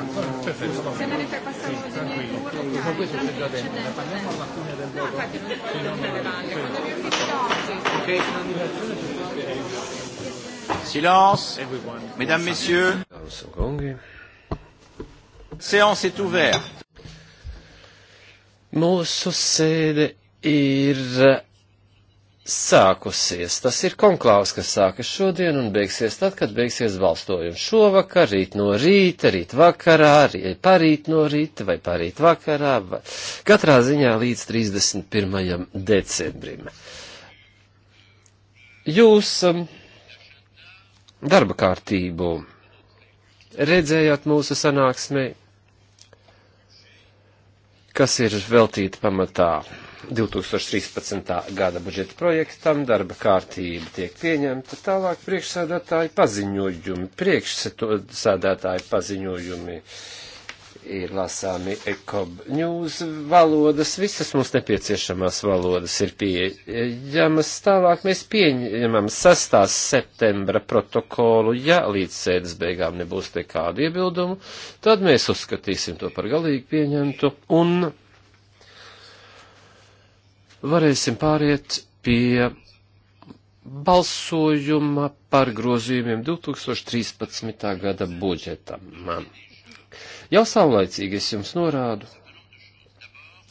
Ah, se me ne fai passare uno dei miei due, ma questo c'è già dentro, ne parliamo alla fine del voto. No, infatti non devo prendere l'anno, quando mi uscirò oggi. Ok, un'anniversazione ci spiega. Silence, mesdames, messieurs. Séance est ouverte. Mūsu sēde ir sākusies. Tas ir konklāvs, kas sākas šodien un beigsies tad, kad beigsies balstojums. Šovakar, rīt no rīta, rīt vakarā, rīt parīt no rīta vai parīt vakarā, vai katrā ziņā līdz 31. decembrim. Jūs um, darba kārtību redzējāt mūsu sanāksmē, kas ir veltīta pamatā 2013. gada budžeta projektam, darba kārtība tiek pieņemta, tālāk priekšsēdētāji paziņojumi, priekšsēdētāji paziņojumi ir lasāmi ekob news valodas, visas mums nepieciešamās valodas ir pieejamas, tālāk mēs pieņemam 6. septembra protokolu, ja līdz sēdes beigām nebūs nekādu iebildumu, tad mēs uzskatīsim to par galīgi pieņemtu un varēsim pāriet pie balsojuma par grozījumiem 2013. gada budžetam. Jau saulaicīgi es jums norādu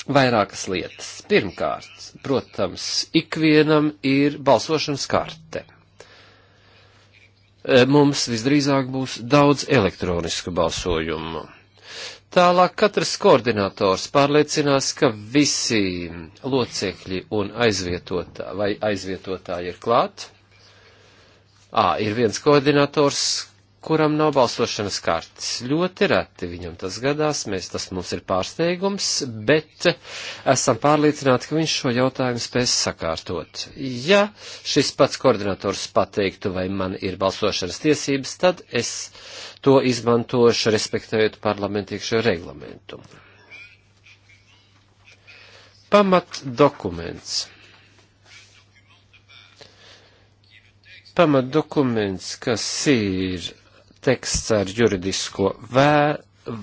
vairākas lietas. Pirmkārt, protams, ikvienam ir balsošanas karte. Mums visdrīzāk būs daudz elektronisku balsojumu. Tālāk katrs koordinators pārliecinās, ka visi locekļi un aizvietotā vai aizvietotāji ir klāt. Ā, ir viens koordinators, kuram nav balsošanas kartes. Ļoti reti viņam tas gadās, mēs, tas mums ir pārsteigums, bet esam pārliecināti, ka viņš šo jautājumu spēs sakārtot. Ja šis pats koordinators pateiktu, vai man ir balsošanas tiesības, tad es to izmantošu, respektējot parlamentīkšo reglamentu. Pamat dokuments. pamatdokuments, kas ir teksts ar juridisko vērtību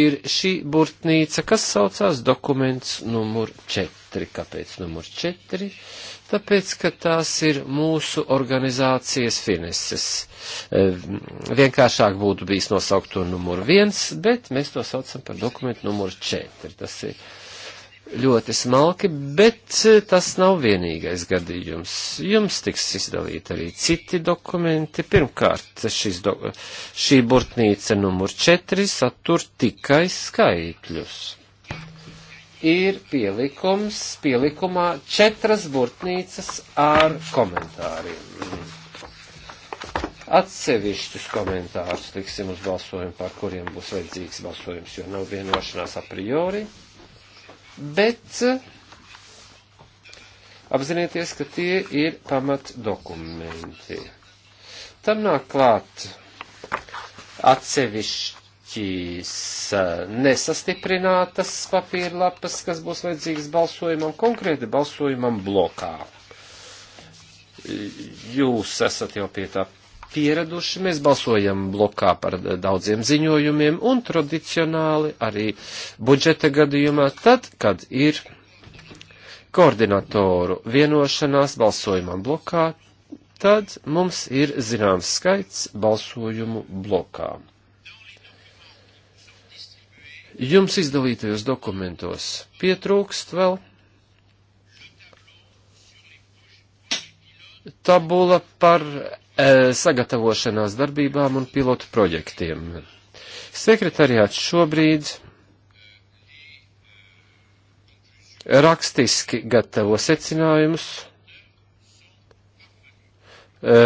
ir šī burtnīca, kas saucās dokuments numur 4. Kāpēc numur 4? Tāpēc, ka tās ir mūsu organizācijas finanses. Ehm, vienkāršāk būtu bijis nosaukt to numuru 1, bet mēs to saucam par dokumentu numuru 4. Tas ir ļoti smalki, bet eh, tas nav vienīgais gadījums. Jums tiks izdalīti arī citi dokumenti. Pirmkārt, do, šī burtnīca numur 4 satur tikai skaitļus. Ir pielikums, pielikumā četras burtnīcas ar komentāriem. Atsevišķus komentārus liksim uz balsojumu, par kuriem būs vajadzīgs balsojums, jo nav vienošanās a priori bet eh, apzinieties, ka tie ir pamat dokumenti. Tam nāk klāt atsevišķīs eh, nesastiprinātas papīra lapas, kas būs vajadzīgas balsojumam, konkrēti balsojumam blokā. Jūs esat jau pie tā pieraduši. Mēs balsojam blokā par daudziem ziņojumiem un tradicionāli arī budžeta gadījumā tad, kad ir koordinatoru vienošanās balsojumam blokā, tad mums ir zināms skaits balsojumu blokā. Jums izdalītajos dokumentos pietrūkst vēl tabula par E, sagatavošanās darbībām un pilotu projektiem. Sekretariāts šobrīd rakstiski gatavo secinājumus, e,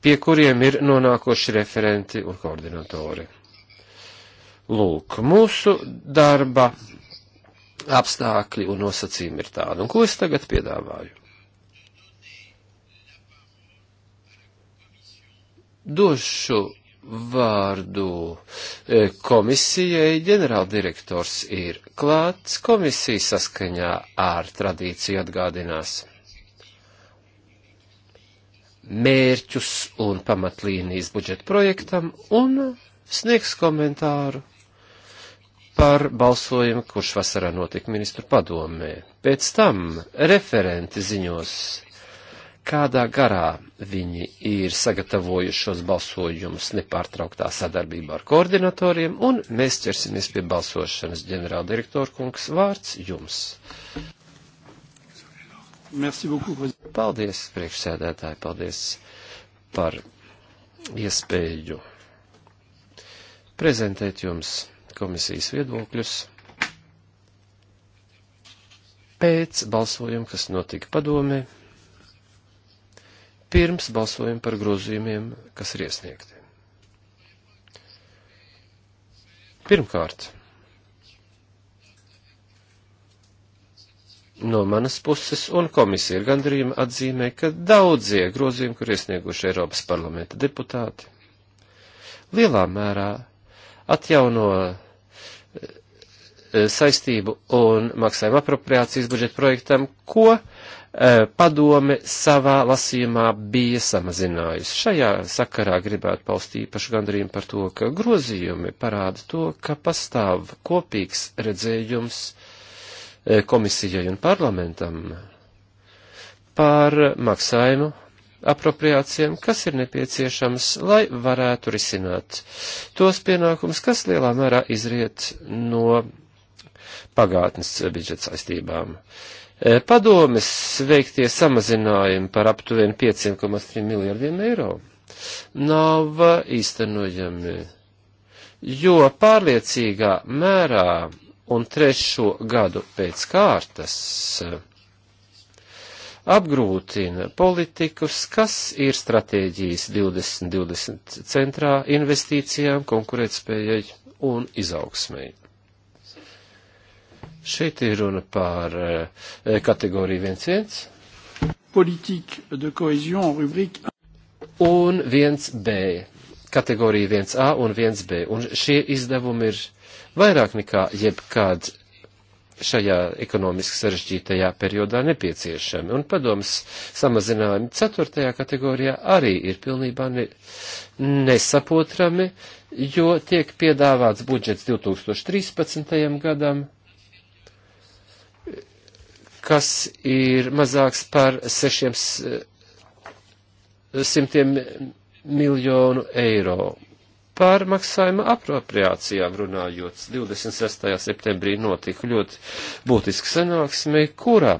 pie kuriem ir nonākoši referenti un koordinatori. Lūk, mūsu darba apstākļi un nosacījumi ir tādi. Un ko es tagad piedāvāju? Došu vārdu e, komisijai. Ģenerāldirektors ir klāts. Komisija saskaņā ar tradīciju atgādinās mērķus un pamatlīnijas budžeta projektam un sniegs komentāru par balsojumu, kurš vasarā notika ministru padomē. Pēc tam referenti ziņos kādā garā viņi ir sagatavojušos balsojumus nepārtrauktā sadarbībā ar koordinatoriem, un mēs ķersimies pie balsošanas. ģenerāldirektora kungs, vārds jums. Paldies, priekšsēdētāji, paldies par iespēju prezentēt jums komisijas viedokļus pēc balsojuma, kas notika padomē pirms balsojam par grozījumiem, kas ir iesniegti. Pirmkārt, no manas puses un komisija ir gandrījuma atzīmē, ka daudzie grozījumi, kur iesnieguši Eiropas parlamenta deputāti, lielā mērā atjauno eh, saistību un maksājuma apropriācijas budžeta projektam, ko Eh, padome savā lasījumā bija samazinājusi. Šajā sakarā gribētu paust īpašu gandarījumu par to, ka grozījumi parāda to, ka pastāv kopīgs redzējums eh, komisijai un parlamentam par maksājumu apropriācijām, kas ir nepieciešams, lai varētu risināt tos pienākumus, kas lielā mērā izriet no pagātnes budžeta saistībām. Uh, E, padomes veiktie samazinājumi par aptuveni 5,3 miljardiem eiro nav īstenojami, jo pārliecīgā mērā un trešo gadu pēc kārtas apgrūtina politikus, kas ir stratēģijas 2020 centrā investīcijām, konkurētspējai un izaugsmēji. Šeit ir runa par eh, kategoriju 1.1. Politika de kohezija rubrika. Un 1B. Kategorija 1A un 1B. Un šie izdevumi ir vairāk nekā jebkāds šajā ekonomiski sarežģītajā periodā nepieciešami, un padomas samazinājumi ceturtajā kategorijā arī ir pilnībā ne, nesapotrami, jo tiek piedāvāts budžets 2013. gadam, kas ir mazāks par 600 eh, miljonu eiro. Par maksājuma apropriācijām runājot, 26. septembrī notika ļoti būtiska sanāksme, kurā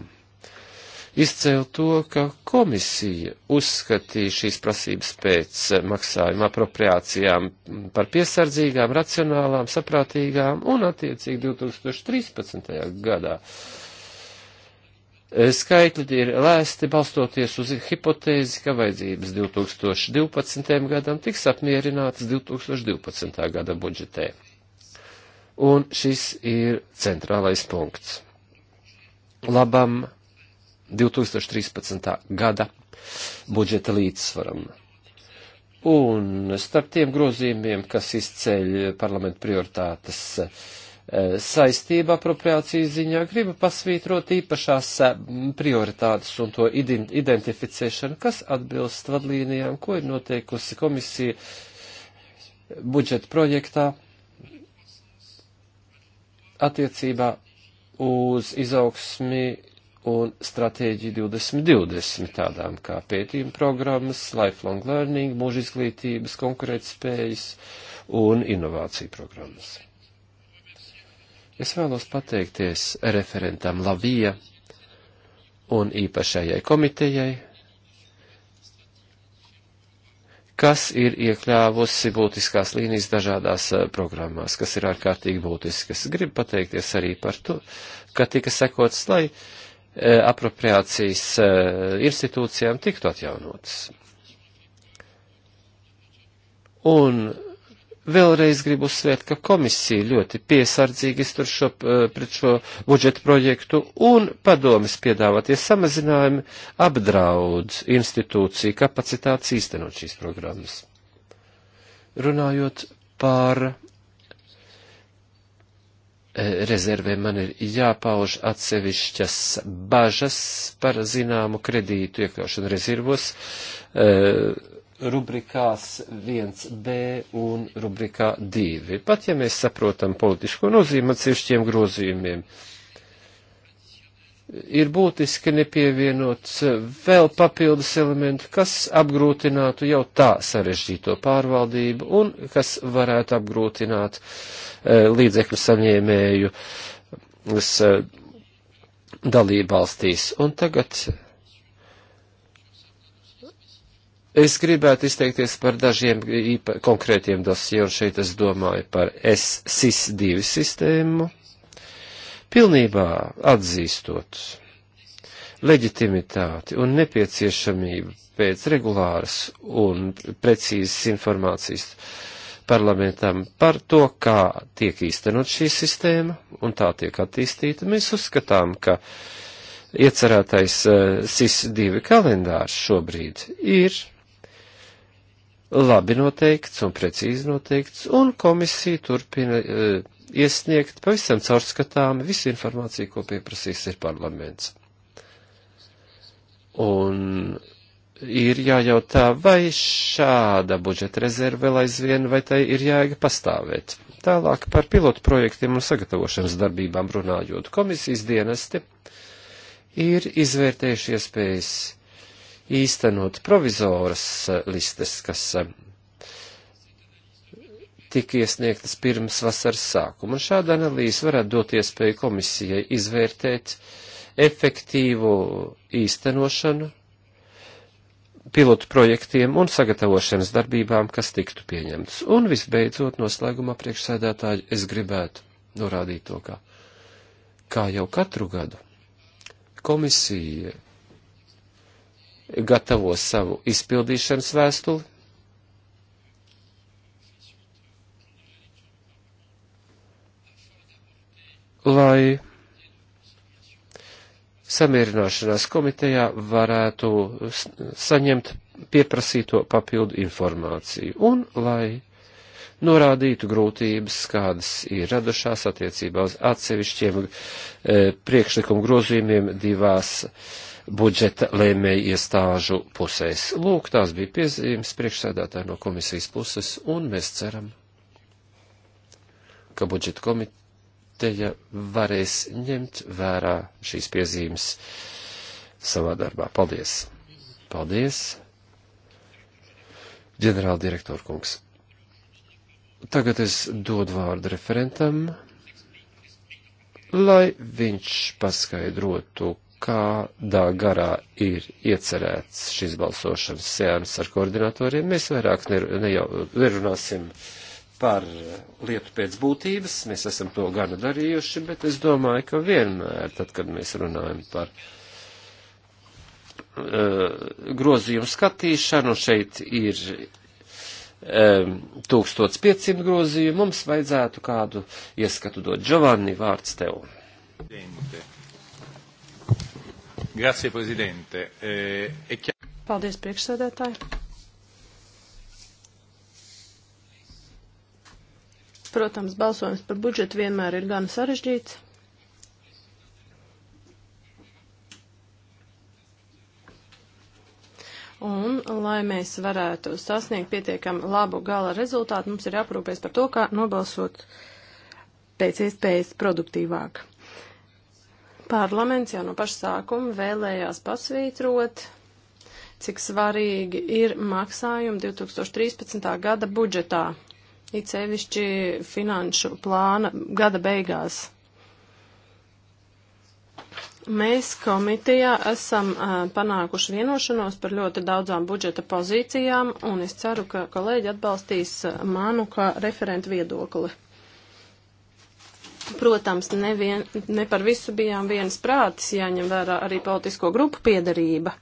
izcēla to, ka komisija uzskatīja šīs prasības pēc maksājuma apropriācijām par piesardzīgām, racionālām, saprātīgām un attiecīgi 2013. gadā Skaitļi ir lēsti balstoties uz hipotēzi, ka vajadzības 2012. gadam tiks apmierinātas 2012. gada budžetē. Un šis ir centrālais punkts. Labam 2013. gada budžeta līdzsvaram. Un starp tiem grozījumiem, kas izceļ parlamentu prioritātes, uh, Eh, saistība apropriācijas ziņā gribu pasvītrot īpašās eh, prioritātes un to identificēšanu, kas atbilst vadlīnijām, ko ir noteikusi komisija budžeta projektā attiecībā uz izaugsmi un stratēģiju 2020 tādām kā pētījuma programmas, lifelong learning, mūža izglītības, konkurētspējas un inovāciju programmas. Es vēlos pateikties referentam Lavija un īpašajai komitejai, kas ir iekļāvusi būtiskās līnijas dažādās eh, programmās, kas ir ārkārtīgi būtiskas. Gribu pateikties arī par to, ka tika sekots, lai eh, apropriācijas eh, institūcijām tiktu atjaunotas. Un Vēlreiz gribu uzsvērt, ka komisija ļoti piesardzīgi iztur šo, pret šo budžeta projektu un padomis piedāvātie samazinājumi apdraud institūciju kapacitātes īstenot šīs programmas. Runājot par e, rezervēm man ir jāpauž atsevišķas bažas par zināmu kredītu iekļaušanu rezervos. Uh, rubrikās 1b un rubrikā 2. Pat ja mēs saprotam politisko nozīmi atsevišķiem grozījumiem, ir būtiski nepievienot vēl papildus elementu, kas apgrūtinātu jau tā sarežģīto pārvaldību un kas varētu apgrūtināt eh, līdzekļu saņēmēju eh, dalībvalstīs. Un tagad Es gribētu izteikties par dažiem īpa, konkrētiem dosiem, un šeit es domāju par SIS-2 sistēmu, pilnībā atzīstot leģitimitāti un nepieciešamību pēc regulāras un precīzas informācijas parlamentam par to, kā tiek īstenot šī sistēma un tā tiek attīstīta. Mēs uzskatām, ka iecerētais eh, SIS-2 kalendārs šobrīd ir labi noteikts un precīzi noteikts, un komisija turpina e, iesniegt pavisam caurskatāmi visu informāciju, ko pieprasīs ir parlaments. Un ir jājautā, vai šāda budžeta rezerve vēl aizvien, vai tai ir jēga pastāvēt. Tālāk par pilotu projektiem un sagatavošanas darbībām runājot, komisijas dienesti ir izvērtējuši iespējas īstenot provizoras eh, listes, kas eh, tika iesniegtas pirms vasaras sākuma, un šāda analīze varētu dot iespēju komisijai izvērtēt efektīvu īstenošanu pilotu projektiem un sagatavošanas darbībām, kas tiktu pieņemtas. Un visbeidzot, noslēgumā priekšsēdētāji, es gribētu norādīt to, ka, kā jau katru gadu, komisija gatavo savu izpildīšanas vēstuli. Lai samierināšanās komitejā varētu saņemt pieprasīto papildu informāciju un lai norādītu grūtības, kādas ir radušās attiecībā uz atsevišķiem e, priekšlikumu grozījumiem divās e, budžeta lēmēju iestāžu pusēs. Lūk, tās bija piezīmes priekšsēdētāji no komisijas puses, un mēs ceram, ka budžeta komiteja varēs ņemt vērā šīs piezīmes savā darbā. Paldies! Paldies! ģenerāldirektor kungs. Tagad es dodu vārdu referentam, lai viņš paskaidrotu, kādā garā ir iecerēts šis balsošanas sēns ar koordinatoriem. Mēs vairāk nerunāsim ne par lietu pēc būtības, mēs esam to gana darījuši, bet es domāju, ka vienmēr, tad, kad mēs runājam par uh, grozījumu skatīšanu, šeit ir um, eh, 1500 grozījumu, mums vajadzētu kādu ieskatu dot. Giovanni, vārds tev. Dente. Grazie, prezidente. E... Eh, Paldies, priekšsēdētāji. Protams, balsojums par budžetu vienmēr ir gan sarežģīts. Un, lai mēs varētu sasniegt pietiekami labu gala rezultātu, mums ir jāprūpēs par to, kā nobalsot pēc iespējas produktīvāk. Parlaments jau no paša sākuma vēlējās pasvītrot, cik svarīgi ir maksājumi 2013. gada budžetā, it sevišķi finanšu plāna gada beigās. Mēs komitejā esam uh, panākuši vienošanos par ļoti daudzām budžeta pozīcijām, un es ceru, ka kolēģi atbalstīs manu kā referentu viedokli. Protams, nevien, ne par visu bijām vienas prātis, jāņem vērā arī politisko grupu piedarība.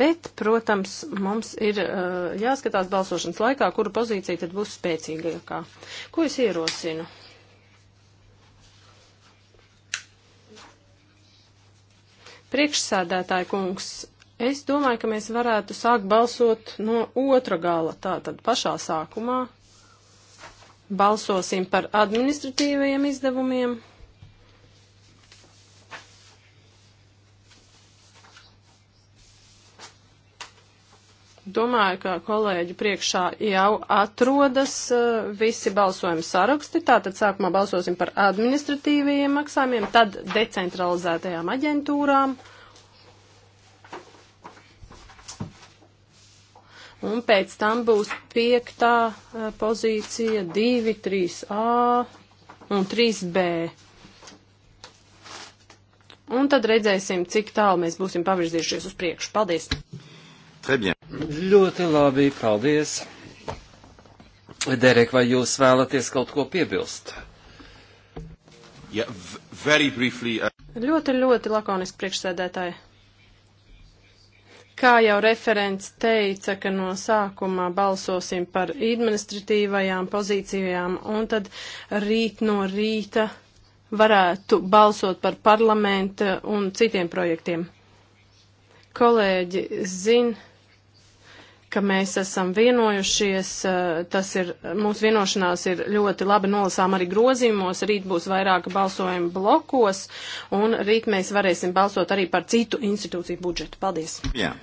Bet, protams, mums ir uh, jāskatās balsošanas laikā, kura pozīcija tad būs spēcīgākā. Ko es ierosinu? Priekšsēdētāja kungs, es domāju, ka mēs varētu sākt balsot no otra gala, tātad pašā sākumā Balsosim par administratīvajiem izdevumiem. Domāju, ka kolēģi priekšā jau atrodas eh, visi balsojuma saraksti. Tātad sākumā balsosim par administratīvajiem maksājumiem, tad decentralizētajām aģentūrām. un pēc tam būs piektā eh, pozīcija 2, 3A un 3B. Un tad redzēsim, cik tālu mēs būsim pavirzījušies uz priekšu. Paldies! Ļoti labi, paldies! Derek, vai jūs vēlaties kaut ko piebilst? Yeah, briefly, uh... Ļoti, ļoti lakoniski priekšsēdētāji. Kā jau referents teica, ka no sākumā balsosim par administratīvajām pozīcijām un tad rīt no rīta varētu balsot par parlamenta un citiem projektiem. Kolēģi zina, ka mēs esam vienojušies, eh, tas ir, mūsu vienošanās ir ļoti labi nolasām arī grozījumos, rīt būs vairāk balsojumu blokos, un rīt mēs varēsim balsot arī par citu institūciju budžetu. Paldies! Jā.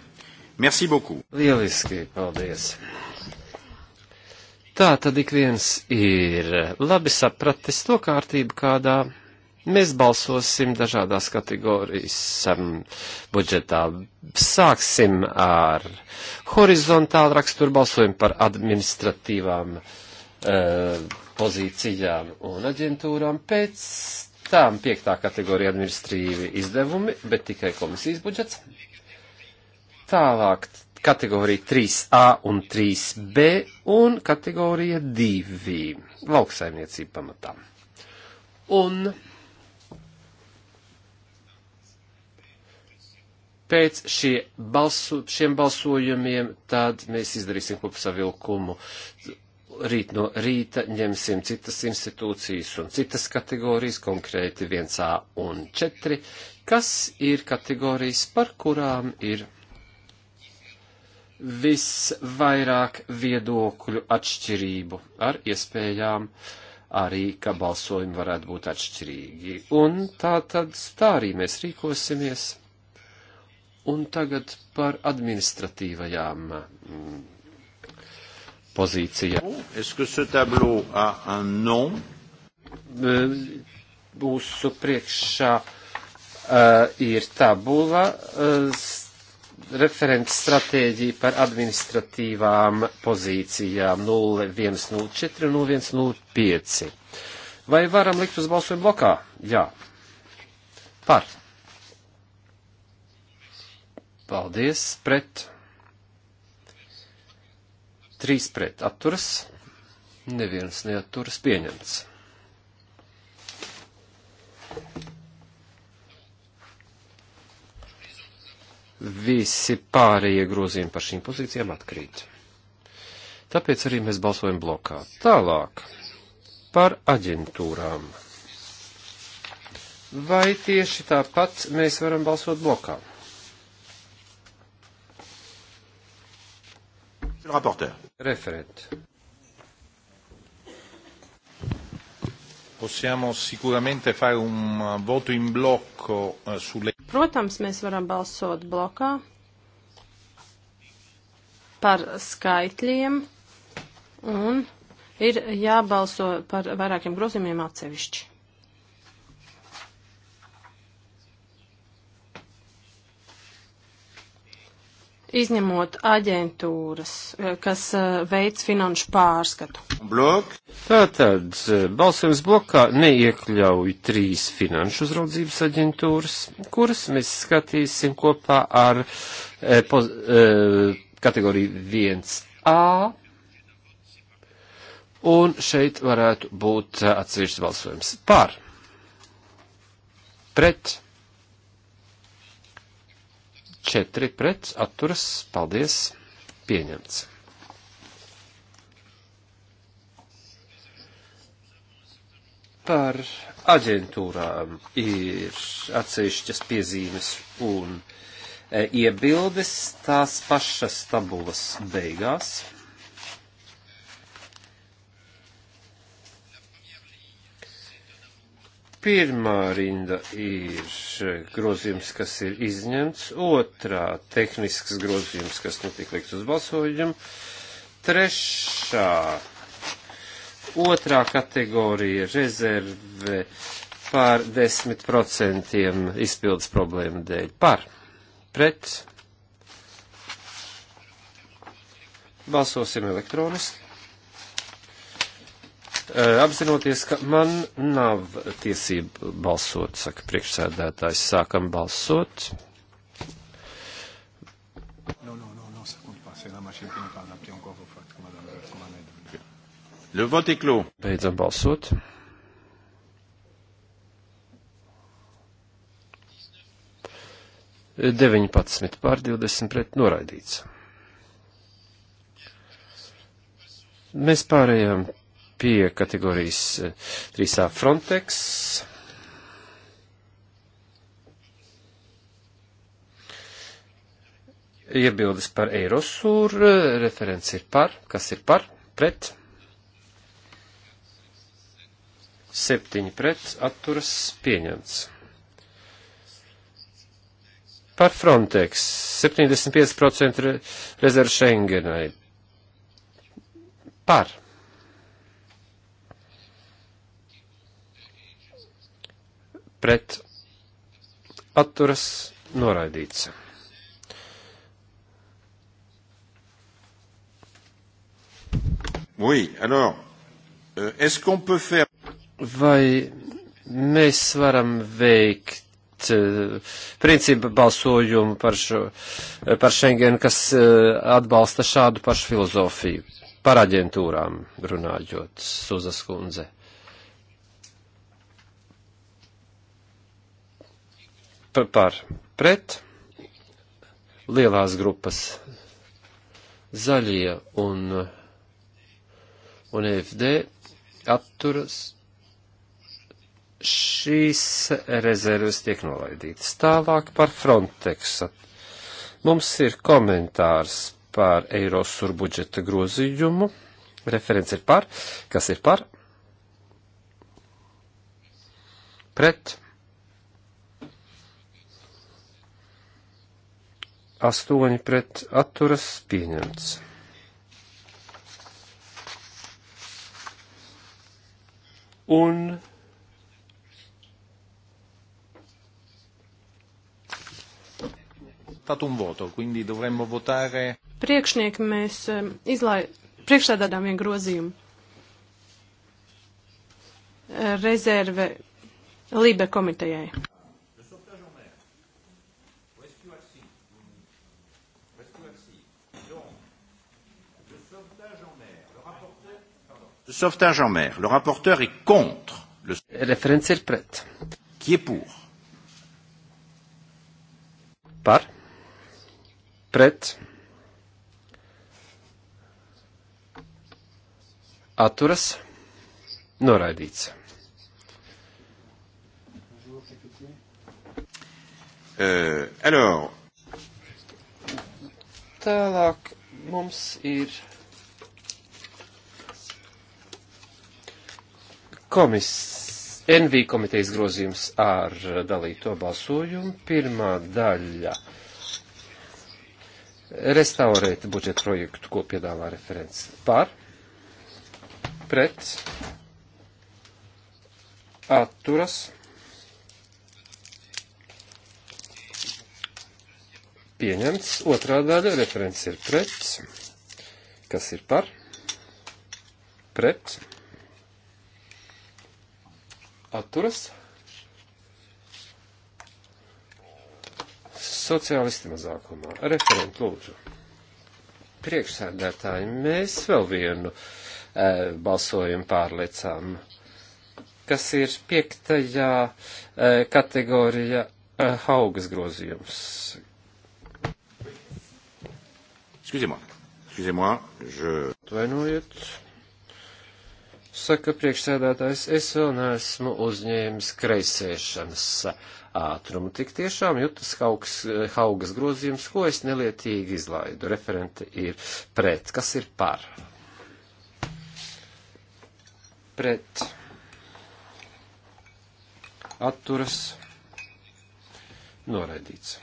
Merci beaucoup! Lieliski, paldies! Tā tad ik viens ir labi sapratis to kārtību, kādā Mēs balsosim dažādās kategorijas um, budžetā. Sāksim ar horizontālu raksturu balsojumu par administratīvām uh, pozīcijām un aģentūrām. Pēc tām piektā kategorija administrīvi izdevumi, bet tikai komisijas budžets. Tālāk kategorija 3A un 3B un kategorija 2 lauksaimniecība pamatām. Un pēc šie balsu, šiem balsojumiem, tad mēs izdarīsim kopsavilkumu. Rīt no rīta ņemsim citas institūcijas un citas kategorijas, konkrēti 1A un 4, kas ir kategorijas, par kurām ir visvairāk viedokļu atšķirību ar iespējām arī, ka balsojumi varētu būt atšķirīgi. Un tā tad tā arī mēs rīkosimies Un tagad par administratīvajām mm, pozīcijām. Mm, mūsu priekšā uh, ir tabula uh, referents stratēģija par administratīvām pozīcijām 0104 un 0105. Vai varam likt uz balsojumu blokā? Jā. Par. Paldies pret. Trīs pret atturas. Neviens neatturas pieņemts. Visi pārējie grozījumi par šīm pozīcijām atkrīt. Tāpēc arī mēs balsojam blokā. Tālāk par aģentūrām. Vai tieši tāpat mēs varam balsot blokā? Referent. Possiamo sicuramente fare un uh, voto in blocco uh, sulle. Protams, mēs varam balsot blokā par skaitļiem un ir jābalso par vairākiem grozījumiem atsevišķi. izņemot aģentūras, eh, kas eh, veids finanšu pārskatu. Blok. Tātad eh, balsojums blokā neiekļauj trīs finanšu uzraudzības aģentūras, kuras mēs skatīsim kopā ar e, poz, e, kategoriju 1A. Un šeit varētu būt atsevišķs balsojums par, pret, 4 pret atturas, paldies, pieņemts. Par aģentūrām ir atsevišķas piezīmes un e, iebildes tās pašas tabulas beigās. Pirmā rinda ir grozījums, kas ir izņemts, otrā tehnisks grozījums, kas netika likt uz balsojumu, trešā, otrā kategorija rezerve par 10% izpildes problēmu dēļ. Par, pret, balsosim elektroniski apzinoties, ka man nav tiesība balsot, saka priekšsēdētājs, sākam balsot. Le vote est clos. Beidzam balsot. 19 pār 20 pret noraidīts. Mēs pārējām pie kategorijas 3A eh, Frontex. Iebildes par Eirosur, eh, referents ir par, kas ir par, pret, septiņi pret, atturas pieņemts. Par Frontex 75% rezervu Schengenai. Par. pret atturas noraidīts. Oui, alors, euh, est-ce qu'on peut faire... Vai mēs varam veikt eh, principu balsojumu par, šo, eh, par Schengen, kas eh, atbalsta šādu pašu filozofiju, par aģentūrām runājot, Suzas kundze. par pret, lielās grupas zaļie un, un e FD atturas. Šīs rezerves tiek nolaidītas. Tālāk par Frontex. Mums ir komentārs par Eirosur budžeta grozījumu. Referents ir par. Kas ir par? Pret 8 pret atturas pieņemts. Un voto, votare... Priekšnieki mēs izlai... priekšsēdādām vien grozījumu. Rezerve Lībe komitejai. Sauvetage en mer. Le rapporteur est contre. Le... Referents ir pret. Qui est pour? Par. Pret. Atturas. Noraidīts. Euh, alors. Tālāk mums ir Komis, NV komitejas grozījums ar dalīto balsojumu. Pirmā daļa - restaurēt budžeta projektu, ko piedāvā referents par, pret, atturas, pieņemts. Otrā daļa referents ir pret, kas ir par, pret atturas. Sociālisti mazākumā. Referent, lūdzu. Priekšsēdētāji, mēs vēl vienu e, balsojumu pārliecām, kas ir piektajā e, kategorijā e, haugas grozījums. Excusez-moi, excusez-moi, je... Atvainojiet. Saka priekšsēdētājs, es vēl neesmu uzņēmis kreisēšanas ātrumu. Tik tiešām jutas haugas, haugas grozījums, ko es nelietīgi izlaidu. Referente ir pret. Kas ir par? Pret. Atturas. Noraidīts.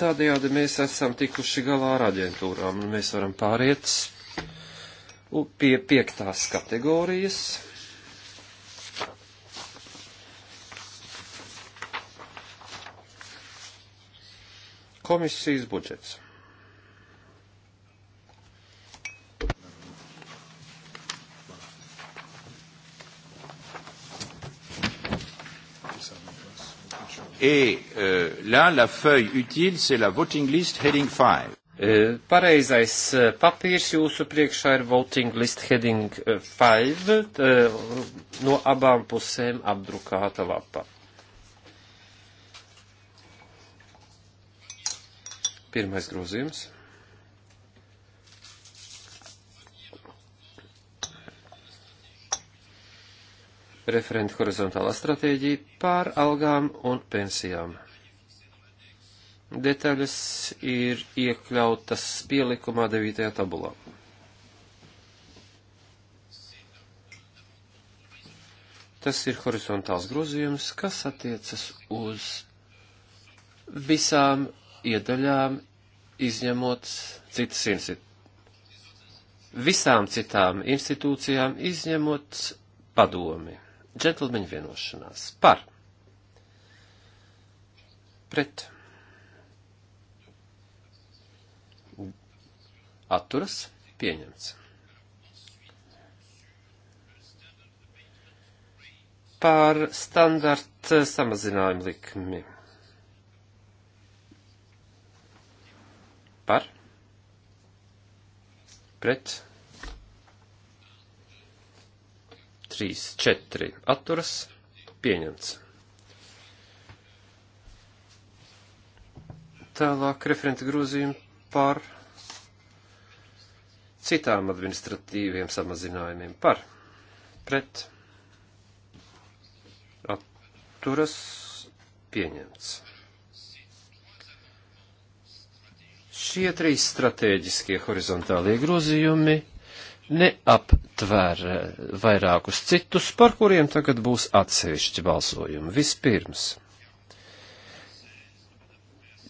Tādējādi mēs esam tikuši galā ar aģentūrām, un mēs varam pāriet pie piektās kategorijas. Komisijas budžets. Et euh, là, la feuille utile, c'est la voting list heading 5. Uh, pareizais euh, papīrs jūsu priekšā ir voting list heading 5, uh, uh, no abām pusēm apdrukāta lapa. Pirmais grozījums. referenta horizontālā stratēģija pār algām un pensijām. Detaļas ir iekļautas pielikumā 9. tabulā. Tas ir horizontāls grozījums, kas attiecas uz visām iedaļām, izņemot citas institūcijas. Visām citām institūcijām, izņemot padomi džentlmeņu vienošanās par pret atturas pieņemts. Par standarta samazinājumu likmi. Par pret 3, 4 atturas pieņemts. Tālāk referenta grozījumi par citām administratīviem samazinājumiem par pret atturas pieņemts. Šie trīs stratēģiskie horizontālie grozījumi neaptver eh, vairākus citus, par kuriem tagad būs atsevišķi balsojumi. Vispirms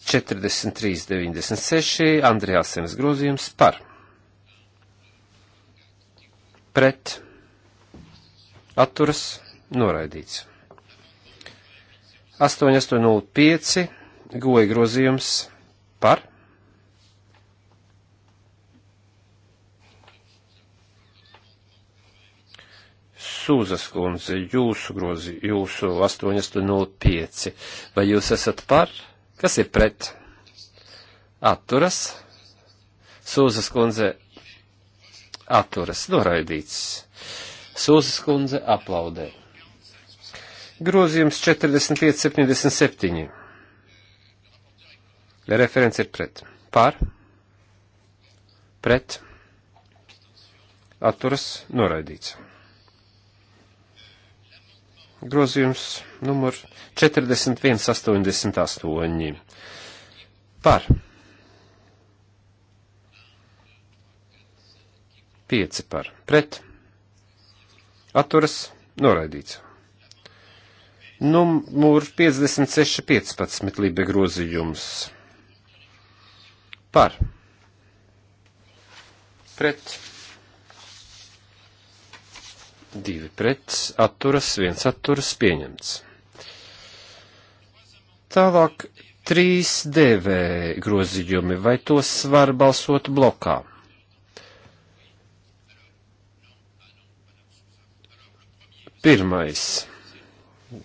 43.96 Andrijāsenes grozījums par pret atturas noraidīts. 8805 goja grozījums par pret Sūzas kundze, jūsu grozi, jūsu 805. Vai jūs esat par? Kas ir pret? Atturas. Sūzas kundze atturas, noraidīts. Sūzas kundze aplaudē. Grozījums 4577. Referents ir pret. Par. Pret. Atturas noraidīts grozījums numur 4188 par 5 par pret atturas noraidīts. Numur 5615 libe grozījums par pret divi pret, atturas, viens atturas, pieņemts. Tālāk trīs DV grozījumi, vai tos var balsot blokā? Pirmais.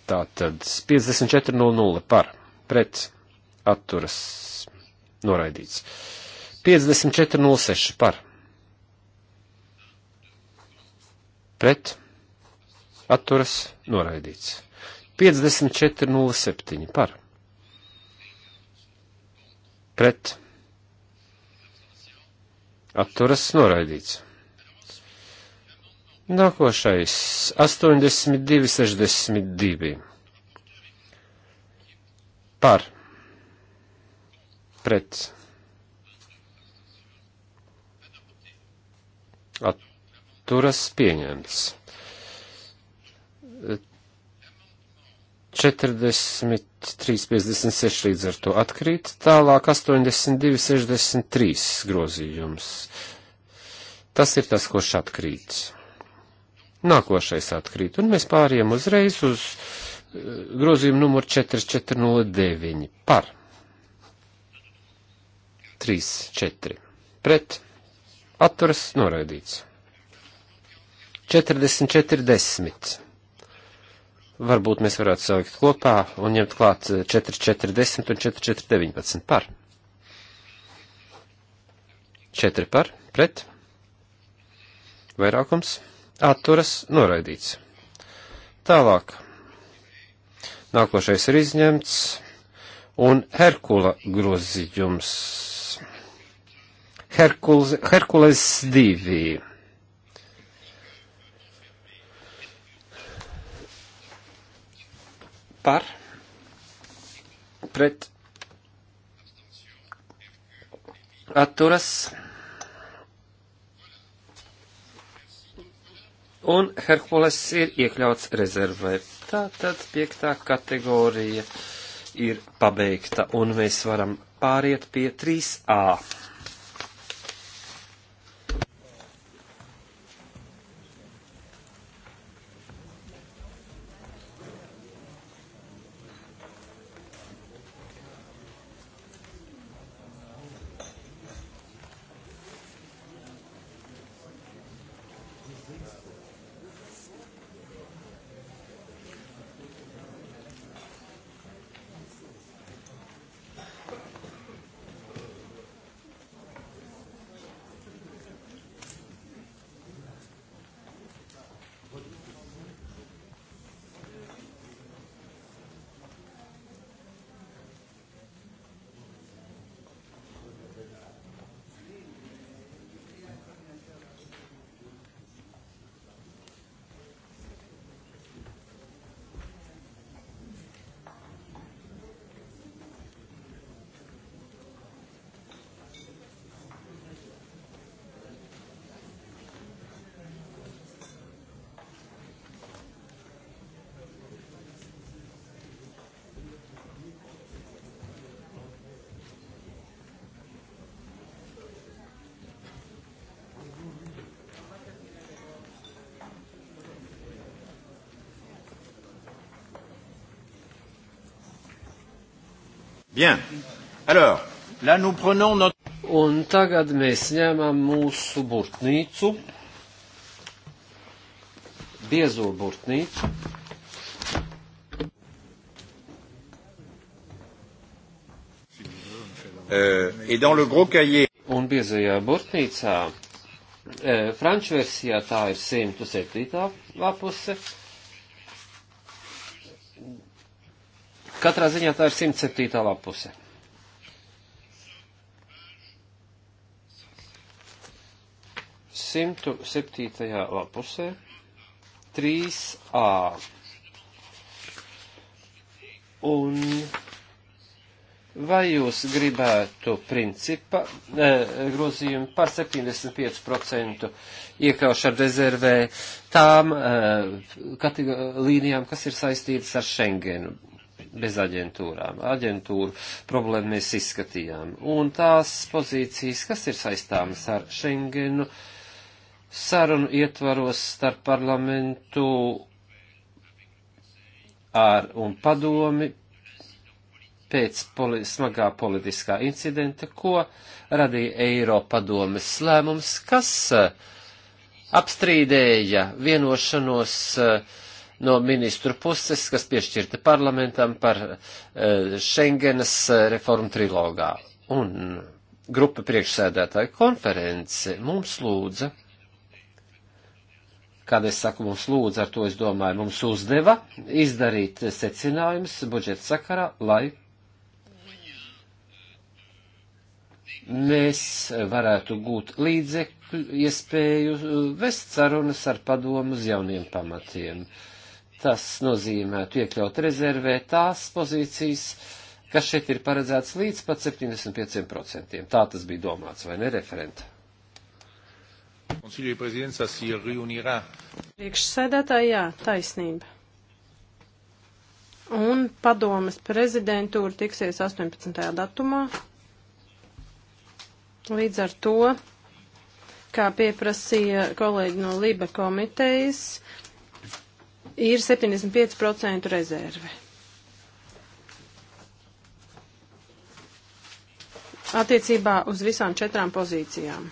Tātad 54.00 par, pret, atturas, noraidīts. 54.06 par, pret, atturas noraidīts. 54.07 par pret atturas noraidīts. Nākošais 82.62 par pret atturas pieņemts. 43,56 līdz ar to atkrīt, tālāk 82,63 grozījums. Tas ir tas, kurš atkrīt. Nākošais atkrīt, un mēs pāriem uzreiz uz eh, grozījumu numuru 4409 par 3,4 pret atturas noraidīts. 44,10 Varbūt mēs varētu salikt kopā un ņemt klāt 4,40 eh, un 4,419 par. 4 par, pret. Vairākums. Atturas noraidīts. Tālāk. Nākošais ir izņemts un Herkula grozījums. Herkules, Herkules 2 par pret atturas un Herkules ir iekļauts rezervē. Tātad piektā kategorija ir pabeigta un mēs varam pāriet pie 3A. Bien. Alors, là nous prenons notre... Un tagad mēs ņemam mūsu burtnīcu, biezo burtnīcu. Euh, et dans le gros cahier. Un biezajā burtnīcā, e, franču versijā tā ir 107. lapuse, Katrā ziņā tā ir 107. lapuse. Simtu septītajā lapusē 3a. Un vai jūs gribētu principa e, grozījumu par 75% iekļaušanu rezervē tām e, līnijām, kas ir saistītas ar Schengenu? bez aģentūrām. Aģentūru problēmu mēs izskatījām. Un tās pozīcijas, kas ir saistāmas ar Schengenu, sarunu ietvaros starp parlamentu ar un padomi pēc poli smagā politiskā incidenta, ko radīja Eiropadomes lēmums, kas eh, apstrīdēja vienošanos uh, no ministru puses, kas piešķirta parlamentam par e, Schengenas e, reformu trilogā. Un grupa priekšsēdētāja konference mums lūdza, kad es saku mums lūdza, ar to es domāju, mums uzdeva izdarīt secinājumus budžeta sakarā, lai mēs varētu gūt līdzekļu iespēju vest sarunas ar padomu uz jauniem pamatiem. Uh, tas nozīmētu iekļaut rezervē tās pozīcijas, kas šeit ir paredzēts līdz pat 75%. Tā tas bija domāts, vai ne, referenta? Priekšsēdētāji, jā, taisnība. Un padomas prezidentūra tiksies 18. datumā. Līdz ar to, kā pieprasīja kolēģi no Liba komitejas, ir 75% rezerve. Attiecībā uz visām četrām pozīcijām.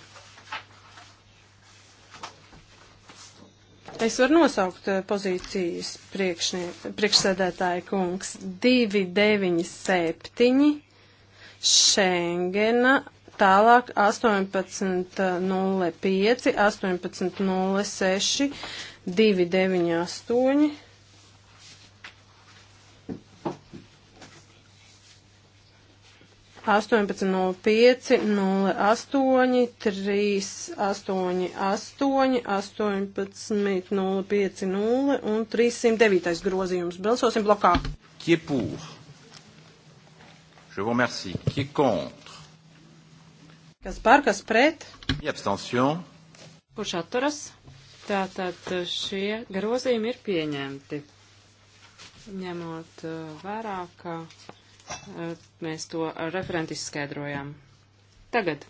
Es varu nosaukt eh, pozīcijas priekšsēdētāja kungs 297, Schengena, tālāk 18.05, 18.06, eh, 298. Astoņpadsmit nulle pieci, nulle astoņi, trīs astoņi astoņi, astoņpadsmit nulle pieci nulle un trīssimt devītais grozījums. Balsosim blokā. Qui est pour? Je vous remercie. Qui est contre? Kas par, kas pret? Abstention. Kurš atturas? Tātad šie grozījumi ir pieņemti, ņemot uh, vērā, ka uh, mēs to referenti izskaidrojām. Tagad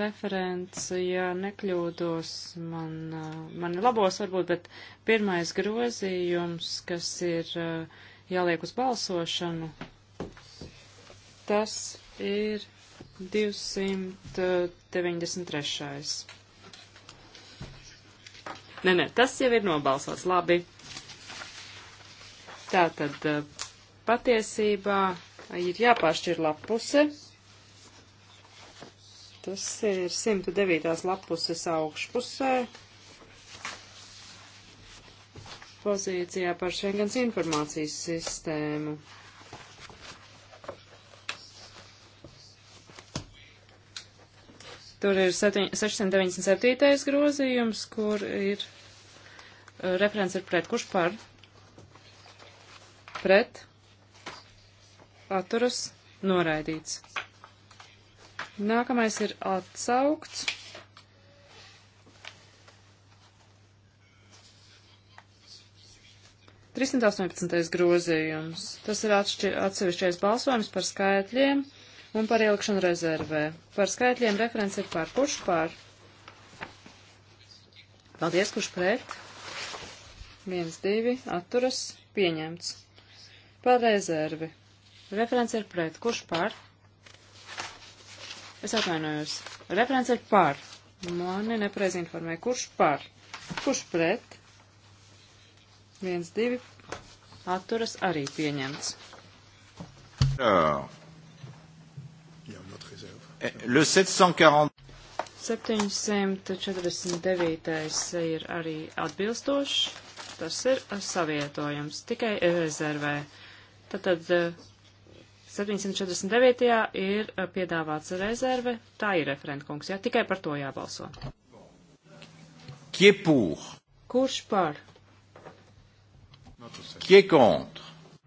referents, ja nekļūdos, man, uh, man labos varbūt, bet pirmais grozījums, kas ir jāliek uz balsošanu, tas ir 293. Nē, nē, tas jau ir nobalsots. Labi. Tā tad eh, patiesībā ir jāpāršķir lapuse. Tas ir 109. lapuses augšpusē pozīcijā par Schengens informācijas sistēmu. Tur ir 7, 697. grozījums, kur ir Referents ir pret. Kurš par? Pret. Atturas. Noraidīts. Nākamais ir atsaukts. Trīsimt astoņpadsmitais grozījums. Tas ir atsevišķais balsojums par skaitļiem un par ielikšanu rezervē. Par skaitļiem referents ir par kurš par. Paldies, kurš pret viens, divi, atturas, pieņemts. Par rezervi. Referents ir pret. Kurš par? Es atvainojos. Referents ir par. Mani nepareizi informē. Kurš par? Kurš pret? Viens, divi, atturas arī pieņemts. Oh. Le 740. 749. ir arī atbilstošs. Tas ir uh, savietojums tikai uh, rezervē. Tātad 749. Uh, ir piedāvāts rezerve. Tā ir referentkungs, jā, tikai par to jābalso. Kurš par?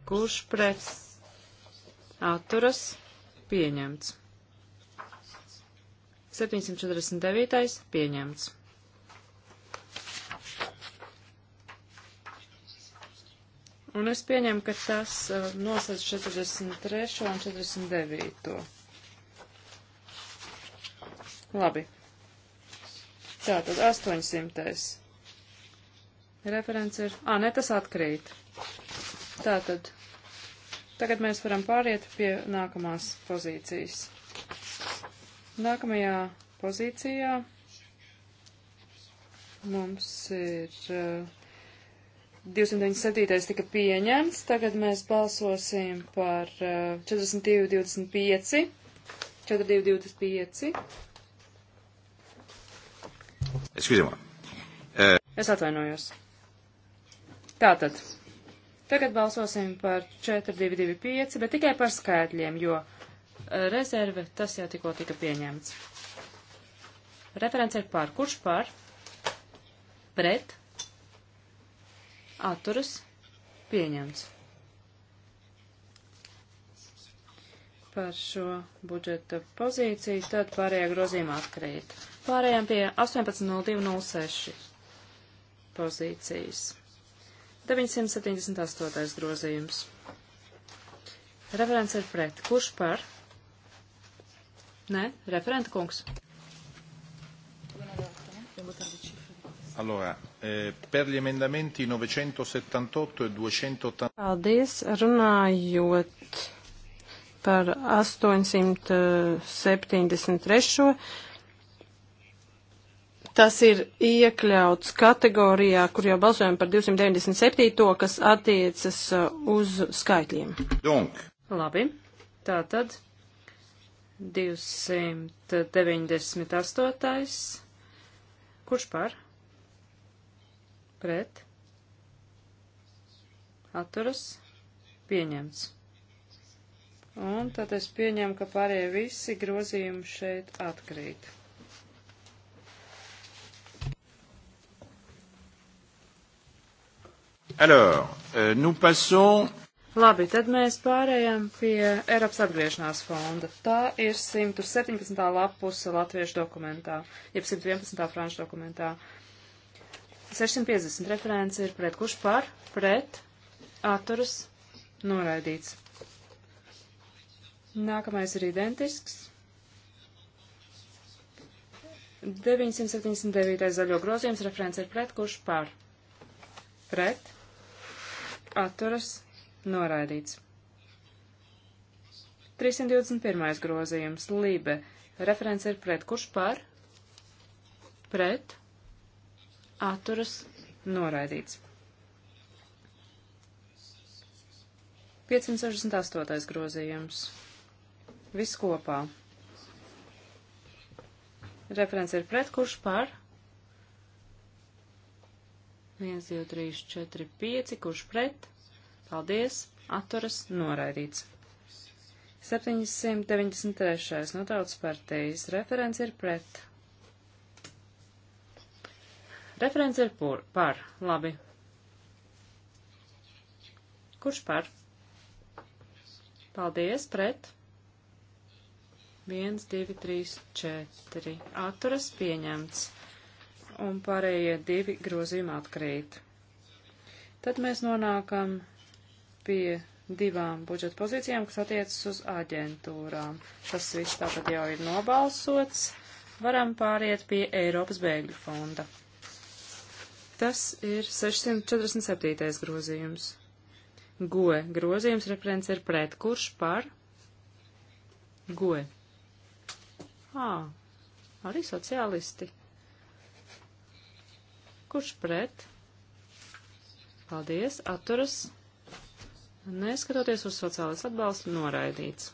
Kurš pret? Atturas pieņemts. 749. pieņemts. Un es pieņemu, ka tas uh, nosauc 43. un 49. Labi. Tātad 800. Referents ir. Ā, ne, tas atkrīt. Tātad. Tagad mēs varam pāriet pie nākamās pozīcijas. Nākamajā pozīcijā mums ir. Uh, 297. tika pieņemts, tagad mēs balsosim par 42, 25, 42, 25. Excusez-moi. Uh... Es atvainojos. Tātad, tagad balsosim par 4225, bet tikai par skaitļiem, jo uh, rezerve tas jau tikko tika pieņemts. Referents ir par. Kurš par? Pret? atturas pieņemts. Par šo budžeta pozīciju tad pārējā grozījuma atkrīt. Pārējām pie 18.02.06 pozīcijas. 978. grozījums. Referents ir pret. Kurš par? Nē, referenta kungs. Allora, Eh, per gli emendamenti 978 e 280. Paldies, runājot par 873. Tas ir iekļauts kategorijā, kur jau balsojam par 297. To, kas attiecas eh, uz skaitļiem. Donc. Labi, tā tad 298. Kurš par? pret, atturas, pieņemts. Un tad es pieņemu, ka pārējie visi grozījumi šeit atkrīt. Alors, euh, nous passons. Labi, tad mēs pārējām pie Eiropas atgriešanās fonda. Tā ir 117. lapusa latviešu dokumentā, jeb 111. franču dokumentā. Uh, 650 referents ir pret kurš par, pret, atturas, noraidīts. Nākamais ir identisks. 979. zaļo grozījums referents ir pret kurš par, pret, atturas, noraidīts. 321. grozījums, lībe, referents ir pret kurš par, pret, atturas noraidīts. 568. grozījums. Viss kopā. Referents ir pret, kurš par? 1, 2, 3, 4, 5, kurš pret? Paldies, atturas noraidīts. 793. no tautas partijas referents ir pret, Referents ir pur, par. Labi. Kurš par? Paldies, pret. 1, 2, 3, 4. Atturas pieņemts. Un pārējie divi grozījumi atkrīt. Tad mēs nonākam pie divām budžeta pozīcijām, kas attiecas uz aģentūrām. Tas viss tātad jau ir nobalsots. Varam pāriet pie Eiropas bēgļu fonda. Tas ir 647. grozījums. Goe grozījums referents ir pret. Kurš par? Goe. Ā, arī sociālisti. Kurš pret? Paldies, atturas. Neskatoties uz sociālais atbalstu, noraidīts.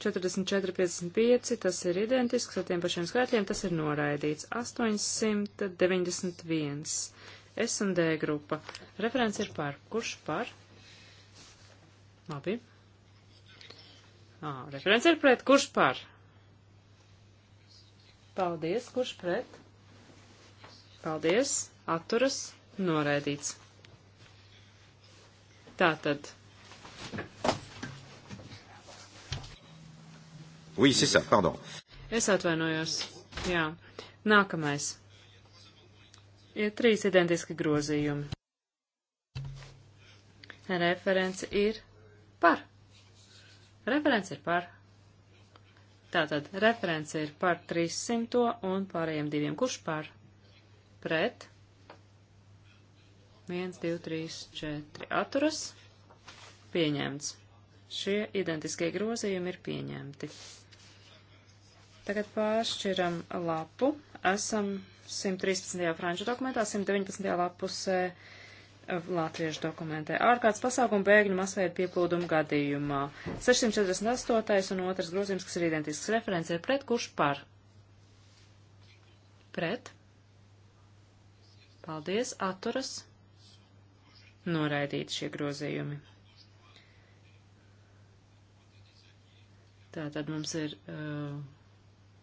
44,55, tas ir identisks ar tiem pašiem skaitļiem, tas ir noraidīts. 891. S un D grupa. Referents ir par. Kurš par? Labi. Ā, referents ir pret. Kurš par? Paldies. Kurš pret? Paldies. Atturas. Noraidīts. Tātad. Oui, c'est ça, pardon. Es atvainojos. Jā. Nākamais. Ir trīs identiski grozījumi. Referents ir par. Referents ir par. Tātad referents ir par 300 un pārējiem diviem. Kurš par? Pret. 1, 2, 3, 4. Atturas. Pieņemts. Šie identiskie grozījumi ir pieņemti. Tagad pāršķiram lapu. Esam 113. franču dokumentā, 119. lapusē eh, latviešu dokumentē. Ārkārtas pasākumu bēgļu masveida pieplūdumu gadījumā. 648. un otrs grozījums, kas ir identisks referents, ir pret kurš par? Pret. Paldies, atturas. Noraidīt šie grozījumi. Tātad mums ir. Uh,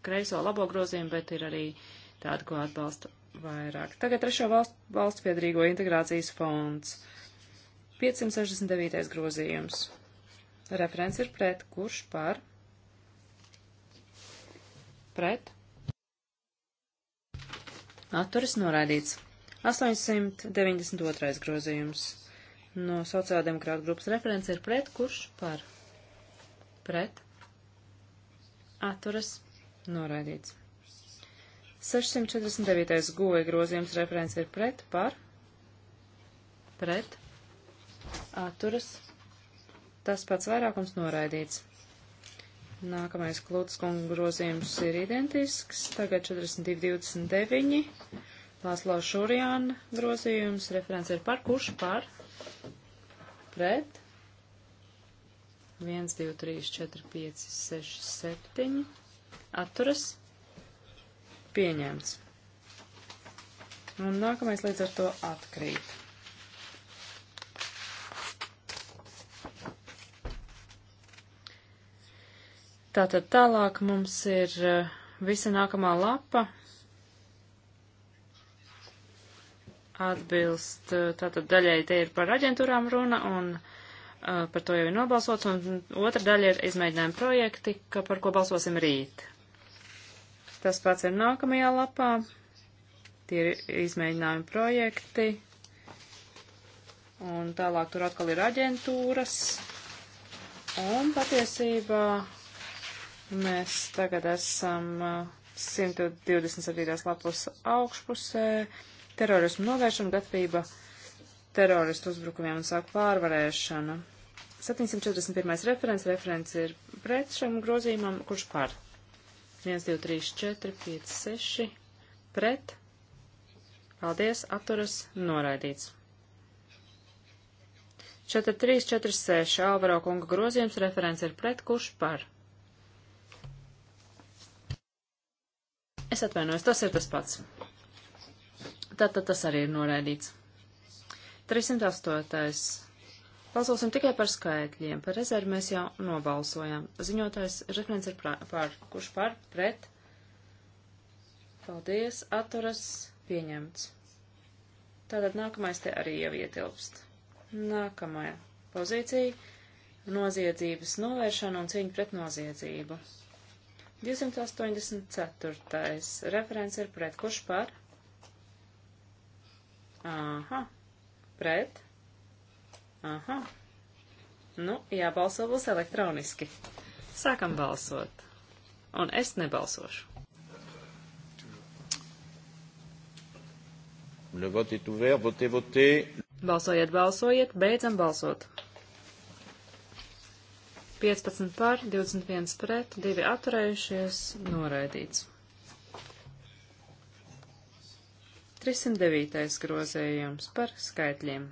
kreiso labo grozījumu, bet ir arī tādu, ko atbalsta vairāk. Tagad trešo valst, valsts piedrīgo integrācijas fonds. 569. grozījums. Referents ir pret. Kurš par? Pret. Atturis noraidīts. 892. grozījums. No sociāldemokrāta grupas referents ir pret. Kurš par? Pret. Atturis Noraidīts. 649. goja grozījums referents ir pret, par, pret, atturas, tas pats vairākums noraidīts. Nākamais klūtas kunga grozījums ir identisks, tagad 42.29. Lāslo Šurjāna grozījums, referents ir par, kurš par, pret, 1, 2, 3, 4, 5, 6, 7 atturas pieņemts. Un nākamais līdz ar to atkrīt. Tātad tālāk mums ir eh, visa nākamā lapa. Atbilst, eh, tātad daļai te ir par aģentūrām runa un uh, par to jau ir nobalsots, un otra daļa ir izmēģinājuma projekti, ka, par ko balsosim rīt. Tas pats ir nākamajā lapā. Tie ir izmēģinājumi projekti. Un tālāk tur atkal ir aģentūras. Un patiesībā mēs tagad esam 127. Uh, lapus augšpusē. Terorismu novēršana, gatavība teroristu uzbrukumiem un sāku pārvarēšana. 741. referents, referents ir pret šim grozījumam, kurš par 1, 2, 3, 4, 5, 6 pret. Paldies, atturas noraidīts. 4, 3, 4, 6. Alvaro kunga grozījums referents ir pret, kurš par. Es atvainojos, tas ir tas pats. Tātad tas arī ir noraidīts. 308. Balsosim tikai par skaitļiem. Par rezervi mēs jau nobalsojām. Ziņotājs referents ir par. Kurš par? Pret. Paldies. Atturas. Pieņemts. Tātad nākamais te arī jau ietilpst. Nākamā pozīcija - noziedzības novēršana un cīņa pret noziedzību. 284. Referents ir pret. Kurš par? Aha. Pret. Aha. Nu, jābalso būs elektroniski. Sākam balsot. Un es nebalsošu. Le vote est ouvert, votez, votez. Balsojiet, balsojiet, beidzam balsot. 15 par, 21 pret, 2 atturējušies, noraidīts. 309. grozējums par skaitļiem.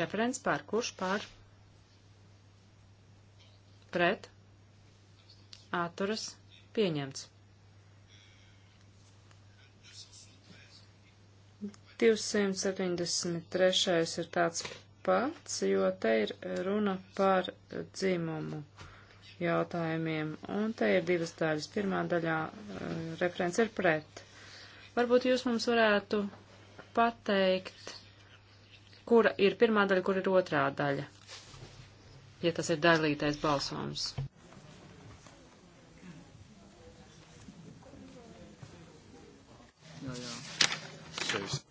Referents pār kurš pār? Pret. Atturas pieņemts. 273. ir tāds pats, jo te ir runa par dzimumu jautājumiem. Un te ir divas daļas. Pirmā daļā uh, referents ir pret. Varbūt jūs mums varētu pateikt, kura ir pirmā daļa, kur ir otrā daļa, ja tas ir daļītais balsojums. Jā, jā. Šeist.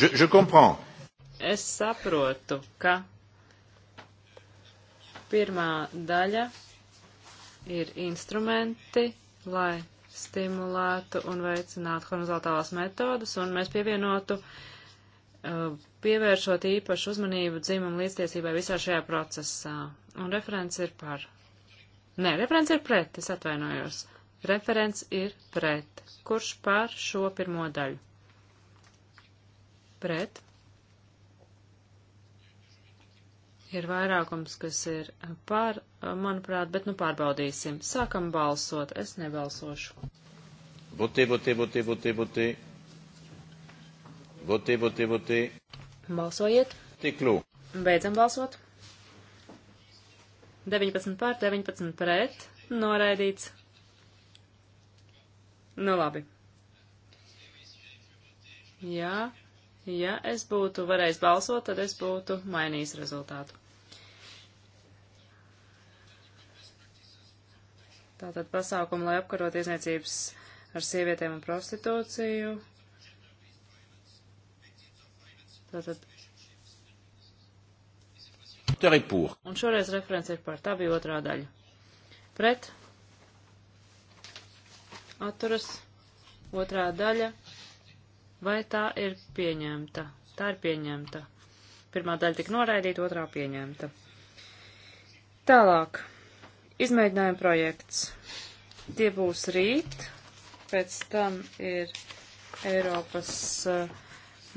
Je, je comprends. Es saprotu, ka pirmā daļa ir instrumenti, lai stimulētu un veicinātu horizontālās metodas, un mēs pievienotu, uh, pievēršot īpašu uzmanību dzimumu līdztiesībai visā šajā procesā. Un referents ir par. Nē, referents ir pret, es atvainojos. Referents ir pret. Kurš par šo pirmo daļu? Pret. Ir vairākums, kas ir pār, manuprāt, bet nu pārbaudīsim. Sākam balsot, es nebalsošu. Votē, votē, votē, votē, votē. Votē, votē, votē. Balsojiet. Tiklu. Beidzam balsot. 19 pār, 19 pret. Noraidīts. Nu labi. Jā, ja es būtu varējis balsot, tad es būtu mainījis rezultātu. Tātad pasākumu, lai apkarot izniecības ar sievietēm un prostitūciju. Tātad. Un šoreiz referents ir par. Tā bija otrā daļa. Pret. Atturas. Otrā daļa. Vai tā ir pieņemta? Tā ir pieņemta. Pirmā daļa tika noraidīta, otrā pieņemta. Tālāk. Izmēģinājuma projekts. Tie būs rīt, pēc tam ir Eiropas uh,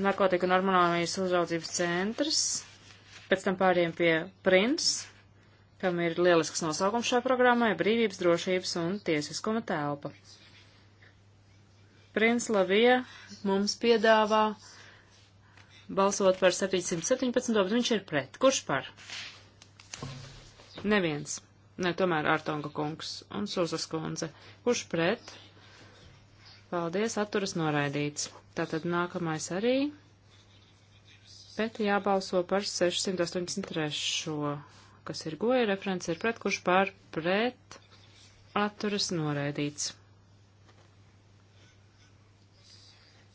narkotika un hormonālijas uzraudzības centrs, pēc tam pāriem pie Prins, kam ir lielisks nosaukums šai programmai - brīvības, drošības un tiesiskuma telpa. Prins Lavija mums piedāvā balsot par 717, bet viņš ir pret. Kurš par? Neviens. Nē, tomēr Artonga kungs un Sūzas kundze. Kurš pret? Paldies, atturas noraidīts. Tātad nākamais arī. Bet jābalso par 683. Kas ir goja referents, ir pret, kurš pār pret atturas noraidīts.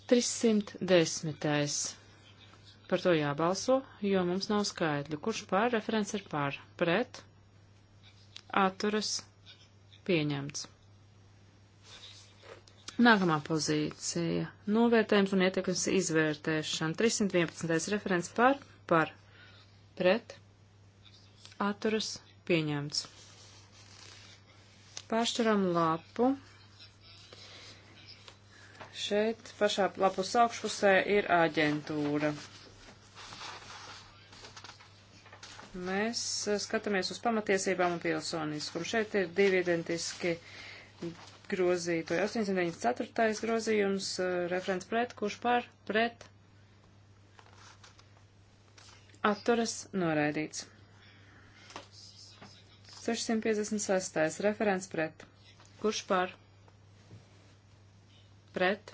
310. Par to jābalso, jo mums nav skaidļu, kurš pār referents ir pār pret atturas pieņemts. Nākamā pozīcija - novērtējums un ietekmes izvērtēšana. 311. referents par, par, pret, atturas pieņemts. Pāršķiram lapu. Šeit pašā lapu augšpusē ir aģentūra. mēs eh, skatāmies uz pamatiesībām un pilsoniskumu. Šeit ir divi identiski grozītoji. 894. grozījums, eh, referents pret, kurš par, pret, atturas, noraidīts. 656. referents pret, kurš par, pret,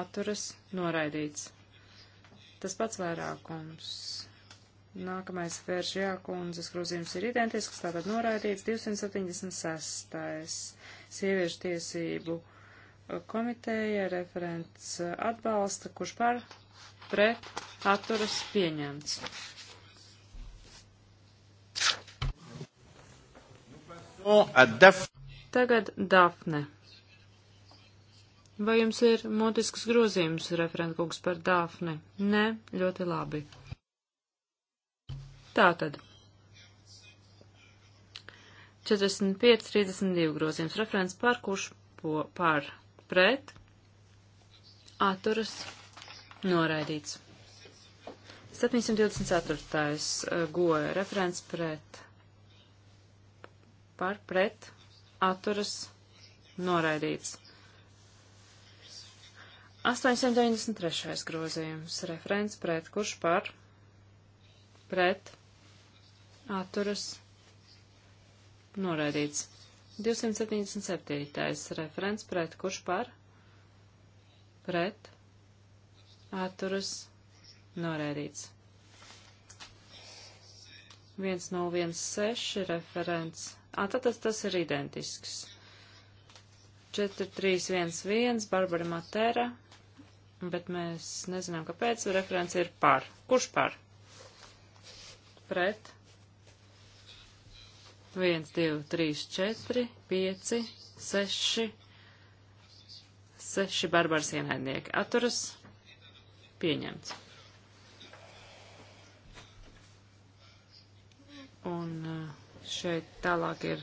atturas, noraidīts. Tas pats vairākums. Nākamais veržjā kundzes grozījums ir identisks, tātad noraidīts 276. Sieviešu tiesību komiteja referents atbalsta, kurš par pret atturas pieņemts. Tagad Dafne. Vai jums ir motisks grozījums, referentkungs, par Dāfni? Nē, ļoti labi. Tātad. 45, 32 grozījums referents par kurš po, par pret atturas noraidīts. 724. Eh, goja referents pret par pret atturas noraidīts. 893. grozījums referents pret kurš par pret atturas noraidīts atturas noraidīts. 277. referents pret kurš par? Pret atturas noraidīts. 1016 referents. Tātad tas ir identisks. 4311 Barbara Matera, bet mēs nezinām, kāpēc referents ir par. Kurš par? Pret 1, 2, 3, 4, 5, 6, 6 barbaras ienaidnieki. Atturas pieņemts. Un eh, šeit tālāk ir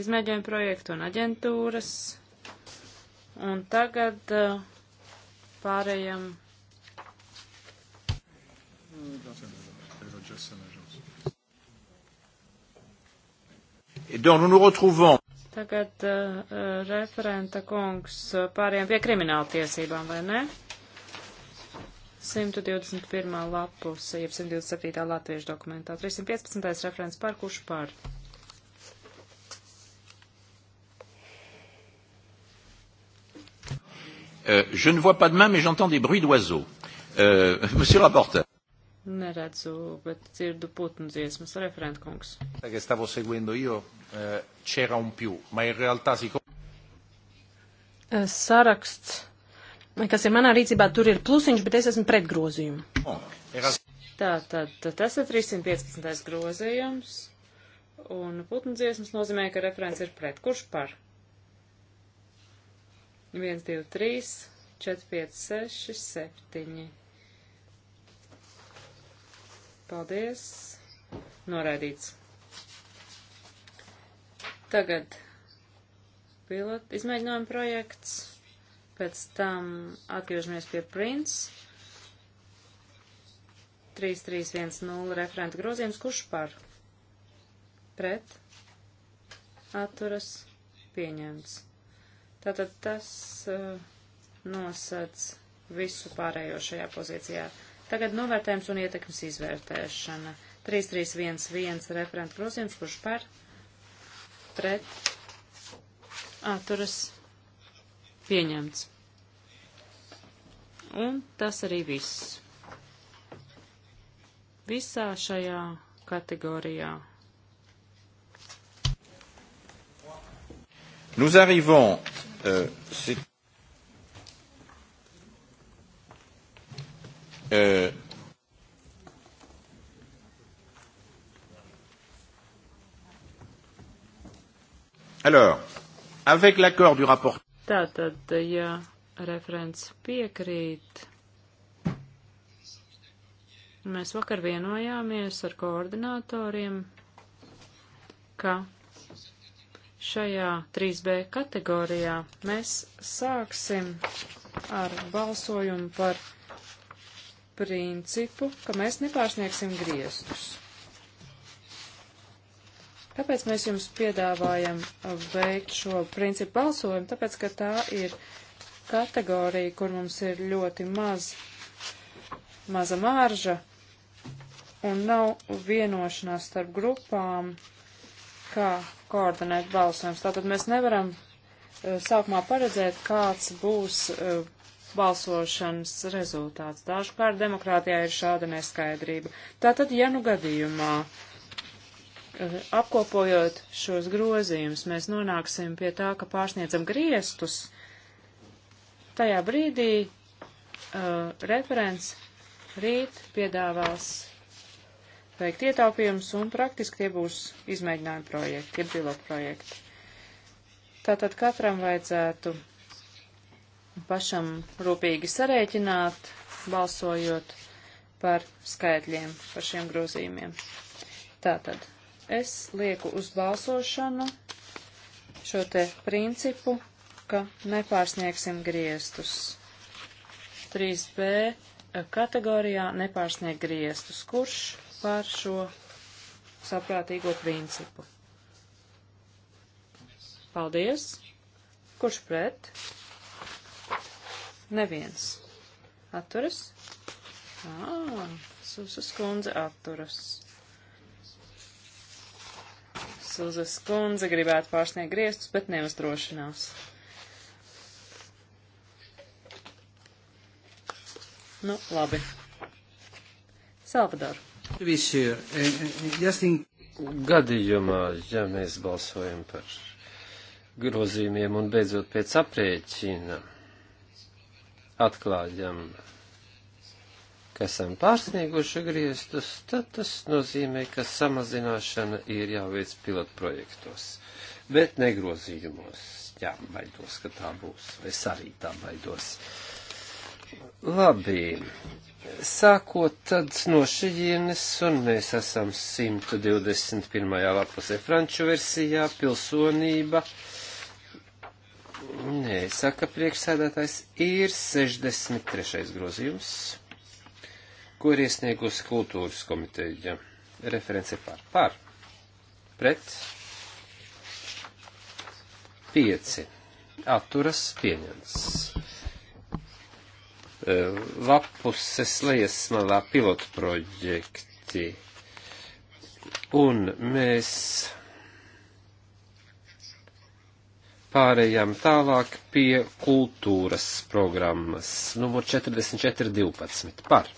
izmēģinājuma projektu un aģentūras. Un tagad eh, pārējam. Mm, Donc, nous nous retrouvons. Tagad uh, uh referenta kungs uh, pāriem pie krimināla tiesībām, vai ne? 121. lapuse, jeb 127. latviešu dokumentā. 315. referents par kurš par? Uh, je ne vois pas de main, mais j'entends des bruits d'oiseaux. Euh, monsieur le rapporteur. Neredzu, bet dzirdu putnu dziesmas referentkungs. Che stavo seguendo io eh, c'era un più, ma in realtà si eh, Saraksts, kas ir manā rīcībā, tur ir plusiņš, bet es esmu pret grozījumu. Oh, eras... Tā, tad tas ir 315. grozījums, un putnu dziesmas nozīmē, ka referents ir pret. Kurš par? 1, 2, 3, 4, 5, 6, 7. Paldies. Noraidīts. Tagad pilota izmēģinājuma projekts. Pēc tam atgriežamies pie Prince. 3310 referenta grozījums. Kurš par? Pret? Atturas? Pieņemts. Tātad tas uh, eh, nosac visu pārējo šajā pozīcijā. Tagad novērtējums un ietekmes izvērtēšana. 3311 referenta grozījums, kurš par pret atturas pieņemts. Un tas arī viss. Visā šajā kategorijā. Nous arrivons, euh, c'est euh, Alors, avec l'accord du rapport. Tātad, ja referents piekrīt, mēs vakar vienojāmies ar koordinatoriem, ka šajā 3B kategorijā mēs sāksim ar balsojumu par principu, ka mēs nepārsniegsim griestus. Kāpēc mēs jums piedāvājam veikt šo principu balsojumu? Tāpēc, ka tā ir kategorija, kur mums ir ļoti maz, maza mārža un nav vienošanās starp grupām, kā koordinēt balsojumus. Tātad mēs nevaram sākumā paredzēt, kāds būs uh, balsošanas rezultāts. Dažkārt demokrātijā ir šāda neskaidrība. Tātad, ja nu gadījumā eh, apkopojot šos grozījumus, mēs nonāksim pie tā, ka pārsniedzam griestus, tajā brīdī uh, referents rīt piedāvās veikt ietaupījumus un praktiski tie būs izmēģinājumi projekti, tie pilotu projekti. Tātad katram vajadzētu pašam rūpīgi sarēķināt, balsojot par skaitļiem, par šiem grozījumiem. Tātad es lieku uz balsošanu šo te principu, ka nepārsniegsim griestus. 3B eh, kategorijā nepārsniegt griestus. Kurš par šo saprātīgo principu? Paldies! Kurš pret? Neviens. Atturas? Ā, Sūzas kundze atturas. Sūzas kundze gribētu pārsniegt griestus, bet neuzdrošinās. Nu, labi. Salvador. Visi, e, e, e, Justin. Gadījumā, ja mēs balsojam par grozījumiem un beidzot pēc aprēķina atklājam, ka esam pārsnieguši griestus, tad tas nozīmē, ka samazināšana ir jāveic pilotprojektos, bet negrozījumos. Jā, baidos, ka tā būs. Es arī tā baidos. Labi. Sākot tad no šejienes, un mēs esam 121. lapusē franču versijā, pilsonība. Uh, Nē, saka priekšsēdētājs, ir 63. grozījums, ko ir iesniegusi kultūras komiteja. Reference par. Par. Pret. 5. Atturas pieņems. E, lapuses lejas malā pilotu projekti. Un mēs pārējām tālāk pie kultūras programmas, numur 4412 par.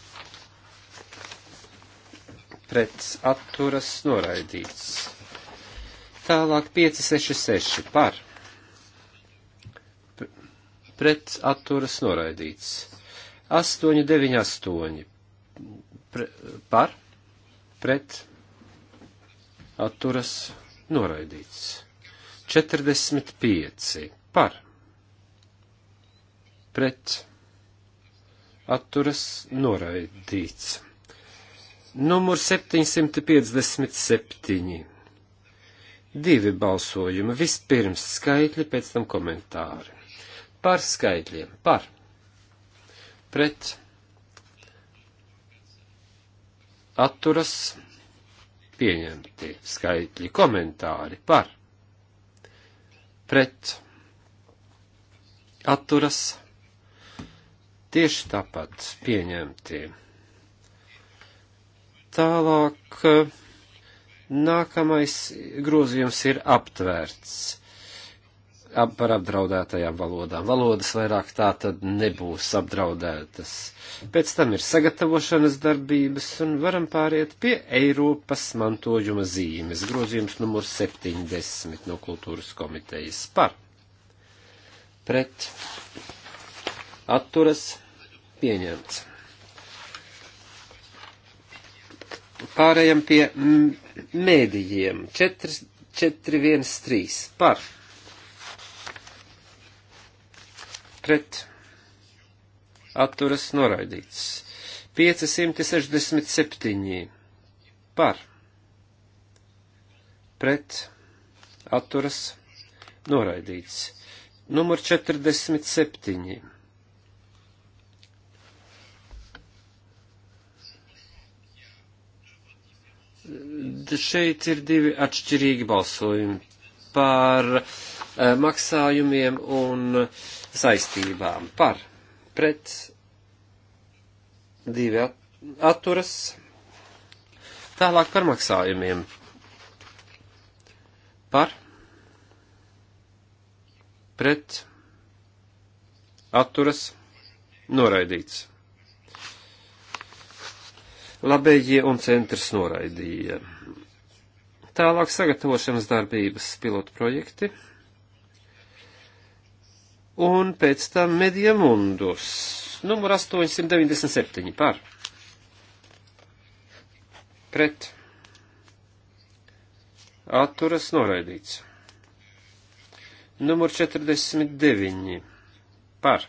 Pret atturas noraidīts. Tālāk 566 par. Pret atturas noraidīts. 898 pre, par. Pret atturas noraidīts. 45 par pret atturas noraidīts. Numur 757. Divi balsojumi, vispirms skaitļi, pēc tam komentāri. Par skaitļiem, par, pret, atturas, pieņemti skaitļi, komentāri, par, pret atturas tieši tāpat pieņemti. Tālāk nākamais grozījums ir aptvērts par apdraudētajām valodām. Valodas vairāk tā tad nebūs apdraudētas. Pēc tam ir sagatavošanas darbības un varam pāriet pie Eiropas mantojuma zīmes. Grozījums numur 70 no kultūras komitejas par. Pret. Atturas. Pieņemts. Pārējam pie mēdījiem. 4, 4, 1, 3. Par pret atturas noraidīts. 567 par pret atturas noraidīts. Numur 47. Šeit ir divi atšķirīgi balsojumi par eh, maksājumiem un uh, saistībām par pret divi atturas, tālāk par maksājumiem. Par pret atturas noraidīts. Labējie un centrs noraidīja. Tālāk sagatavošanas darbības pilotu projekti. Un pēc tam Mediamundus, numur 897 par. Pret. Atturas noraidīts. Numur 49 par.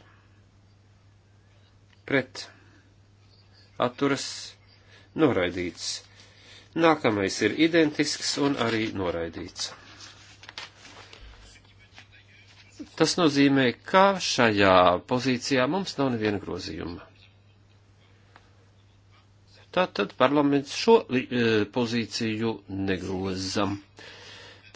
Pret. Atturas noraidīts. Nākamais ir identisks un arī noraidīts. Tas nozīmē, ka šajā pozīcijā mums nav neviena grozījuma. Tātad parlaments šo e, pozīciju negroza.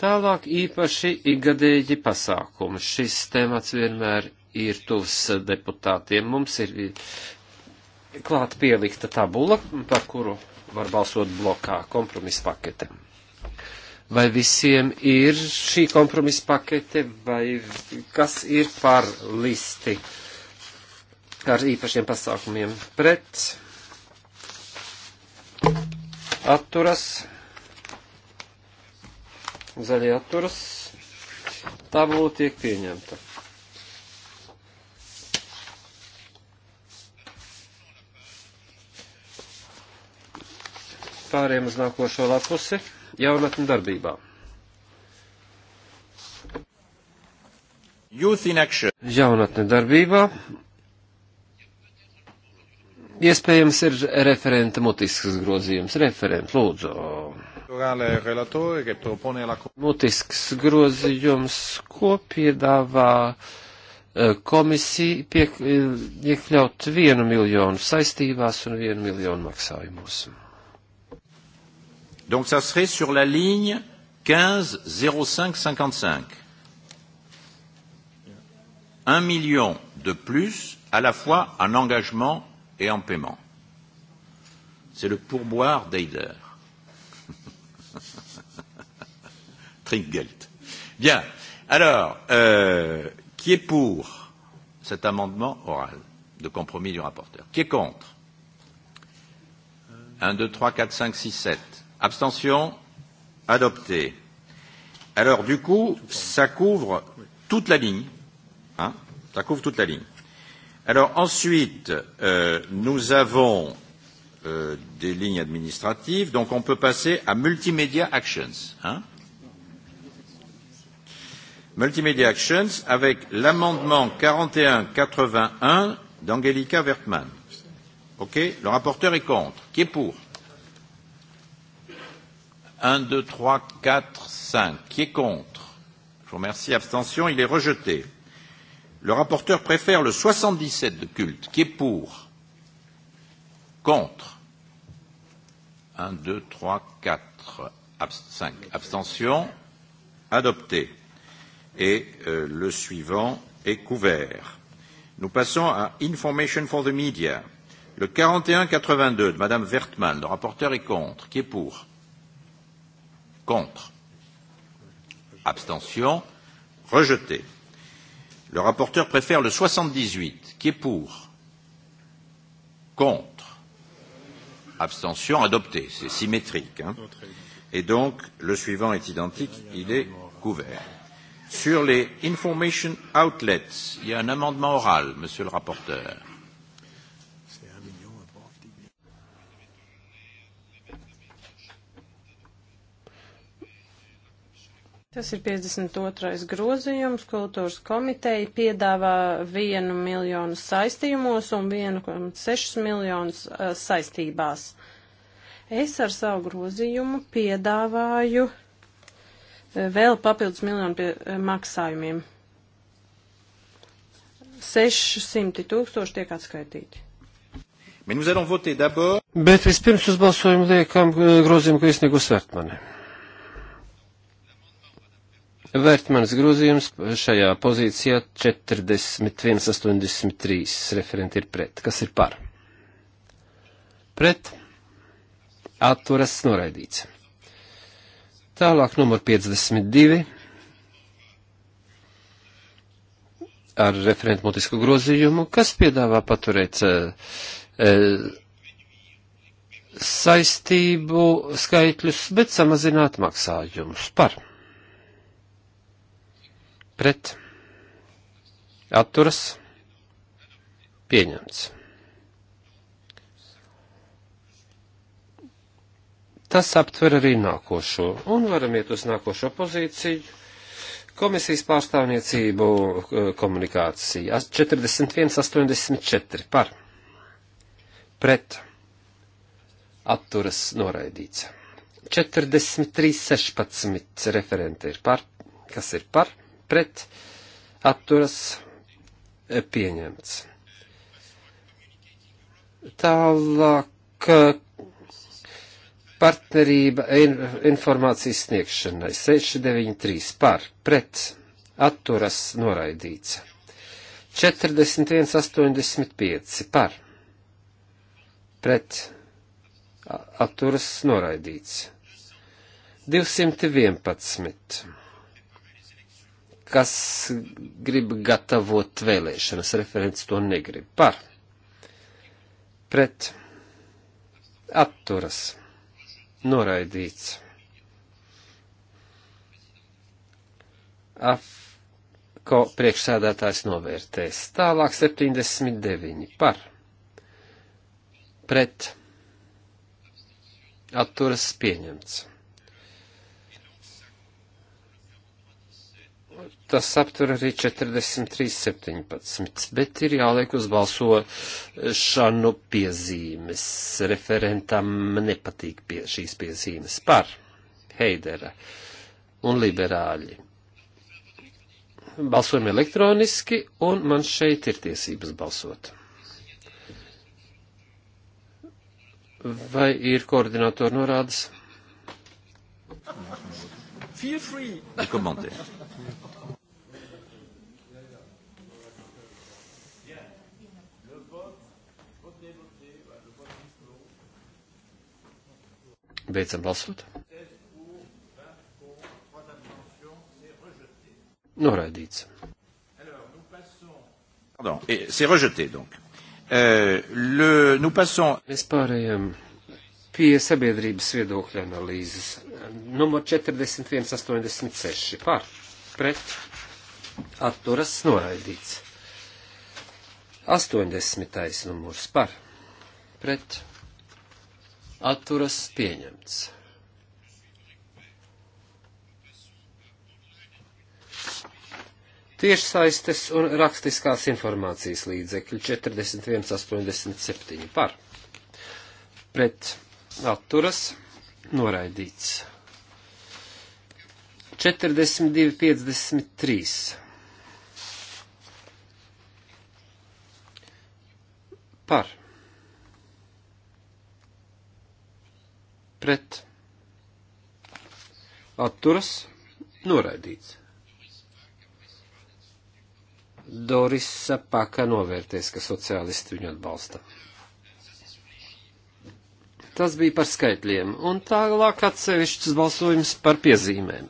Tālāk īpaši ikgadēji pasākumi. Šis temats vienmēr ir tuvs deputātiem. Mums ir klāt pielikta tabula, par kuru var balsot blokā kompromisa paketem vai visiem ir šī kompromisa pakete, vai kas ir par listi ar īpašiem pasākumiem pret, atturas, zaļie atturas, tabula tiek pieņemta. Pāriem uz nākošo lapusi jaunatni darbībā. Jaunatne darbībā. Iespējams ir referenta mutisks grozījums. Referent, lūdzu. Mutisks grozījums, ko piedāvā eh, komisija, pie, eh, iekļaut vienu miljonu saistībās un vienu miljonu maksājumos. Donc ça serait sur la ligne 15 05 55. Un million de plus à la fois en engagement et en paiement. C'est le pourboire d'Eider. Trinkgeld. Bien. Alors, euh, qui est pour cet amendement oral de compromis du rapporteur Qui est contre 1, 2, 3, 4, 5, 6, 7. Abstention Adopté. Alors, du coup, ça couvre toute la ligne. Hein ça couvre toute la ligne. Alors, ensuite, euh, nous avons euh, des lignes administratives, donc on peut passer à Multimedia Actions. Hein Multimedia Actions avec l'amendement 4181 d'Angelica Wertmann. OK Le rapporteur est contre. Qui est pour 1, 2, 3, 4, 5. Qui est contre Je vous remercie. Abstention, il est rejeté. Le rapporteur préfère le 77 de culte. Qui est pour Contre 1, 2, 3, 4, 5. Abstention Adopté. Et euh, le suivant est couvert. Nous passons à Information for the Media. Le 41-82 de Madame Wertmann, le rapporteur est contre. Qui est pour Contre. Abstention. Rejeté. Le rapporteur préfère le 78. Qui est pour Contre. Abstention. Adopté. C'est symétrique. Hein. Et donc, le suivant est identique. Il est couvert. Sur les information outlets, il y a un amendement oral, monsieur le rapporteur. Tas ir 52. grozījums. Kultūras komiteja piedāvā 1 miljonu saistījumos un 1,6 miljonus saistībās. Es ar savu grozījumu piedāvāju vēl papildus miljonu pie maksājumiem. 600 tūkstoši tiek atskaitīti. Bet vispirms uz balsojumu liekam grozījumu, ko iesniegus Vertmane vērt manas grozījums šajā pozīcijā 41.83. Referenti ir pret. Kas ir par? Pret. Atturas noraidīts. Tālāk numur 52. Ar referentu mutisku grozījumu, kas piedāvā paturēt e, saistību skaitļus, bet samazināt maksājumus par pret atturas pieņemts. Tas aptver arī nākošo, un varam iet uz nākošo pozīciju. Komisijas pārstāvniecību eh, komunikācija 41.84 par pret atturas noraidīts. 43.16 referente ir par, kas ir par, pret atturas e, pieņemts. Tālāk e, partnerība e, informācijas sniegšanai 693 par pret atturas noraidīts. 41,85 par pret atturas noraidīts. 211 kas grib gatavot vēlēšanas, referents to negrib. Par, pret, atturas, noraidīts. Afko priekšsēdētājs novērtēs. Tālāk 79 par, pret, atturas pieņemts. tas aptver arī 43.17, bet ir jāliek uz balsošanu piezīmes. Referentam nepatīk pie šīs piezīmes par Heidera un liberāļi. Balsojam elektroniski, un man šeit ir tiesības balsot. Vai ir koordinātori norādes? Feel free. Komentēt. Beidzam balsot. Noraidīts. Pardon, c'est rejeté donc. Euh, le, nous passons. Mēs pārējām pie sabiedrības viedokļa analīzes. Numur 4186 par pret atturas noraidīts. 80. numurs par pret atturas pieņemts. Tiešsaistes un rakstiskās informācijas līdzekļi 41,87 par. Pret atturas noraidīts. 42,53. Par. pret atturas noraidīts. Doris Sapaka novērties, ka sociālisti viņu atbalsta. Tas bija par skaitļiem, un tālāk atsevišķs balsojums par piezīmēm.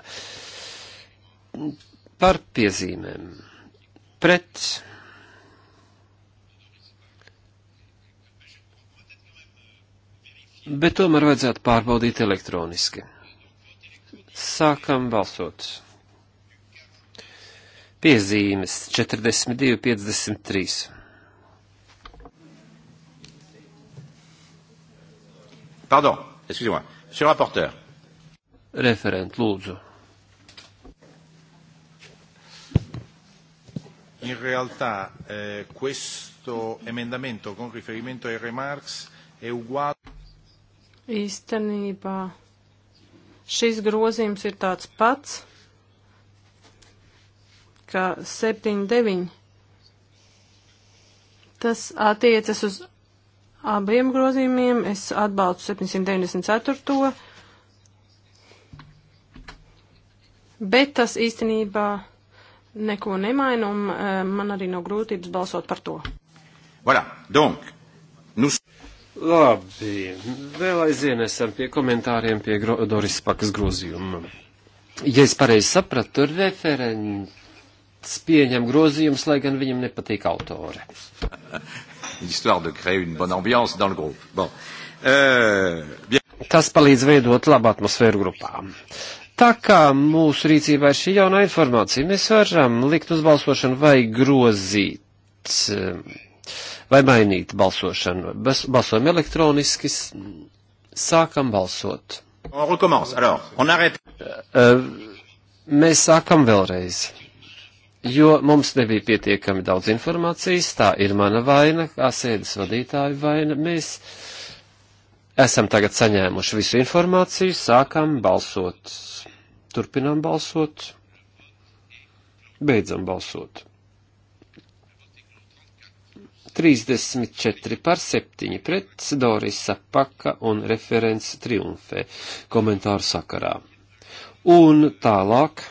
Par piezīmēm. Pret bet tomēr vajadzētu pārbaudīt elektroniski. Sākam balsot. Piezīmes 42, 53. Pardon, excusez-moi. Monsieur le rapporteur. Referent, lūdzu. In realtà eh, questo emendamento con riferimento ai remarks è uguale. Īstenībā šis grozījums ir tāds pats, kā 7,9. Tas attiecas uz abiem grozījumiem. Es atbalstu 794. Bet tas īstenībā neko nemaina, un eh, man arī nav grūtības balsot par to. Voilà, donc, nous... Labi, vēl aizvien esam pie komentāriem pie Gro Doris Pakas grozījuma. Ja es pareizi sapratu, referents pieņem grozījums, lai gan viņam nepatīk autore. Histoire de créer une bonne ambiance dans le groupe. Bon. Euh, bien. Tas palīdz veidot labu atmosfēru grupām. Tā kā mūsu rīcībā ir šī jaunā informācija, mēs varam likt uz balsošanu vai grozīt vai mainīt balsošanu. Bas, balsojam elektroniski, sākam balsot. On recommence, alors, on arrête. Eh, eh, mēs sākam vēlreiz, jo mums nebija pietiekami daudz informācijas, tā ir mana vaina, kā sēdes vadītāja vaina. Mēs esam tagad saņēmuši visu informāciju, sākam balsot, turpinām balsot, beidzam balsot. 34 par 7 pret Dorisa Paka un referents triumfē komentāru sakarā. Un tālāk.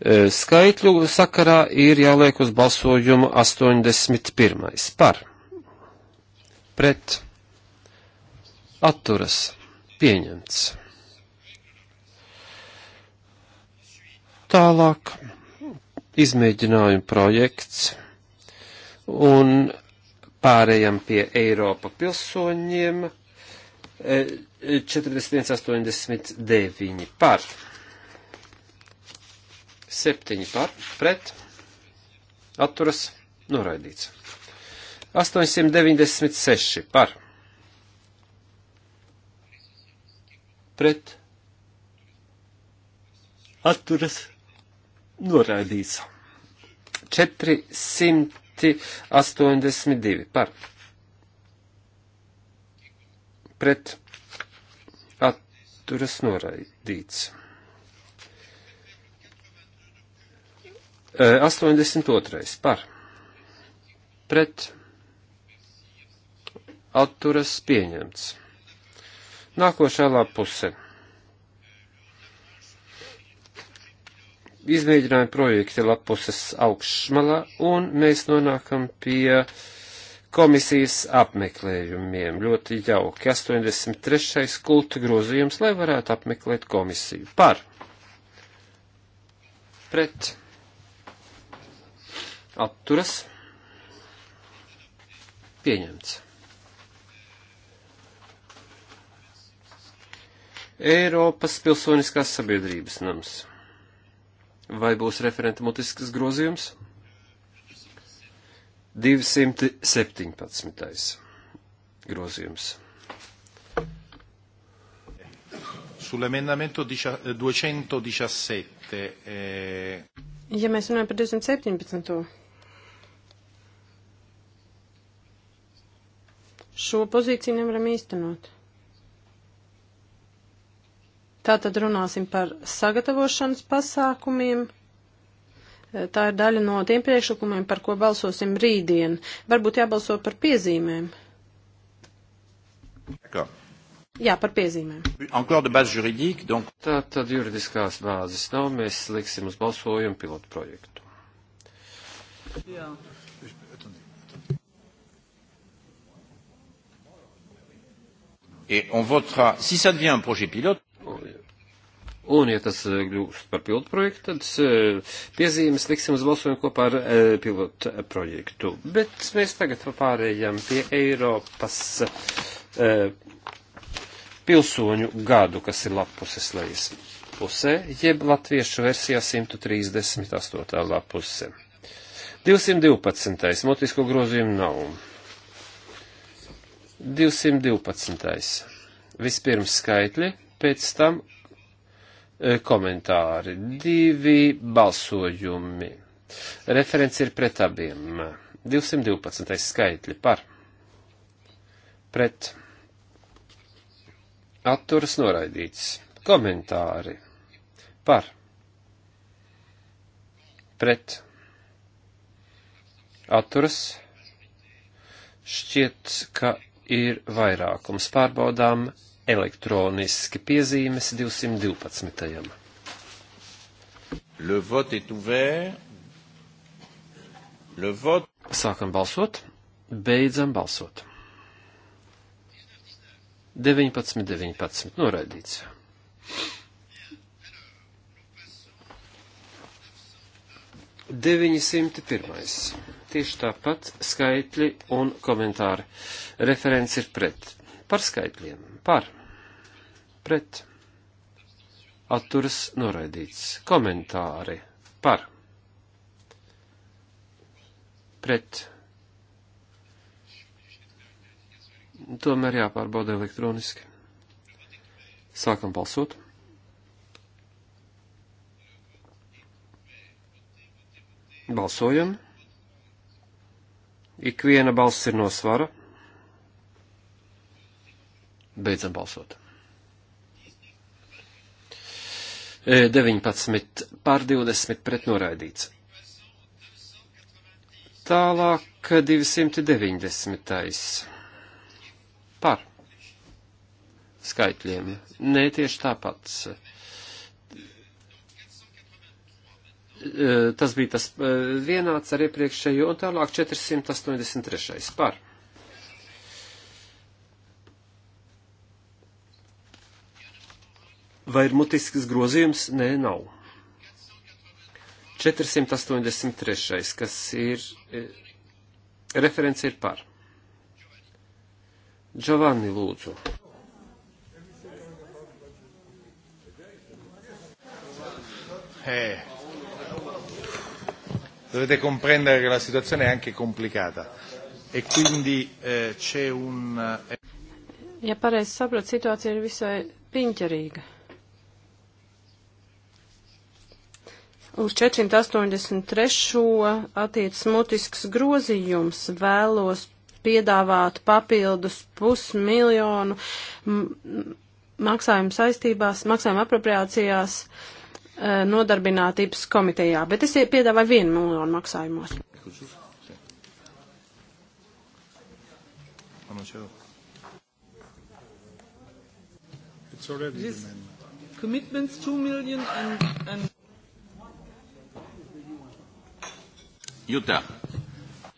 E, skaitļu sakarā ir jāliek uz balsojumu 81. par pret atturas pieņemts. Tālāk izmēģinājuma projekts Un pārējām pie Eiropa pilsoņiem 41,89 e, par 7 par pret atturas noraidīts. 896 par pret atturas noraidīts. 400 182 par pret atturas noraidīts. 82. E, par pret atturas pieņemts. Nākošā lapuse. izmēģinājuma projekti lapuses augšmalā, un mēs nonākam pie komisijas apmeklējumiem. Ļoti jauki. 83. kulta grozījums, lai varētu apmeklēt komisiju. Par. Pret. Atturas. Pieņemts. Eiropas pilsoniskās sabiedrības nams. Vai būs referenta mutiskas grozījums? 217. grozījums. Sull'emendamento 217. Eh, eh... Ja mēs runājam par 217. Šo pozīciju nevaram īstenot. Tātad runāsim par sagatavošanas pasākumiem. E, tā ir daļa no tiem priekšlikumiem, par ko balsosim rītdien. Varbūt jābalso par piezīmēm. D'accord. Jā, par piezīmēm. Donc... Tā tad juridiskās bāzes nav, mēs liksim uz balsojumu pilotu projektu. Jā. Et on votera, si ça devient un projet pilote. Un, ja tas eh, kļūst par pilotu projektu, tad eh, piezīmes liksim uz balsojumu kopā ar eh, pilotu projektu. Bet mēs tagad pārējām pie Eiropas pilsoņu gadu, kas ir lapuses lejas pusē, jeb latviešu versijā 138. lapuse. 212. motisko grozījumu nav. 212. Vispirms skaitļi pēc tam e, komentāri, divi balsojumi. Referents ir pret abiem. 212. skaitļi par. Pret. Atturas noraidīts. Komentāri. Par. Pret. Atturas. Šķiet, ka ir vairākums. Pārbaudām elektroniski piezīmes 212. Le vote est ouvert. Le vote. Sākam balsot, beidzam balsot. 19, 19, noraidīts. Deviņsimti pirmais. Tieši tāpat skaitļi un komentāri. Referents ir pret. Par skaitļiem. Par pret atturas noraidīts. Komentāri par pret. Tomēr jāpārbauda elektroniski. Sākam balsot. Balsojam. Ik viena balss ir no svara. Beidzam balsot. 19 e, pār 20 pret noraidīts. Tālāk 290. Par skaitļiem. Nē, tieši tāpats. E, tas bija tas e, vienāds ar iepriekšējo un tālāk 483. par. Vai ir mutisks grozījums? Nē, nav. 483, kas ir, e, referents ir par. Giovanni, lūdzu. Eh, dovete comprendere che la situazione è anche complicata e quindi eh, c'è un. Eh, ja pareizi saprotu, situācija ir visai piņķerīga. Uz 483. attiecas mutisks grozījums vēlos piedāvāt papildus pusmiljonu maksājumu saistībās, maksājumu apropriācijās e, nodarbinātības komitejā, bet es piedāvāju vienu miljonu maksājumos. Commitments 2 million and, and Jutā.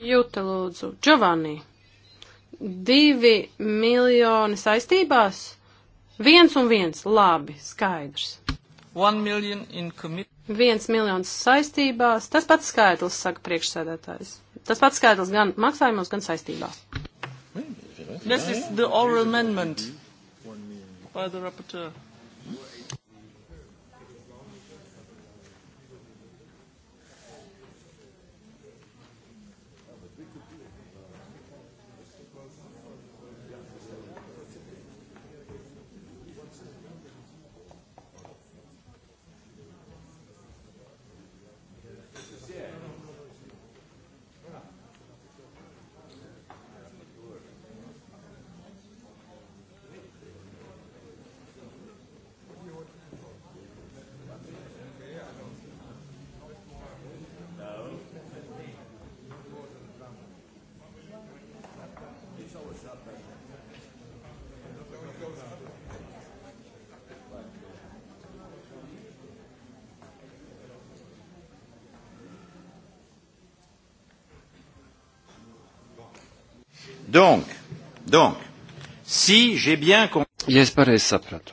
Jūta lūdzu. Giovanni, divi miljoni saistībās? Viens un viens. Labi, skaidrs. Viens miljons saistībās. Tas pats skaitlis, saka priekšsēdētājs. Tas pats skaitlis gan maksājumos, gan saistībās. This is the oral amendment by the rapporteur. Donc, donc, si j'ai bien compris. Ja es pareizi sapratu.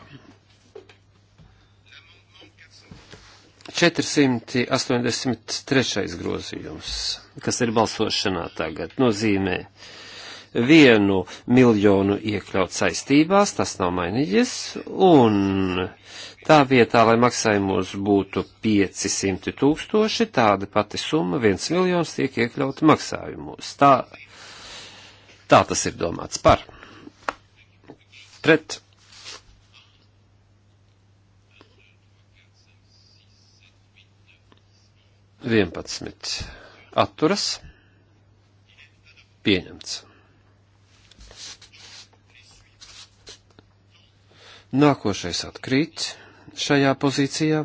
483. grozījums, kas ir balsošanā tagad, nozīmē vienu miljonu iekļaut saistībās, tas nav mainījies, un tā vietā, lai maksājumos būtu 500 tūkstoši, tāda pati summa, viens miljons tiek iekļaut maksājumos. Tā Tā tas ir domāts par. Pret. Vienpadsmit. Atturas. Pieņemts. Nākošais atkrīt šajā pozīcijā.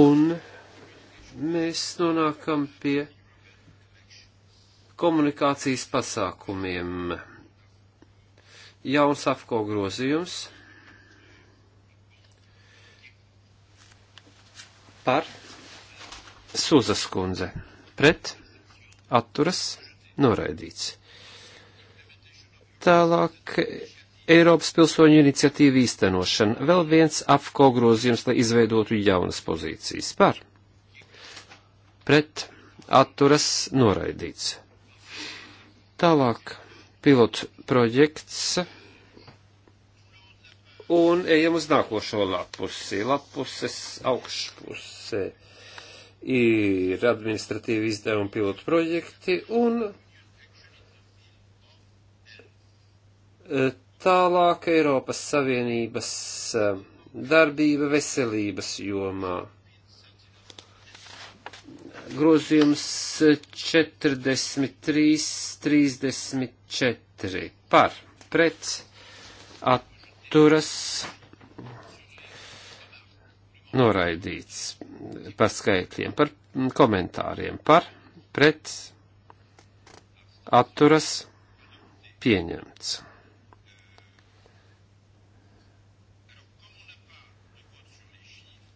Un mēs nonākam pie komunikācijas pasākumiem. Jauns afko grozījums par Suzas kundze. Pret atturas noraidīts. Tālāk Eiropas pilsoņu iniciatīva īstenošana. Vēl viens afko grozījums, lai izveidotu jaunas pozīcijas par. Pret atturas noraidīts. Tālāk pilots projekts. Un ejam uz nākošo lapusi. Lapuses augšpusē ir administratīvi izdevumi pilotu projekti un e, tālāk Eiropas Savienības e, darbība veselības jomā grozījums 43, 34 par pret atturas noraidīts par skaitļiem, par komentāriem, par pret atturas pieņemts.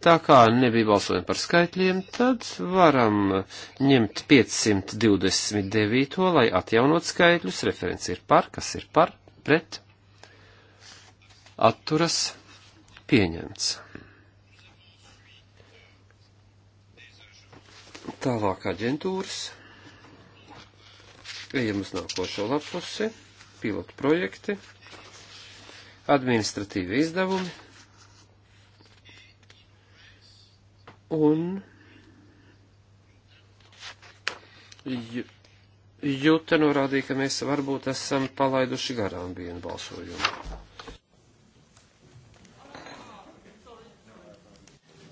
Tā kā nebija balsojumi par skaitļiem, tad varam ņemt 529, lai atjaunot skaitļus. Referents ir par, kas ir par, pret, atturas, pieņemts. Tālāk aģentūras. Ejam uz nākošo lapusi. Pilotu projekti. Administratīvi izdevumi. Un Jūta norādīja, ka mēs varbūt esam palaiduši garām vienu balsojumu.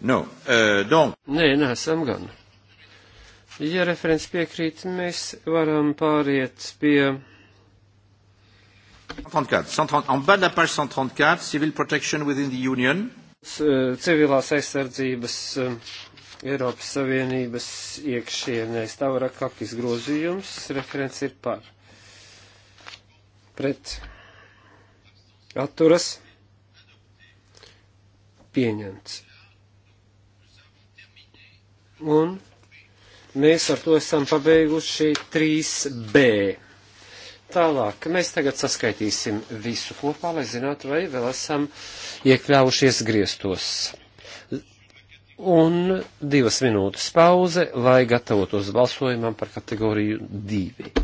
No, uh, eh, don't. Nē, nesam gan. Ja referents piekrīt, mēs varam pāriet pie. 134, 134, en bas de la page 134, civil protection within the union. Eh, civilās aizsardzības eh, Eiropas Savienības iekšienē. Stavra kakis grozījums, referents ir par. Pret. Atturas. Pieņemts. Un mēs ar to esam pabeiguši 3B Tālāk, mēs tagad saskaitīsim visu kopā, lai zinātu, vai vēl esam iekļaujušies griestos. Un divas minūtes pauze, lai gatavotos balsojumam par kategoriju divi.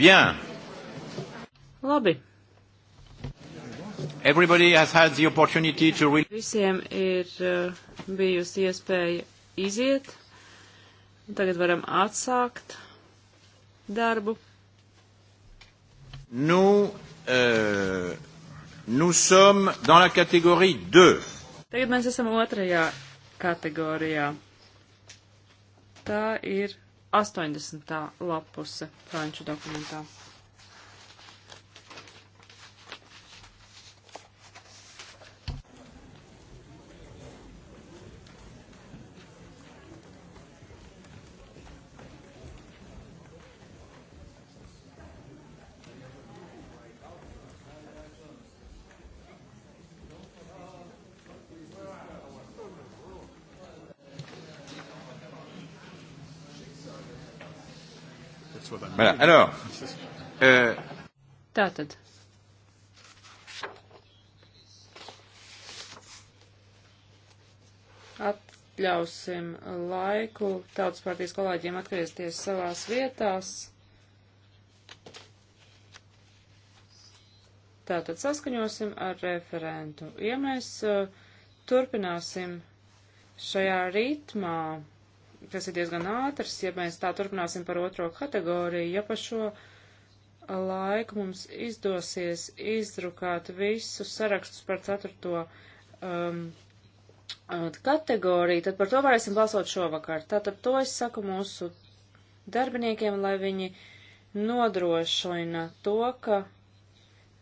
Bien. Labi. Everybody has had the opportunity to read. Visiem ir uh, bijusi iespēja iziet. Tagad varam atsākt darbu. Nous, euh, nous sommes dans la catégorie 2. Tagad mēs esam otrajā kategorijā. Tā ir 80. lapuse franču dokumentā. Voilà. Alors. Euh... Tātad. Atļausim laiku tautas partijas kolēģiem atgriezties savās vietās. Tātad saskaņosim ar referentu. Ja mēs uh, turpināsim šajā ritmā, tas ir diezgan ātrs, ja mēs tā turpināsim par otro kategoriju, ja pa šo laiku mums izdosies izdrukāt visus sarakstus par ceturto um, uh, kategoriju, tad par to varēsim balsot šovakar. Tātad to es saku mūsu darbiniekiem, lai viņi nodrošina to, ka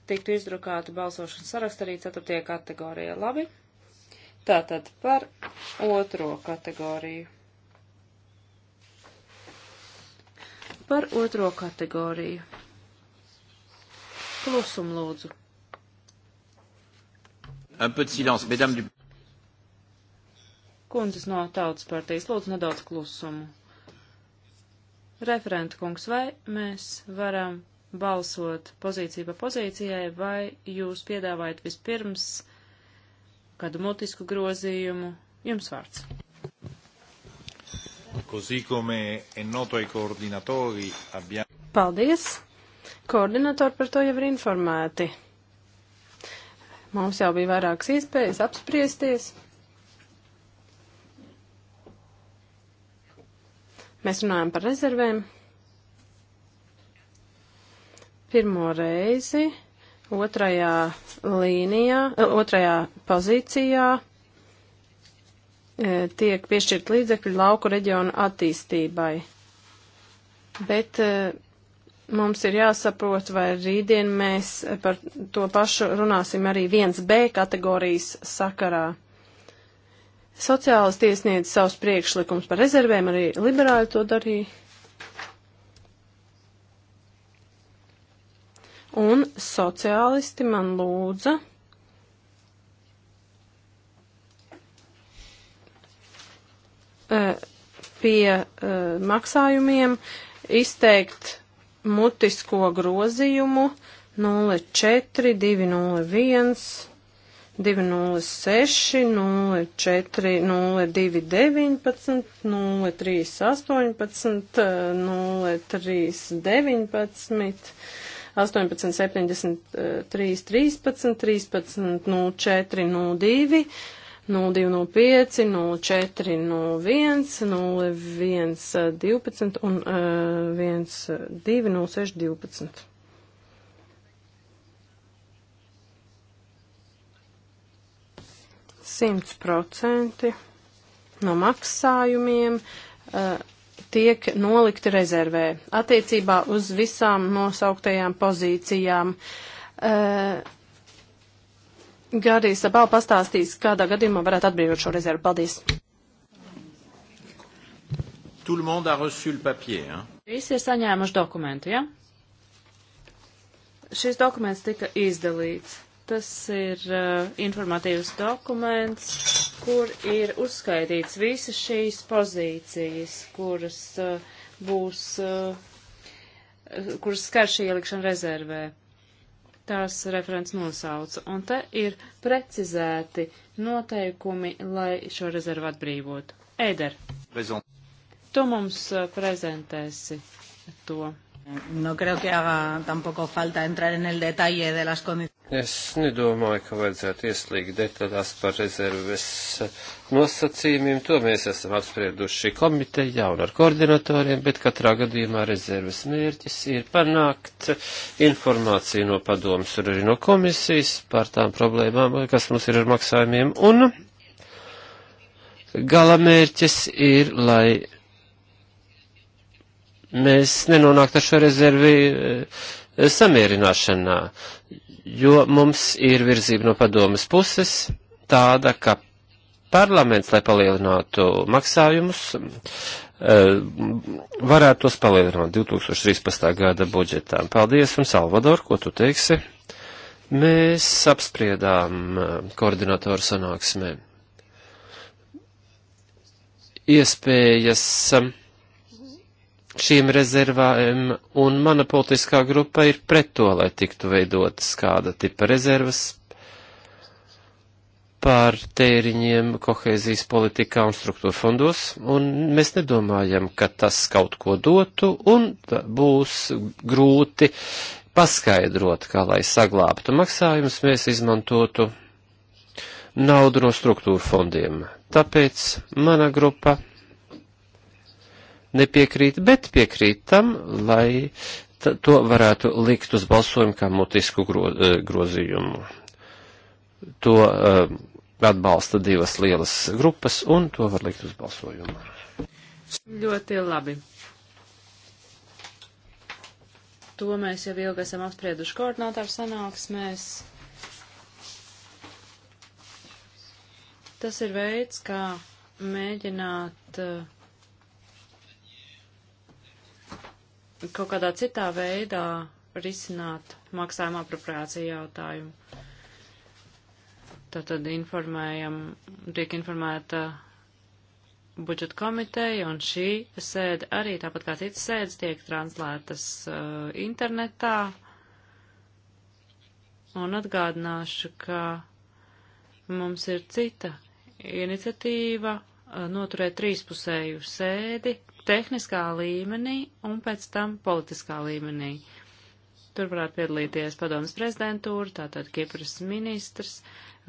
tiktu izdrukāta balsošanas saraksta arī ceturtajā kategorijā. Labi? Tātad par otro kategoriju. par otro kategoriju. Klusum lūdzu. Un peu de silence, mesdames du... Kundzes no tautas partijas, lūdzu nedaudz klusumu. Referenta kungs, vai mēs varam balsot pozīciju pa pozīcijai, vai jūs piedāvājat vispirms kādu mutisku grozījumu? Jums vārds. Così come è noto ai coordinatori, abbiamo... Paldies! Koordinatori par to jau ir informēti. Mums jau bija vairākas iespējas apspriesties. Mēs runājam par rezervēm. Pirmo reizi otrajā līnijā, otrajā pozīcijā E, tiek piešķirt līdzekļi lauku reģionu attīstībai. Bet e, mums ir jāsaprot, vai rītdien mēs par to pašu runāsim arī 1B kategorijas sakarā. Sociālas tiesniedz savus priekšlikums par rezervēm, arī liberāļi to darīja. Un sociālisti man lūdza Uh, pie uh, maksājumiem izteikt mutisko grozījumu 04, 201, 206, 04, 02, 19, 03, 18, 03, 19. 18, 73, 13, 13, 04, 02, 0205, 0401, 0112 eh, un uh, eh, 120612. Eh, Simts procenti no maksājumiem. Uh, tiek nolikti rezervē attiecībā uz visām nosauktajām pozīcijām. Uh, Gārijas Sabal pastāstīs, kādā gadījumā varētu atbrīvot šo rezervu. Paldies! Tout le monde a reçu le papier, hein? Visi ir saņēmuši dokumentu, ja? Šis dokuments tika izdalīts. Tas ir uh, informatīvs dokuments, kur ir uzskaitīts visas šīs pozīcijas, kuras uh, būs, uh, kuras skar šī ielikšana rezervē. Uh, tās referents nosauca, un te ir precizēti noteikumi, lai šo rezervu atbrīvotu. Eider, tu mums eh, prezentēsi to. No creo que haga tampoco falta entrar en el detalle de las condiciones. Es nedomāju, ka vajadzētu ieslīgt detaļās par rezerves nosacījumiem. To mēs esam apsprieduši komitejā un ar koordinatoriem, bet katrā gadījumā rezerves mērķis ir panākt informāciju no padomas un arī no komisijas par tām problēmām, kas mums ir ar maksājumiem. Un gala mērķis ir, lai mēs nenonāktu ar šo rezervi eh, samierināšanā jo mums ir virzība no padomas puses tāda, ka parlaments, lai palielinātu maksājumus, eh, varētu tos palielināt 2013. gada budžetā. Paldies, un Salvador, ko tu teiksi? Mēs apspriedām eh, koordinatoru sanāksmē iespējas eh, šīm rezervām, un mana politiskā grupa ir pret to, lai tiktu veidotas kāda tipa rezervas par tēriņiem kohēzijas politikā un struktūra fondos, un mēs nedomājam, ka tas kaut ko dotu, un būs grūti paskaidrot, kā lai saglābtu maksājumus, mēs izmantotu naudu no struktūra fondiem. Tāpēc mana grupa nepiekrīt, bet piekrīt tam, lai to varētu likt uz balsojumu kā mutisku gro eh, grozījumu. To uh, atbalsta divas lielas grupas, un to var likt uz balsojumu. Ļoti labi. To mēs jau ilgi esam apsprieduši koordinātāru sanāksmēs. Tas ir veids, kā mēģināt uh, kaut kādā citā veidā risināt maksājuma apropriācija jautājumu. Tātad informējam, tiek informēta budžeta komiteja, un šī sēde arī, tāpat kā citas sēdes, tiek translētas uh, internetā. Un atgādināšu, ka mums ir cita iniciatīva uh, noturēt trīspusēju sēdi tehniskā līmenī un pēc tam politiskā līmenī. Tur varētu piedalīties padomas prezidentūra, tātad Kipras ministrs,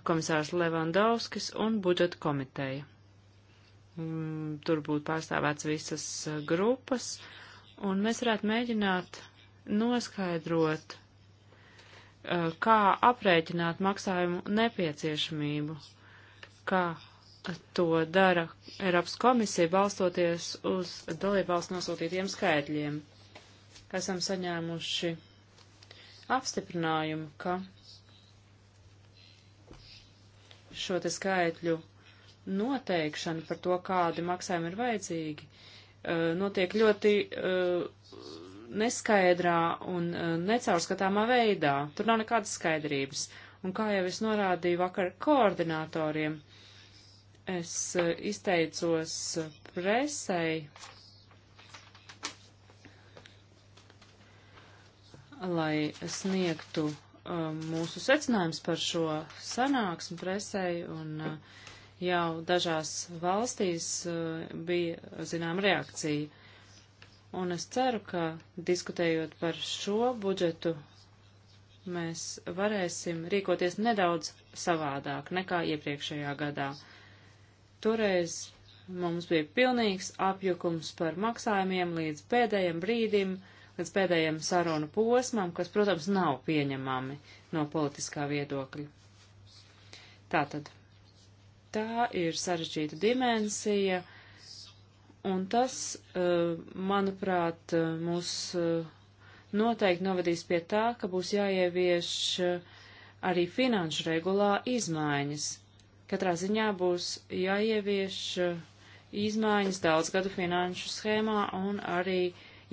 komisārs Levandovskis un budžeta komiteja. Mm, tur būtu pārstāvēts visas eh, grupas, un mēs varētu mēģināt noskaidrot, eh, kā aprēķināt maksājumu nepieciešamību, kā to dara Eiropas komisija balstoties uz dalībvalsts nosūtītiem skaitļiem. Esam saņēmuši apstiprinājumu, ka šo te skaitļu noteikšana par to, kādi maksājumi ir vajadzīgi, eh, notiek ļoti eh, neskaidrā un eh, necaurskatāmā veidā. Tur nav nekādas skaidrības. Un kā jau es norādīju vakar koordinatoriem, es eh, izteicos presei, lai sniegtu um, mūsu secinājums par šo sanāksmu presei, un uh, jau dažās valstīs uh, bija zinām reakcija. Un es ceru, ka diskutējot par šo budžetu, mēs varēsim rīkoties nedaudz savādāk nekā iepriekšējā gadā. Uh, Toreiz mums bija pilnīgs apjukums par maksājumiem līdz pēdējiem brīdim, līdz pēdējiem sarunu posmam, kas, protams, nav pieņemami no politiskā viedokļa. Tātad, tā ir sarežģīta dimensija, un tas, eh, manuprāt, eh, mūs eh, noteikti novadīs pie tā, ka būs jāievieš arī finanšu regulā izmaiņas Katrā ziņā būs jāievieš eh, izmaiņas daudzgadu finanšu schēmā un arī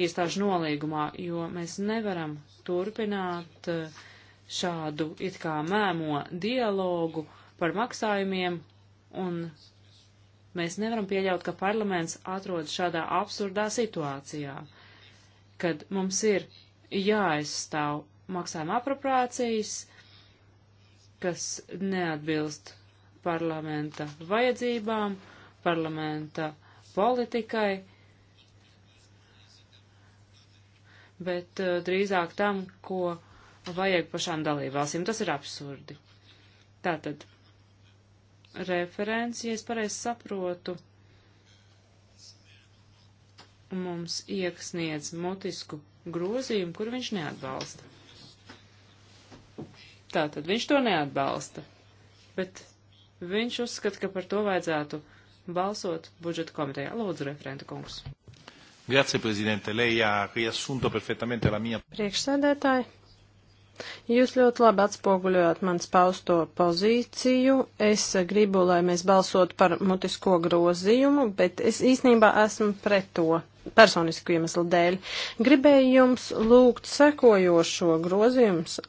iestāžu nolīgumā, jo mēs nevaram turpināt eh, šādu it kā mēmo dialogu par maksājumiem, un mēs nevaram pieļaut, ka parlaments atrodas šādā absurdā situācijā, kad mums ir jāaizstāv maksājuma apropriācijas, kas neatbilst parlamenta vajadzībām, parlamenta politikai, bet uh, drīzāk tam, ko vajag pašām dalībvalstīm. Tas ir absurdi. Tātad, referents, ja es pareizi saprotu, mums iesniedz mutisku grozījumu, kur viņš neatbalsta. Tātad viņš to neatbalsta, bet Viņš uzskata, ka par to vajadzētu balsot budžeta komitejā. Lūdzu, referenta kungs. Grazie, prezidente. Lei ha riassunto perfettamente la mia. Priekšsēdētāji, Jūs ļoti labi atspoguļojāt manas pausto pozīciju. Es gribu, lai mēs balsotu par mutisko grozījumu, bet es īstenībā esmu pret to personisku iemeslu dēļ. Gribēju jums lūgt sekojošo grozījums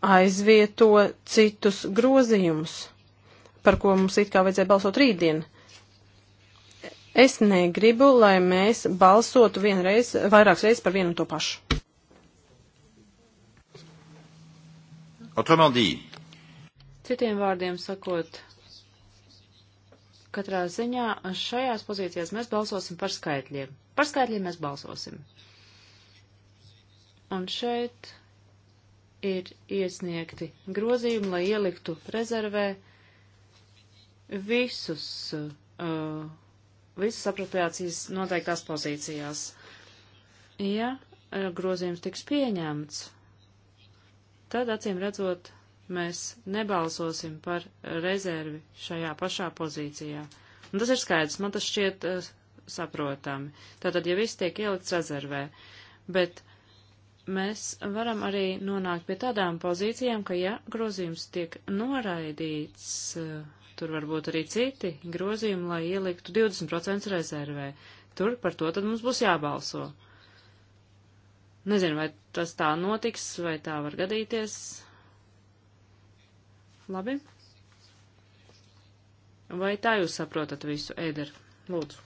aizvieto citus grozījumus, par ko mums it kā vajadzēja balsot rītdien. Es negribu, lai mēs balsotu vienreiz, vairākas reizes par vienu un to pašu. Autrement dit. Citiem vārdiem sakot, katrā ziņā šajās pozīcijās mēs balsosim par skaitļiem. Par skaitļiem mēs balsosim. Un šeit ir iesniegti grozījumi, lai ieliktu rezervē visus, uh, visas apropriācijas noteiktās pozīcijās. Ja uh, grozījums tiks pieņemts, tad acīm redzot, mēs nebalsosim par rezervi šajā pašā pozīcijā. Un tas ir skaidrs, man tas šķiet uh, saprotami. Tātad, ja viss tiek ielikts rezervē, bet mēs varam arī nonākt pie tādām pozīcijām, ka ja grozījums tiek noraidīts, eh, tur varbūt arī citi grozījumi, lai ieliktu 20% rezervē. Tur par to tad mums būs jābalso. Nezinu, vai tas tā notiks, vai tā var gadīties. Labi. Vai tā jūs saprotat visu, Ēder? Lūdzu.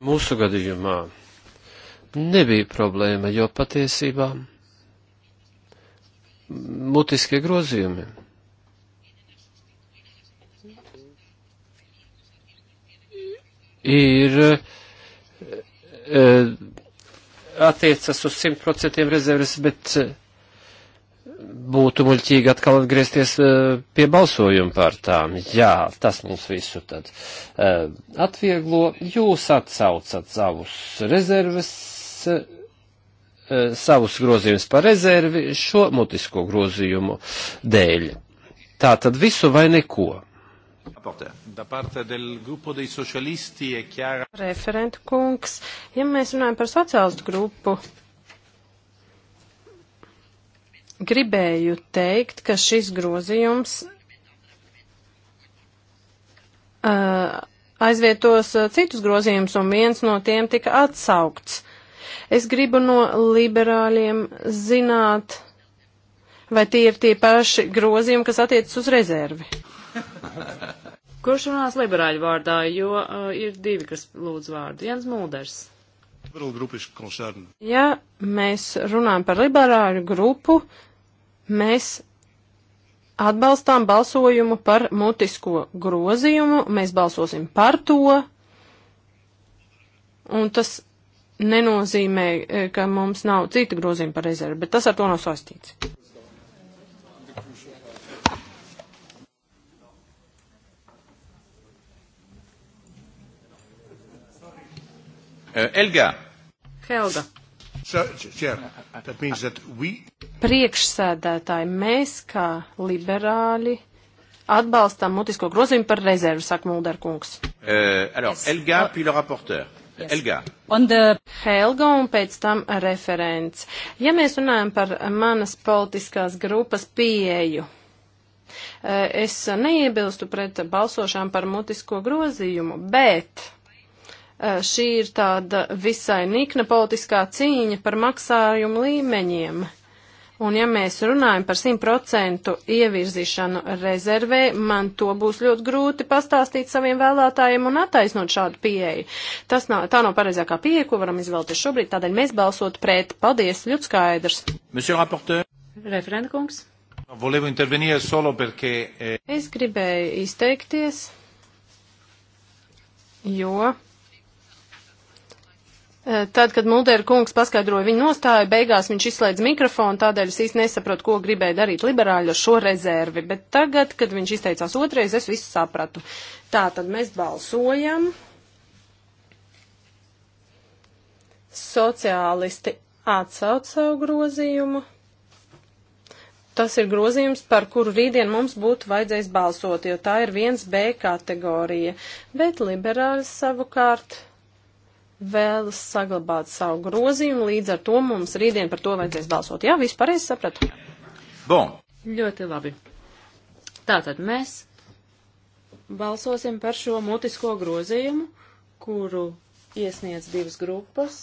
Mūsu gadījumā nebija problēma, jo patiesībā mutiskie grozījumi ir e, e, attiecas uz 100% rezerves, bet e, būtu muļķīgi atkal atgriezties pie balsojuma par tām. Jā, tas mums visu tad atvieglo. Jūs atsaucat savus rezerves Eh, savus grozījumus par rezervi šo mutisko grozījumu dēļ. Tā tad visu vai neko. Referentu kungs, ja mēs runājam par sociālistu grupu, gribēju teikt, ka šis grozījums uh, aizvietos citus grozījumus, un viens no tiem tika atsaukts. Es gribu no liberāļiem zināt, vai tie ir tie paši grozījumi, kas attiecas uz rezervi. Kurš runās liberāļu vārdā, jo uh, ir divi, kas lūdz vārdu. Jens Mulders. Ja mēs runājam par liberāļu grupu, mēs atbalstām balsojumu par mutisko grozījumu, mēs balsosim par to, un tas nenozīmē, eh, ka mums nav citu grozījumu par rezervi, bet tas ar to nav saistīts. Eh, Elga. Helga. Priekšsēdētāji, mēs kā liberāļi atbalstām mutisko grozījumu par rezervi, saka Mulderkungs. Uh, eh, alors, Elga, puis le rapporteur. Yes. Elga. Un the... Helga un pēc tam referents. Ja mēs runājam par manas politiskās grupas pieeju, eh, es neiebilstu pret balsošām par mutisko grozījumu, bet eh, šī ir tāda visai nikna politiskā cīņa par maksājumu līmeņiem. Un ja mēs runājam par 100% ievirzīšanu rezervē, man to būs ļoti grūti pastāstīt saviem vēlētājiem un attaisnot šādu pieeju. Tas nav, tā nav pareizākā pieeja, ko varam izvēlēties šobrīd, tādēļ mēs balsot pret. Paldies, ļoti skaidrs. Referenta kungs. Eh, es gribēju izteikties, jo Eh, tad, kad Mulder kungs paskaidroja viņu nostāju, beigās viņš izslēdz mikrofonu, tādēļ es īsti nesaprotu, ko gribēja darīt liberāļi ar šo rezervi. Bet tagad, kad viņš izteicās otrais, es visu sapratu. Tā tad mēs balsojam. Sociālisti atsauc savu grozījumu. Tas ir grozījums, par kuru rītdien mums būtu vajadzējis balsot, jo tā ir 1B kategorija. Bet liberāļi savukārt vēlas saglabāt savu grozījumu, līdz ar to mums rītdien par to vajadzēs balsot. Jā, viss pareizi sapratu. Bon. Ļoti labi. Tātad mēs balsosim par šo mutisko grozījumu, kuru iesniedz divas grupas.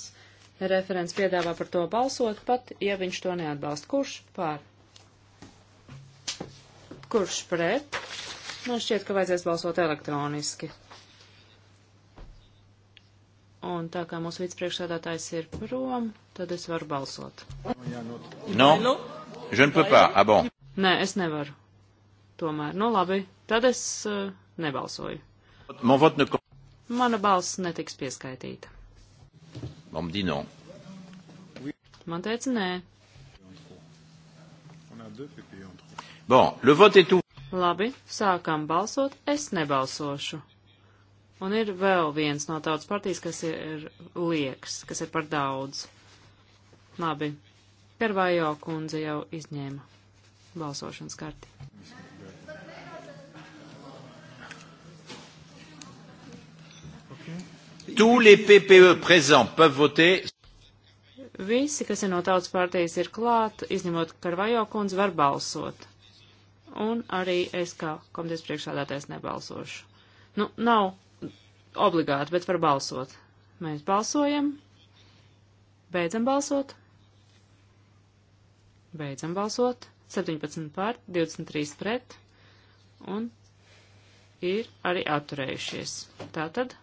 Referents piedāvā par to balsot, pat ja viņš to neatbalsta. Kurš pār? Kurš pret? Man šķiet, ka vajadzēs balsot elektroniski. Un tā kā mūsu vicepriekšsādātājs ir prom, tad es varu balsot. No, je ne peux pas. Ah bon. Nē, es nevaru. Tomēr, nu labi, tad es uh, nebalsoju. Mon vote ne... Mana balss netiks pieskaitīta. Man dit non. Man teica nē. Bon, le vote est tout. Labi, sākam balsot, es nebalsošu. Un ir vēl viens no tautas partijas, kas ir, ir liekas, kas ir par daudz. Labi. Karvajo kundze jau izņēma balsošanas karti. Tous les PPE présents peuvent voter. Visi, kas ir no tautas partijas, ir klāt, izņemot Karvajo kundzi, var balsot. Un arī es kā komitejas priekšādātais nebalsošu. Nu, nav obligāti, bet var balsot. Mēs balsojam. Beidzam balsot. Beidzam balsot. 17 pār, 23 pret. Un ir arī atturējušies. Tātad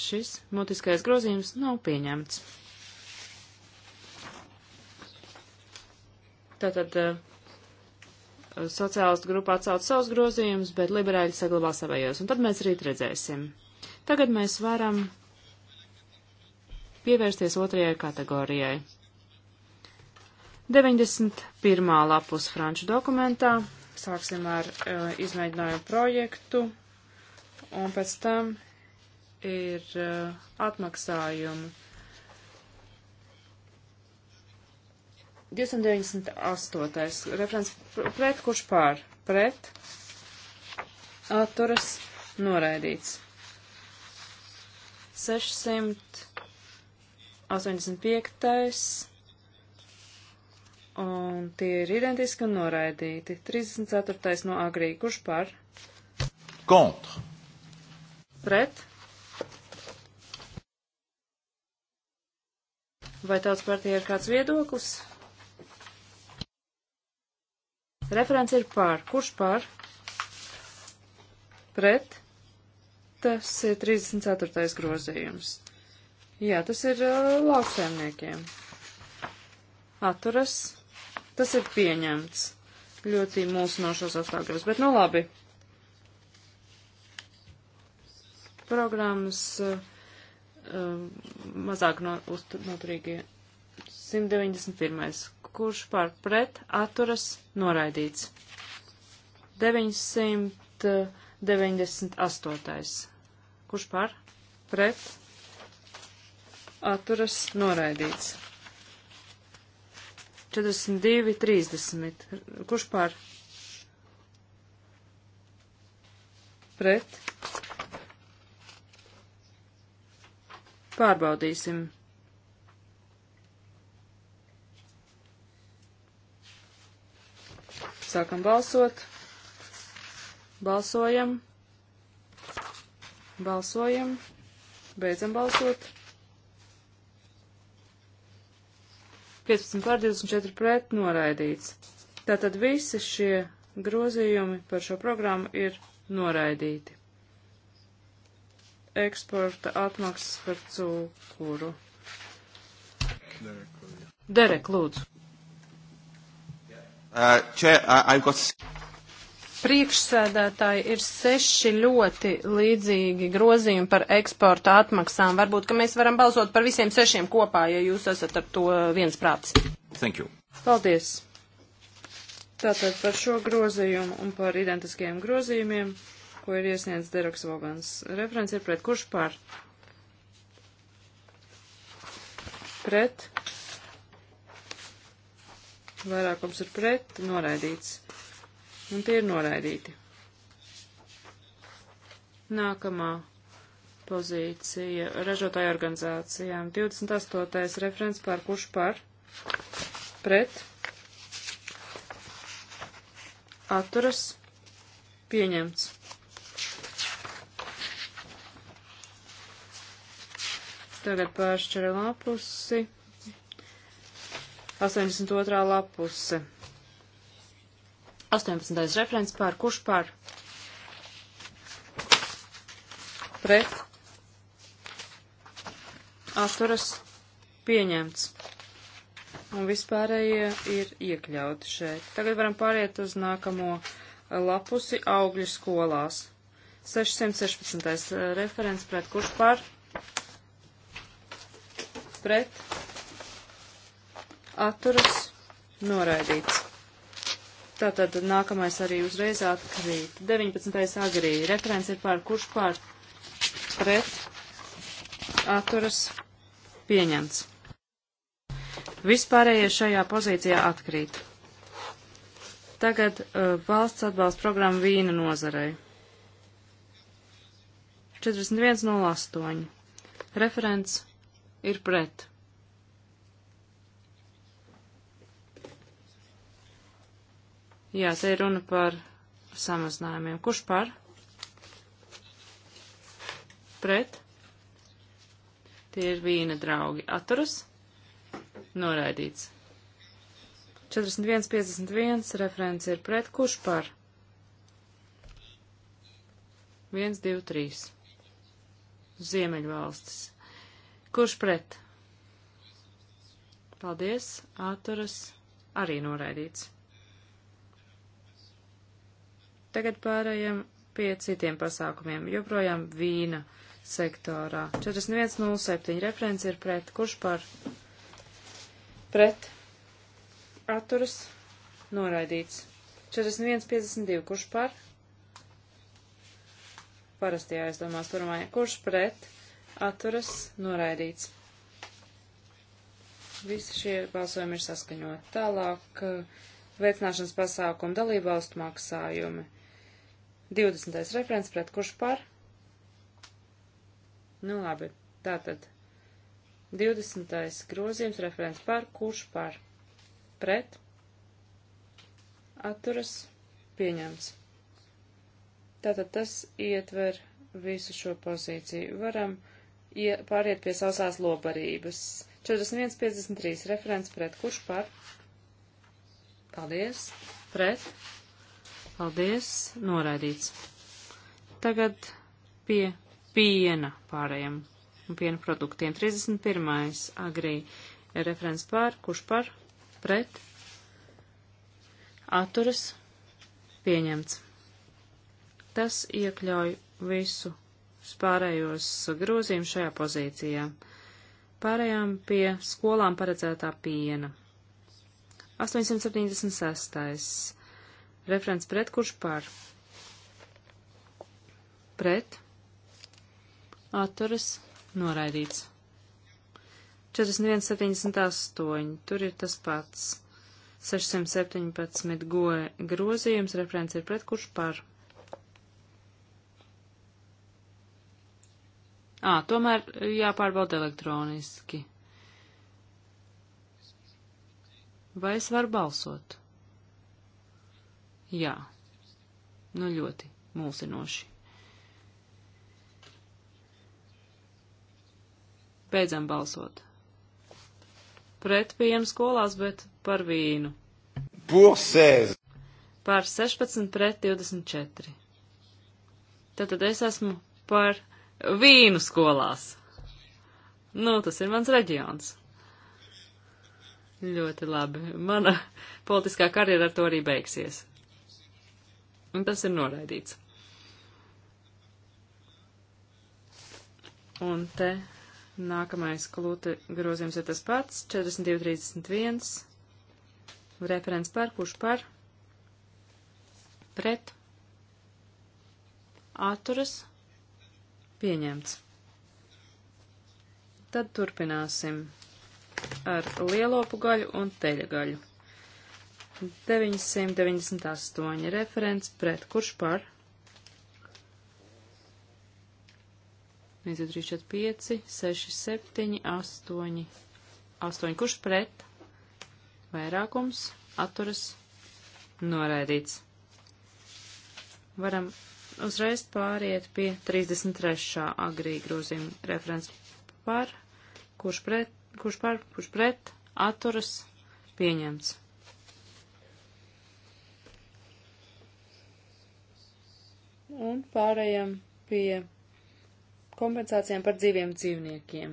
šis mutiskais grozījums nav pieņemts. Tātad eh, Sociālistu grupa atsauc savus grozījumus, bet liberāļi saglabā savējos, un tad mēs rīt redzēsim. Tagad mēs varam pievērsties otrajai kategorijai. 91. lapus franču dokumentā. Sāksim ar uh, izmēģinājumu projektu, un pēc tam ir uh, eh, atmaksājumi 298. referents pret, kurš pār? Pret. Atturas noraidīts. 685. Un tie ir identiski un noraidīti. 34. no agrī, kurš par? Contre. Pret. Vai tāds partija ir kāds viedoklis? Referents ir pār. Kurš pār? Pret. Tas ir 34. grozījums. Jā, tas ir uh, lauksēmniekiem. Atturas. Tas ir pieņemts. Ļoti mūsinošos apstākļos, bet nu labi. Programmas uh, uh, mazāk no, uzturīgie. 191 kurš par pret atturas noraidīts. 998. Kurš par pret atturas noraidīts. 42, 30. Kurš par pret pārbaudīsim. Sākam balsot. Balsojam. Balsojam. Beidzam balsot. 15 pār 24 pret noraidīts. Tātad visi šie grozījumi par šo programmu ir noraidīti. Eksporta atmaksas par cukuru. Derek, lūdzu. Uh, chair, uh, got... Priekšsēdētāji ir seši ļoti līdzīgi grozījumi par eksporta atmaksām. Varbūt, ka mēs varam balsot par visiem sešiem kopā, ja jūs esat ar to viensprāts. Thank you. Paldies. Tātad par šo grozījumu un par identiskajiem grozījumiem, ko ir iesniedz Deraks Vogans. Referents ir pret kurš par? Pret vairākums ir pret, noraidīts. Un tie ir noraidīti. Nākamā pozīcija ražotāju organizācijām. 28. referents par kurš par pret atturas pieņemts. Tagad pāršķiram apusi. 82. lapuse. 18. referents pār, kurš pār? Pret. Atturas pieņemts. Un vispārējie ir iekļauti šeit. Tagad varam pāriet uz nākamo lapusi augļu skolās. 616. referents pret kurš pār? Pret atturas noraidīts. Tātad nākamais arī uzreiz atkrīt. 19. agrī. Referents ir pār kurš pār pret atturas pieņemts. Vispārējie šajā pozīcijā atkrīt. Tagad uh, valsts atbalsta programma vīna nozarei. 41.08. Referents ir pret. Jā, te ir runa par samazinājumiem. Kurš par? Pret? Tie ir vīna draugi. Atturas? Noraidīts. 41.51. Referents ir pret. Kurš par? 1, 2, 3. Ziemeļvalstis. Kurš pret? Paldies. Atturas? Arī noraidīts. Tagad pārējiem pie citiem pasākumiem. Joprojām vīna sektorā. 41.07. Referents ir pret. Kurš par? Pret. Atturas. Noraidīts. 41.52. Kurš par? Parasti jāizdomās pirmā. Kurš pret? Atturas. Noraidīts. Visi šie balsojumi ir saskaņoti. Tālāk eh, veicināšanas pasākumu dalībvalstu maksājumi. 41.53. 20. referents pret kurš par? Nu labi, tātad 20. grozījums referents par kurš par? Pret? Atturas pieņemts. Tātad tas ietver visu šo pozīciju. Varam ie, pāriet pie sausās lobarības. 41.53. referents pret kurš par? Paldies. Pret? Paldies, noraidīts. Tagad pie piena pārējiem un piena produktiem. 31. agrī referents pār, kurš par, pret, atturas, pieņemts. Tas iekļauj visu pārējos grozījumus šajā pozīcijā. Pārējām pie skolām paredzētā piena. 876. Referents pret, kurš par? Pret. Atturas noraidīts. 41, 78. Tur ir tas pats. 617 goe grozījums. Referents ir pret, kurš par? Ā, tomēr jāpārbauda elektroniski. Vai es varu balsot? Jā, nu ļoti mulsinoši. Beidzam balsot. Pret pieejam skolās, bet par vīnu. Pursēs! Par 16 pret 24. Tātad es esmu par vīnu skolās. Nu, tas ir mans reģions. Ļoti labi. Mana politiskā karjera ar to arī beigsies. Un tas ir noraidīts. Un te nākamais klūte grozījums ir tas pats, 42.31, referents par, kurš par, pret, atturas, pieņemts. Tad turpināsim ar lielopu gaļu un teļa gaļu. 998 referents pret kurš par? 1, 2, 3, 4, 5, 6, 7, 8, 8. Kurš pret? Vairākums atturas noraidīts. Varam uzreiz pāriet pie 33. agrī grozījuma referents par, kurš pret, kurš par, kurš pret, atturas pieņemts. Un pārējām pie kompensācijām par dzīviem dzīvniekiem.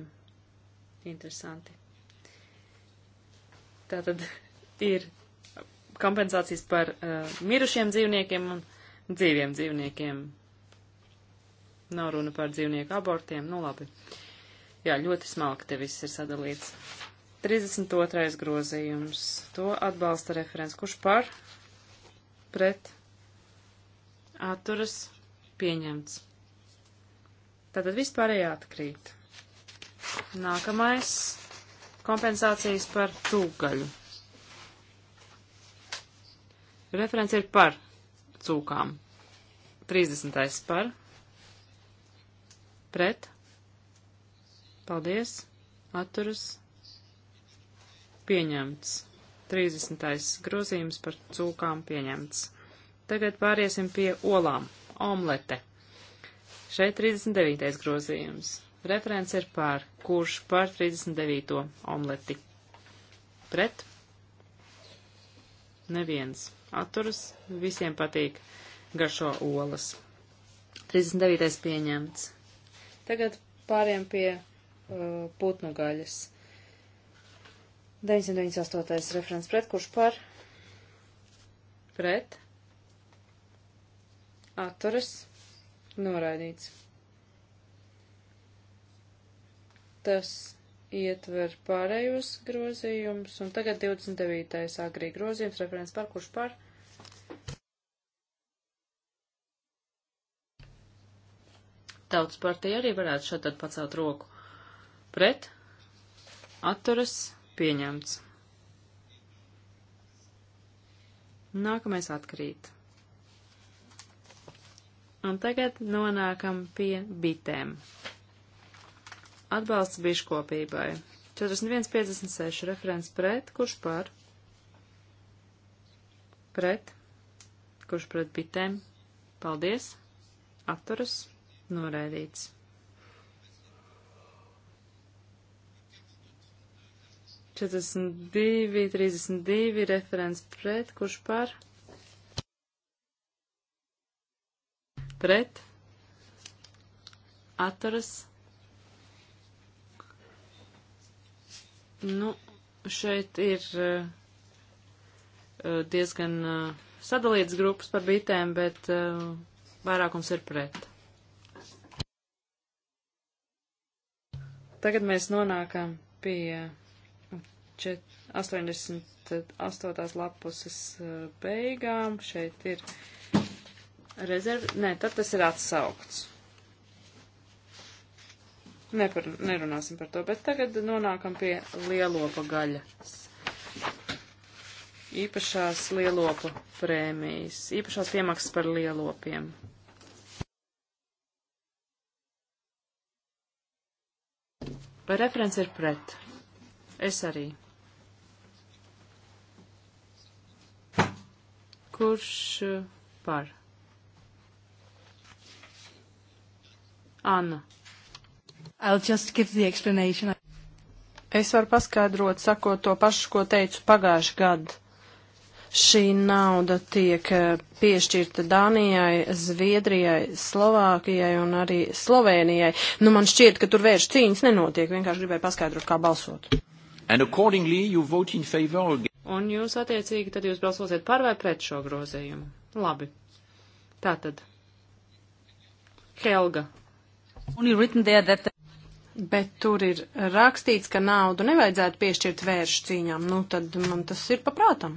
Interesanti. Tātad ir kompensācijas par uh, mirušiem dzīvniekiem un dzīviem dzīvniekiem. Nav runa par dzīvnieku abortiem, nu labi. Jā, ļoti smalki te viss ir sadalīts. 32. grozījums. To atbalsta referents. Kurš par? Pret? Atturas? pieņemts. Tātad viss pārējā atkrīt. Nākamais kompensācijas par cūkaļu. Referents ir par cūkām. 30. par. Pret. Paldies. Atturas. Pieņemts. 30. grozījums par cūkām pieņemts. Tagad pāriesim pie olām omlete. Šeit 39. grozījums. Referents ir pār. Kurš pār 39. omleti? Pret? Neviens. Atturas. Visiem patīk garšo olas. 39. pieņemts. Tagad pāriem pie uh, putnu gaļas. 998. referents pret, kurš par? Pret atturas noraidīts. Tas ietver pārējos grozījumus, un tagad 29. agrī grozījums, referents par kurš par. Tautas partija arī varētu šeit tad pacelt roku. Pret, atturas, pieņemts. Nākamais atkrīt. Un tagad nonākam pie bitēm. Atbalsts biškopībai. 41.56 referents pret, kurš par? Pret. Kurš pret bitēm? Paldies. Atturas. Noraidīts. 42, 32 referents pret, kurš par? pret atturas. Nu, šeit ir uh, diezgan uh, sadalīts grupas par bitēm, bet uh, vairākums ir pret. Tagad mēs nonākam pie 88. lapuses beigām. Šeit ir rezervi, nē, tad tas ir atsaukts. Nepar, nerunāsim par to, bet tagad nonākam pie lielopa gaļas. Īpašās lielopa prēmijas, īpašās piemaksas par lielopiem. Vai referents ir pret? Es arī. Kurš eh, par? Anna. I'll just give the explanation. Es varu paskaidrot, sakot to pašu, ko teicu pagājuši gadu. Šī nauda tiek eh, piešķirta Dānijai, Zviedrijai, Slovākijai un arī Slovenijai. Nu, man šķiet, ka tur vērš cīņas nenotiek, vienkārši gribēju paskaidrot, kā balsot. Un jūs attiecīgi tad jūs balsosiet par vai pret šo grozījumu. Labi. Tātad. Helga, Bet tur ir rakstīts, ka naudu nevajadzētu piešķirt vēršu cīņām. Nu, tad man tas ir paprātam.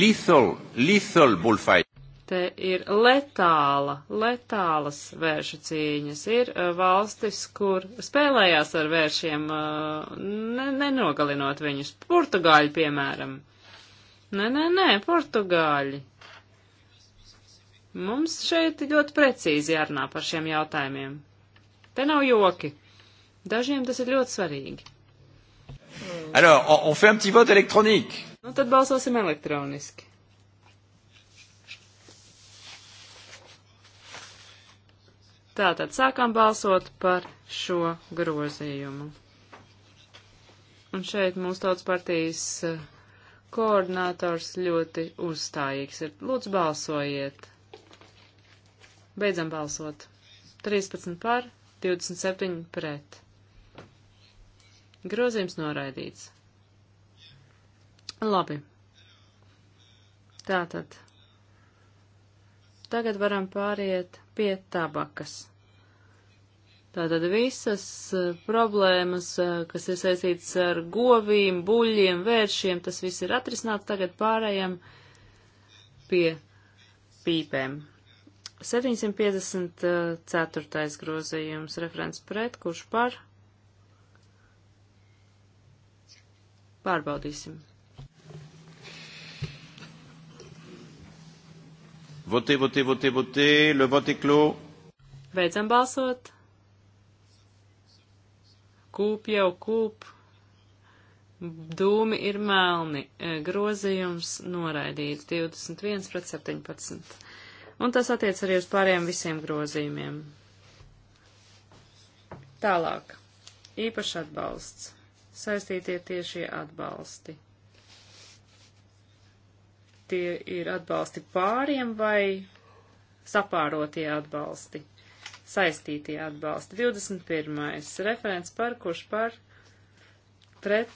Lethal, lethal bullfight. Te ir letāla, letālas vēršu cīņas. Ir uh, valstis, kur spēlējās ar vēršiem, uh, ne, nenogalinot viņus. Portugāļi, piemēram. Nē, nē, nē, portugāļi. Mums šeit ļoti precīzi jārunā par šiem jautājumiem. Te nav joki. Dažiem tas ir ļoti svarīgi. Alors, on, on fait un petit vote électronique. Nu, tad balsosim elektroniski. Tātad sākām balsot par šo grozījumu. Un šeit mūsu tautas partijas eh, koordinātors ļoti uzstājīgs ir. Lūdzu, balsojiet! Beidzam balsot. 13 par, 27 pret. Grozījums noraidīts. Labi. Tātad. Tagad varam pāriet pie tabakas. Tātad visas eh, problēmas, eh, kas ir saistītas ar govīm, buļļiem, vēršiem, tas viss ir atrisināts. Tagad pārējām pie pīpēm. 754. Eh, grozījums referents pret, kurš par? Pārbaudīsim. Votez, votez, votez, votez. Le vote est clos. Beidzam balsot. Kūp jau kūp. Dūmi ir melni. Eh, grozījums noraidīts 21 pret 17 un tas attiec arī uz pārējiem visiem grozījumiem. Tālāk. Īpaši atbalsts. Saistītie tiešie atbalsti. Tie ir atbalsti pāriem vai sapārotie atbalsti? Saistītie atbalsti. 21. Referents par kurš par pret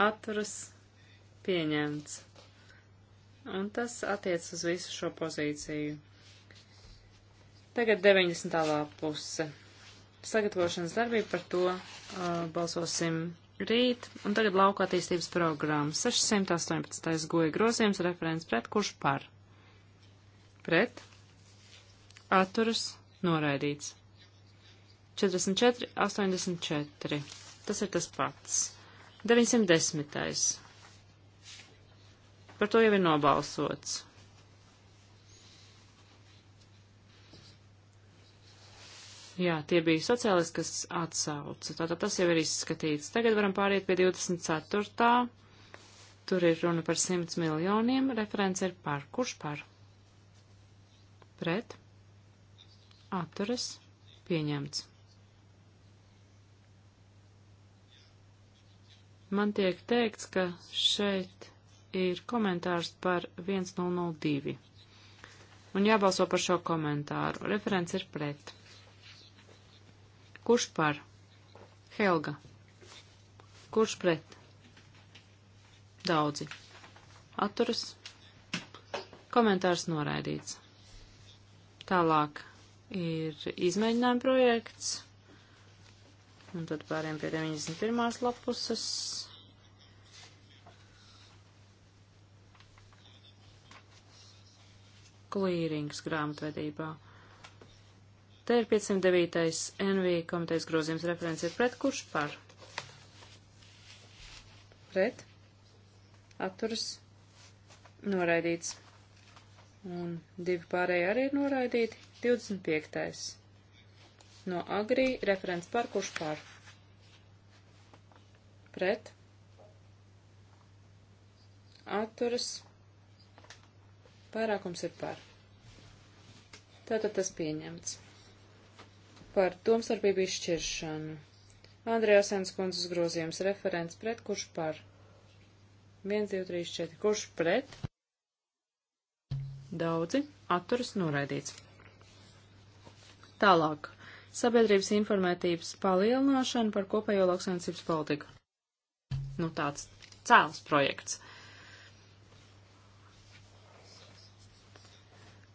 atturas pieņemts. Un tas attiec uz visu šo pozīciju. Tagad 90. puse. Sagatavošanas darbība par to uh, balsosim rīt. Un tagad lauka attīstības programma. 618. goja grozījums, referents pret kurš par. Pret. Atturas noraidīts. 44, 84. Tas ir tas pats. 910. Par to jau ir nobalsots. Jā, tie bija sociālisti, kas atsauca. Tātad tas jau ir izskatīts. Tagad varam pāriet pie 24. Tur ir runa par 100 miljoniem. Referents ir par. Kurš par? Pret. Atturas. Pieņemts. Man tiek teikts, ka šeit ir komentārs par 1002. Un jābalso par šo komentāru. Referents ir pret. Kurš par? Helga. Kurš pret? Daudzi. Atturas. Komentārs noraidīts. Tālāk ir izmēģinājuma projekts. Un tad pāriem pie 91. lapuses. klīrings grāmatvedībā. Te ir 509. NV komitejas grozījums referents ir pret kurš par? Pret? Atturas? Noraidīts. Un divi pārējie arī ir noraidīti. 25. No agrī referents par kurš par? Pret? Atturas? Vairākums ir par. Tātad tas pieņemts. Par domstarpību izšķiršanu. Andrejasens kundzes grozījums referents pret kurš par. 1, 2, 3, 4. Kurš pret? Daudzi. Atturas noraidīts. Tālāk. Sabiedrības informētības palielināšana par kopējo lauksaimniecības politiku. Nu tāds cēls projekts.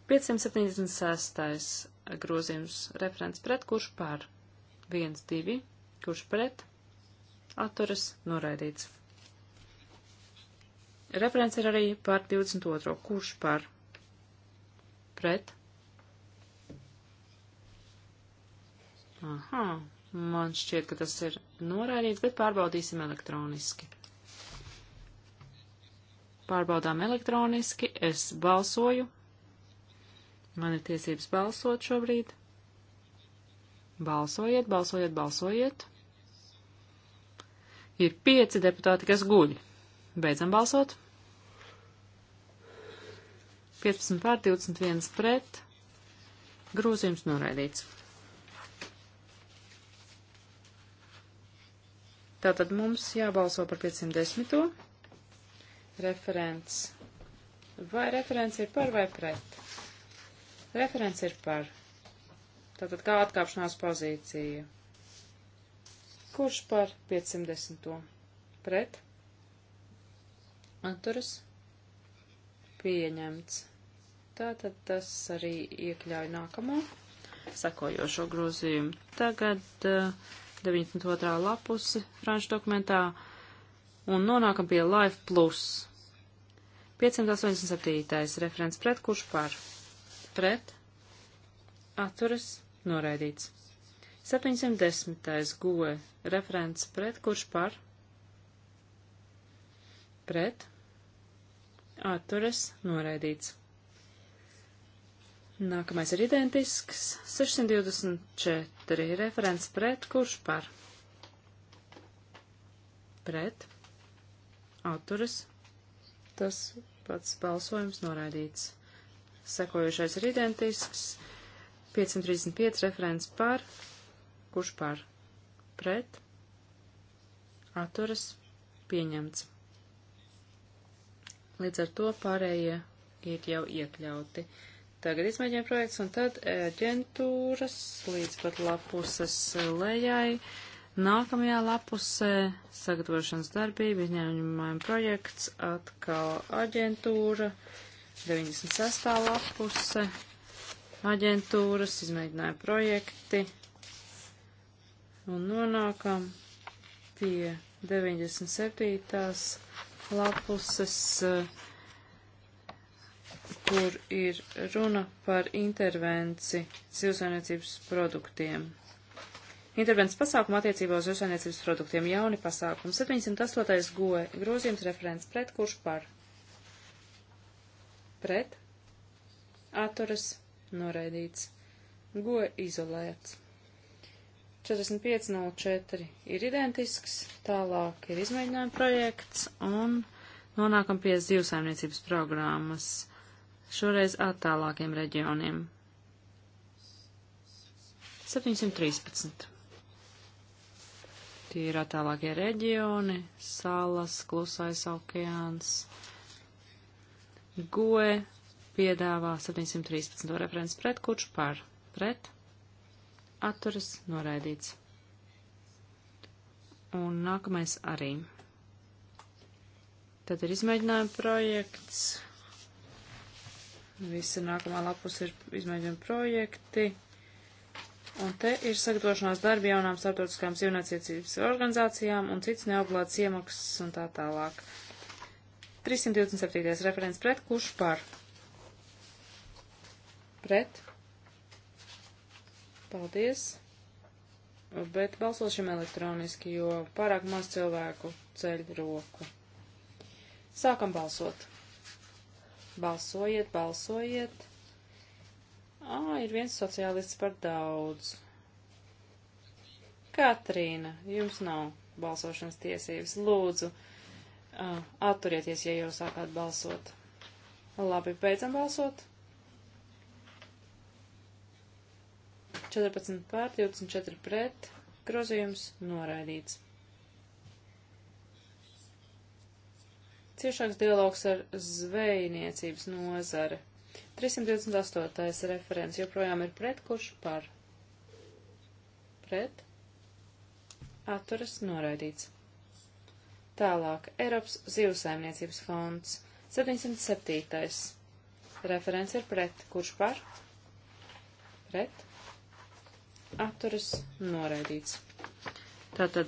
576. grozījums referents pret, kurš par 1, 2, kurš pret, atturas noraidīts. Referents ir arī par 22. kurš par pret. Aha, man šķiet, ka tas ir noraidīts, bet pārbaudīsim elektroniski. Pārbaudām elektroniski, es balsoju, Man ir tiesības balsot šobrīd. Balsojiet, balsojiet, balsojiet. Ir pieci deputāti, kas guļ. Beidzam balsot. 15 pār 21 pret. Grūzījums noraidīts. Tātad mums jābalso par 510. referents. Vai referents ir par vai pret? Referents ir par. Tātad kā atkāpšanās pozīcija. Kurš par 510. Pret. Atturas. Pieņemts. Tātad tas arī iekļauj nākamo sekojošo grozījumu. Tagad uh, eh, 92. lapusi franču dokumentā un nonākam pie Life Plus. 587. referents pret kurš par pret, atturas, noraidīts. 710. goe, referents pret, kurš par, pret, atturas, noraidīts. Nākamais ir identisks, 624, referents pret, kurš par, pret, atturas, tas pats balsojums noraidīts. Sekojušais ir identisks. 535 referents par, kurš par, pret, atturas, pieņemts. Līdz ar to pārējie ir jau iekļauti. Tagad izmēģinām projekts un tad aģentūras līdz pat lapuses lejai. Nākamajā lapusē sagatavošanas darbība, izņēmumājuma projekts, atkal aģentūra. Uh, 96. lapuse, aģentūras, izmēģināja projekti un nonākam pie 97. lapuses, kur ir runa par intervenci zivsainiecības produktiem. Intervences pasākuma attiecībā uz zivsainiecības produktiem jauni pasākumi. 708. goe grozījums referents pret kurš par pret, atturas, noraidīts, go izolēts. 45.04 ir identisks, tālāk ir izmēģinājuma projekts un nonākam pie zivsaimniecības programmas, šoreiz attālākiem reģioniem. 713. Tie ir attālākie reģioni, salas, klusais okeāns, Goe piedāvā 713. referents pret, kurš par pret atturas noraidīts. Un nākamais arī. Tad ir izmēģinājuma projekts. Visa nākamā lapus ir izmēģinājuma projekti. Un te ir sagatavošanās darbi jaunām starptautiskām zīvniecības organizācijām un cits neobligāts iemaksas un tā tālāk. 327. referents pret, kurš par? Pret. Paldies. Bet balsošam elektroniski, jo pārāk maz cilvēku ceļ roku. Sākam balsot. Balsojiet, balsojiet. Ā, ir viens sociālists par daudz. Katrīna, jums nav balsošanas tiesības. Lūdzu, Atturieties, ja jau sākāt balsot. Labi, beidzam balsot. 14 pār 24 pret. Grozījums noraidīts. Ciešāks dialogs ar zvejniecības nozare. 328. referents joprojām ir pret, kurš par? Pret? Atturas noraidīts. Tālāk, Eiropas zivsaimniecības fonds 707. Referents ir pret. Kurš par? Pret. Atturas noraidīts. Tātad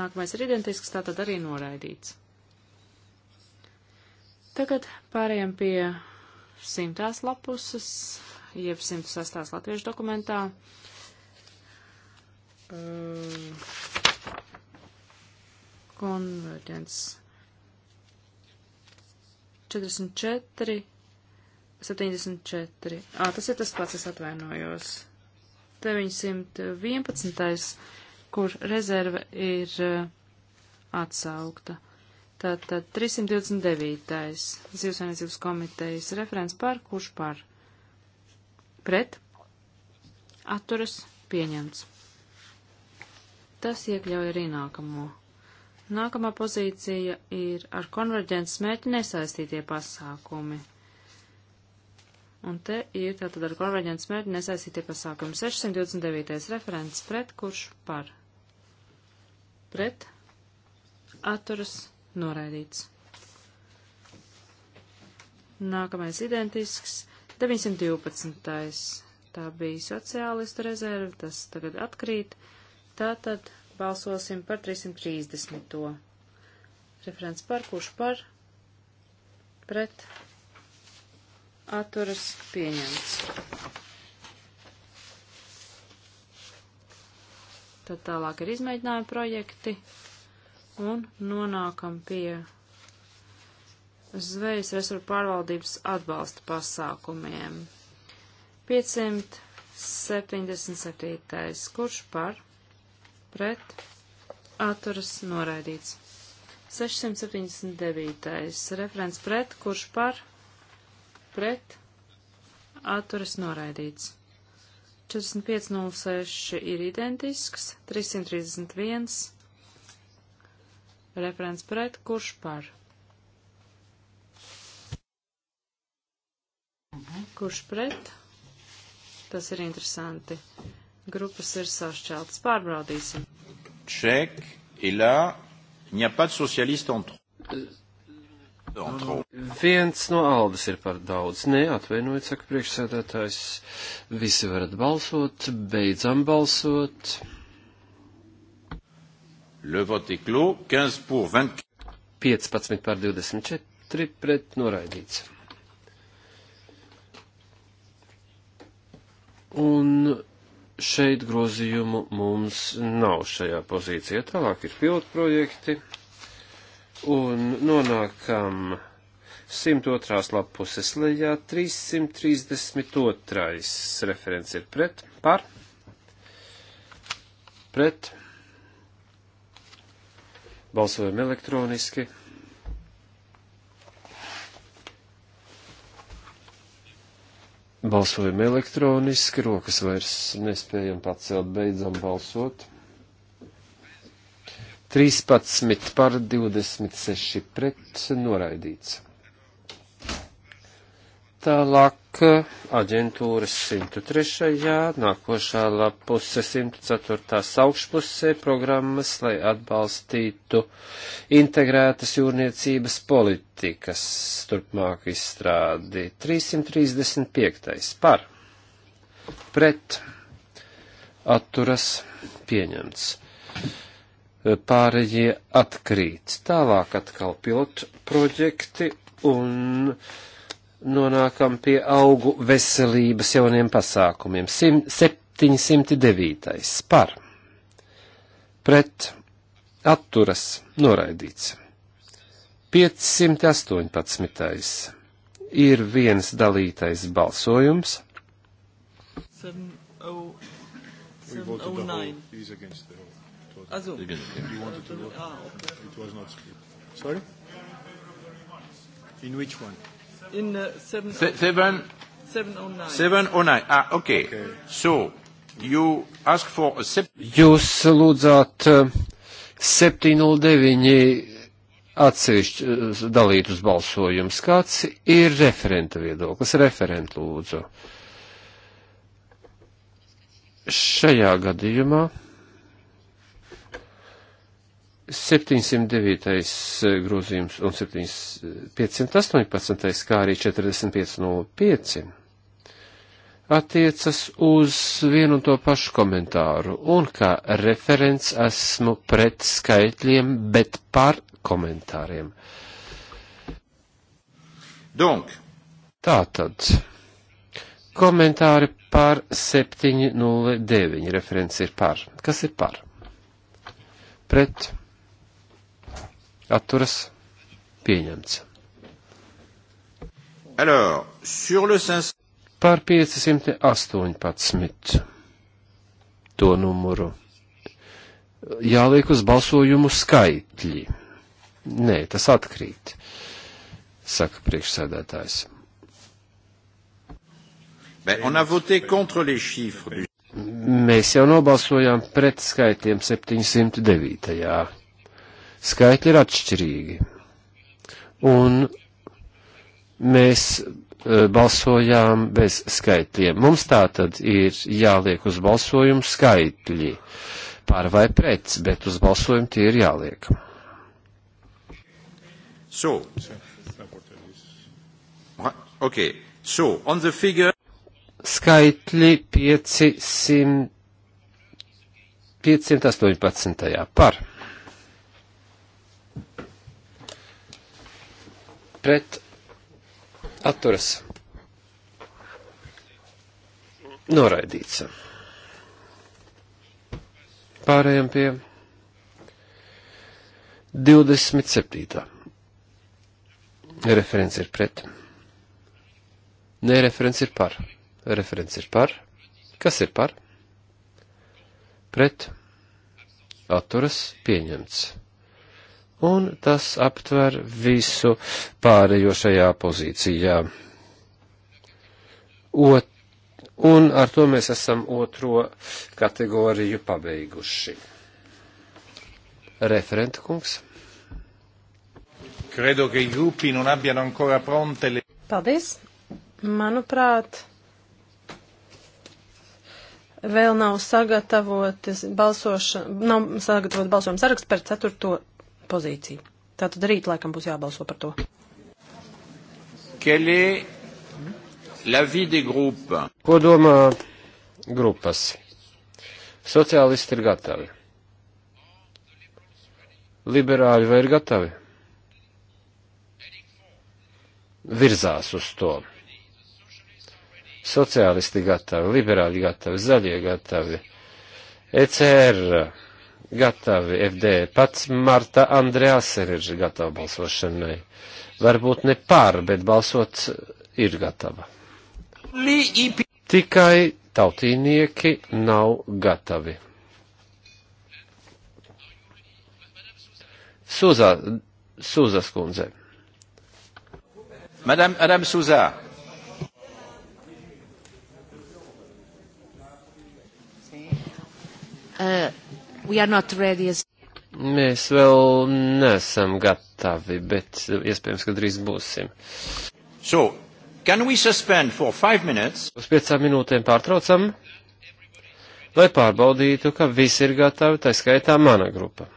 nākamais ir identisks, tātad arī noraidīts. Tagad pārējām pie simtās lapuses, jeb 106. latviešu dokumentā. Um, konverģents. 44, 74. Ā, tas ir tas pats, es atvainojos. 911, kur rezerve ir atsaukta. Tātad 329. Zīvesainiecības komitejas referents par, kurš par? Pret? Atturas pieņemts. Tas iekļauj arī nākamo. Nākamā pozīcija ir ar konverģences mērķi nesaistītie pasākumi. Un te ir tātad ar konverģences mērķi nesaistītie pasākumi. 629. referents pret kurš par. Pret atturas noraidīts. Nākamais identisks 912. Tā bija sociālistu rezerve, tas tagad atkrīt. Tātad Balsosim par 330. Referents par, kurš par, pret, atturas pieņemts. Tad tālāk ir izmēģinājumi projekti un nonākam pie zvejas resursu pārvaldības atbalsta pasākumiem. 577. Kurš par? pret atturas noraidīts. 679. referents pret, kurš par pret atturas noraidīts. 4506 ir identisks, 331 referents pret, kurš par. Kurš pret? Tas ir interesanti grupas ir sašķeltas. Pārbraudīsim. Ček, ilā, ņa pat socialista un Viens no aldas ir par daudz. Nē, atvainojiet, saka priekšsēdētājs. Visi varat balsot, beidzam balsot. Le vote est clos, 15 pour 24. 15 par 24 pret noraidīts. Un šeit grozījumu mums nav šajā pozīcijā. Tālāk ir pilotprojekti un nonākam 102. lapuses lejā 332. referents ir pret, par, pret. Balsojam elektroniski. Balsojam elektroniski, rokas vairs nespējam pacelt, beidzam balsot. 13 par 26 pret noraidīts. Tālāk eh, aģentūras 103. Jā, nākošā lapuse 104. augšpusē programmas, lai atbalstītu integrētas jūrniecības politikas turpmāk izstrādi. 335. par pret atturas pieņemts. Pārējie atkrīt. Tālāk atkal pilotu projekti un nonākam pie augu veselības jauniem pasākumiem. 709. par pret atturas noraidīts. 518. ir viens dalītais balsojums. 709. Also, again, again. You wanted to go? Ah, okay. It was not split. Sorry? In which one? in uh, 709. 709. 709. Ah, okay. okay. So, you ask for a sep- Jūs lūdzāt uh, 709 atsevišķi uh, dalītus balsojums. Kāds ir referenta viedoklis? Referent lūdzu. Šajā gadījumā 709. Eh, grozījums un 518. Eh, kā arī 4505 attiecas uz vienu un to pašu komentāru, un kā referents esmu pret skaitļiem, bet par komentāriem. Donc. Tātad, komentāri par 709, referents ir par. Kas ir par? Pret atturas pieņemts. Alors, sur le 500... Par 518 to numuru jāliek uz balsojumu skaitļi. Nē, tas atkrīt, saka priekšsēdētājs. Mēs jau nobalsojām pret skaitļiem 709 skaitļi ir atšķirīgi. Un mēs e, balsojām bez skaitļiem. Mums tā tad ir jāliek uz balsojumu skaitļi par vai pret, bet uz balsojumu tie ir jāliek. So, okay. so, on the figure... Skaitļi 500, 518. par. pret atturas noraidīts. Pārējām pie 27. Referents ir pret. Nē, referents ir par. Referents ir par. Kas ir par? Pret. Atturas pieņemts un tas aptver visu pārējo šajā pozīcijā. Ot, un ar to mēs esam otro kategoriju pabeiguši. Referenta kungs. Credo che i gruppi non abbiano ancora pronte le. Paldies. Manuprāt, vēl nav sagatavotas balsošana, nav sagatavot balsojuma saraksts par ceturto pozīciju. Tātad rīt laikam būs jābalso par to. Ko domā grupas? Sociālisti ir gatavi. Liberāļi vai ir gatavi? Virzās uz to. Sociālisti gatavi, liberāļi gatavi, zaļie gatavi, ECR gatavi. FD pats Marta Andreasen ir gatava balsošanai. Varbūt ne pār, bet balsot ir gatava. Tikai tautīnieki nav gatavi. Sūzā, Sūzas kundze. Madame, Madame Sūzā. Uh. Mēs vēl nesam gatavi, bet iespējams, ka drīz būsim. So, Uz piecām minūtēm pārtraucam, lai pārbaudītu, ka visi ir gatavi, tā skaitā mana grupa.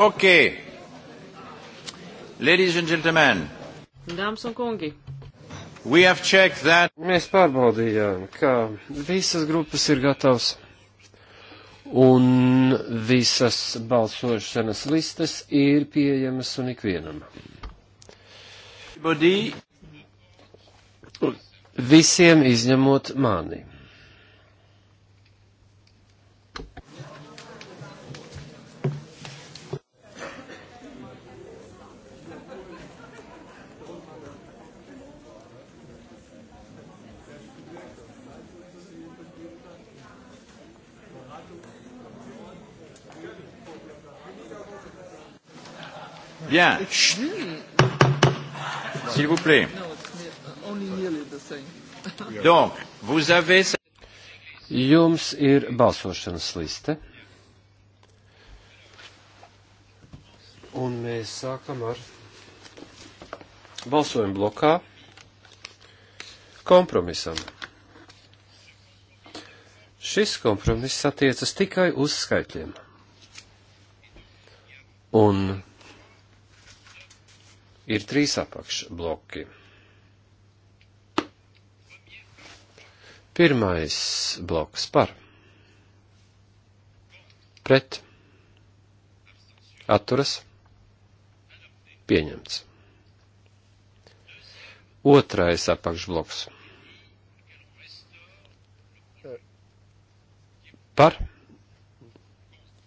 Ok. Ladies and gentlemen. Dāmas un kungi. We have checked that. Mēs pārbaudījām, ka visas grupas ir gatavas un visas balsošanas listas ir pieejamas un ikvienam. Body. Visiem izņemot mani. Bien. S'il vous plaît. Donc, vous avez... Jums ir balsošanas liste. Un mēs sākam ar balsojumu blokā kompromisam. Šis kompromiss attiecas tikai uz skaitļiem. Un ir trīs apakšbloki. Pirmais bloks par pret atturas pieņemts. Otrais apakšbloks par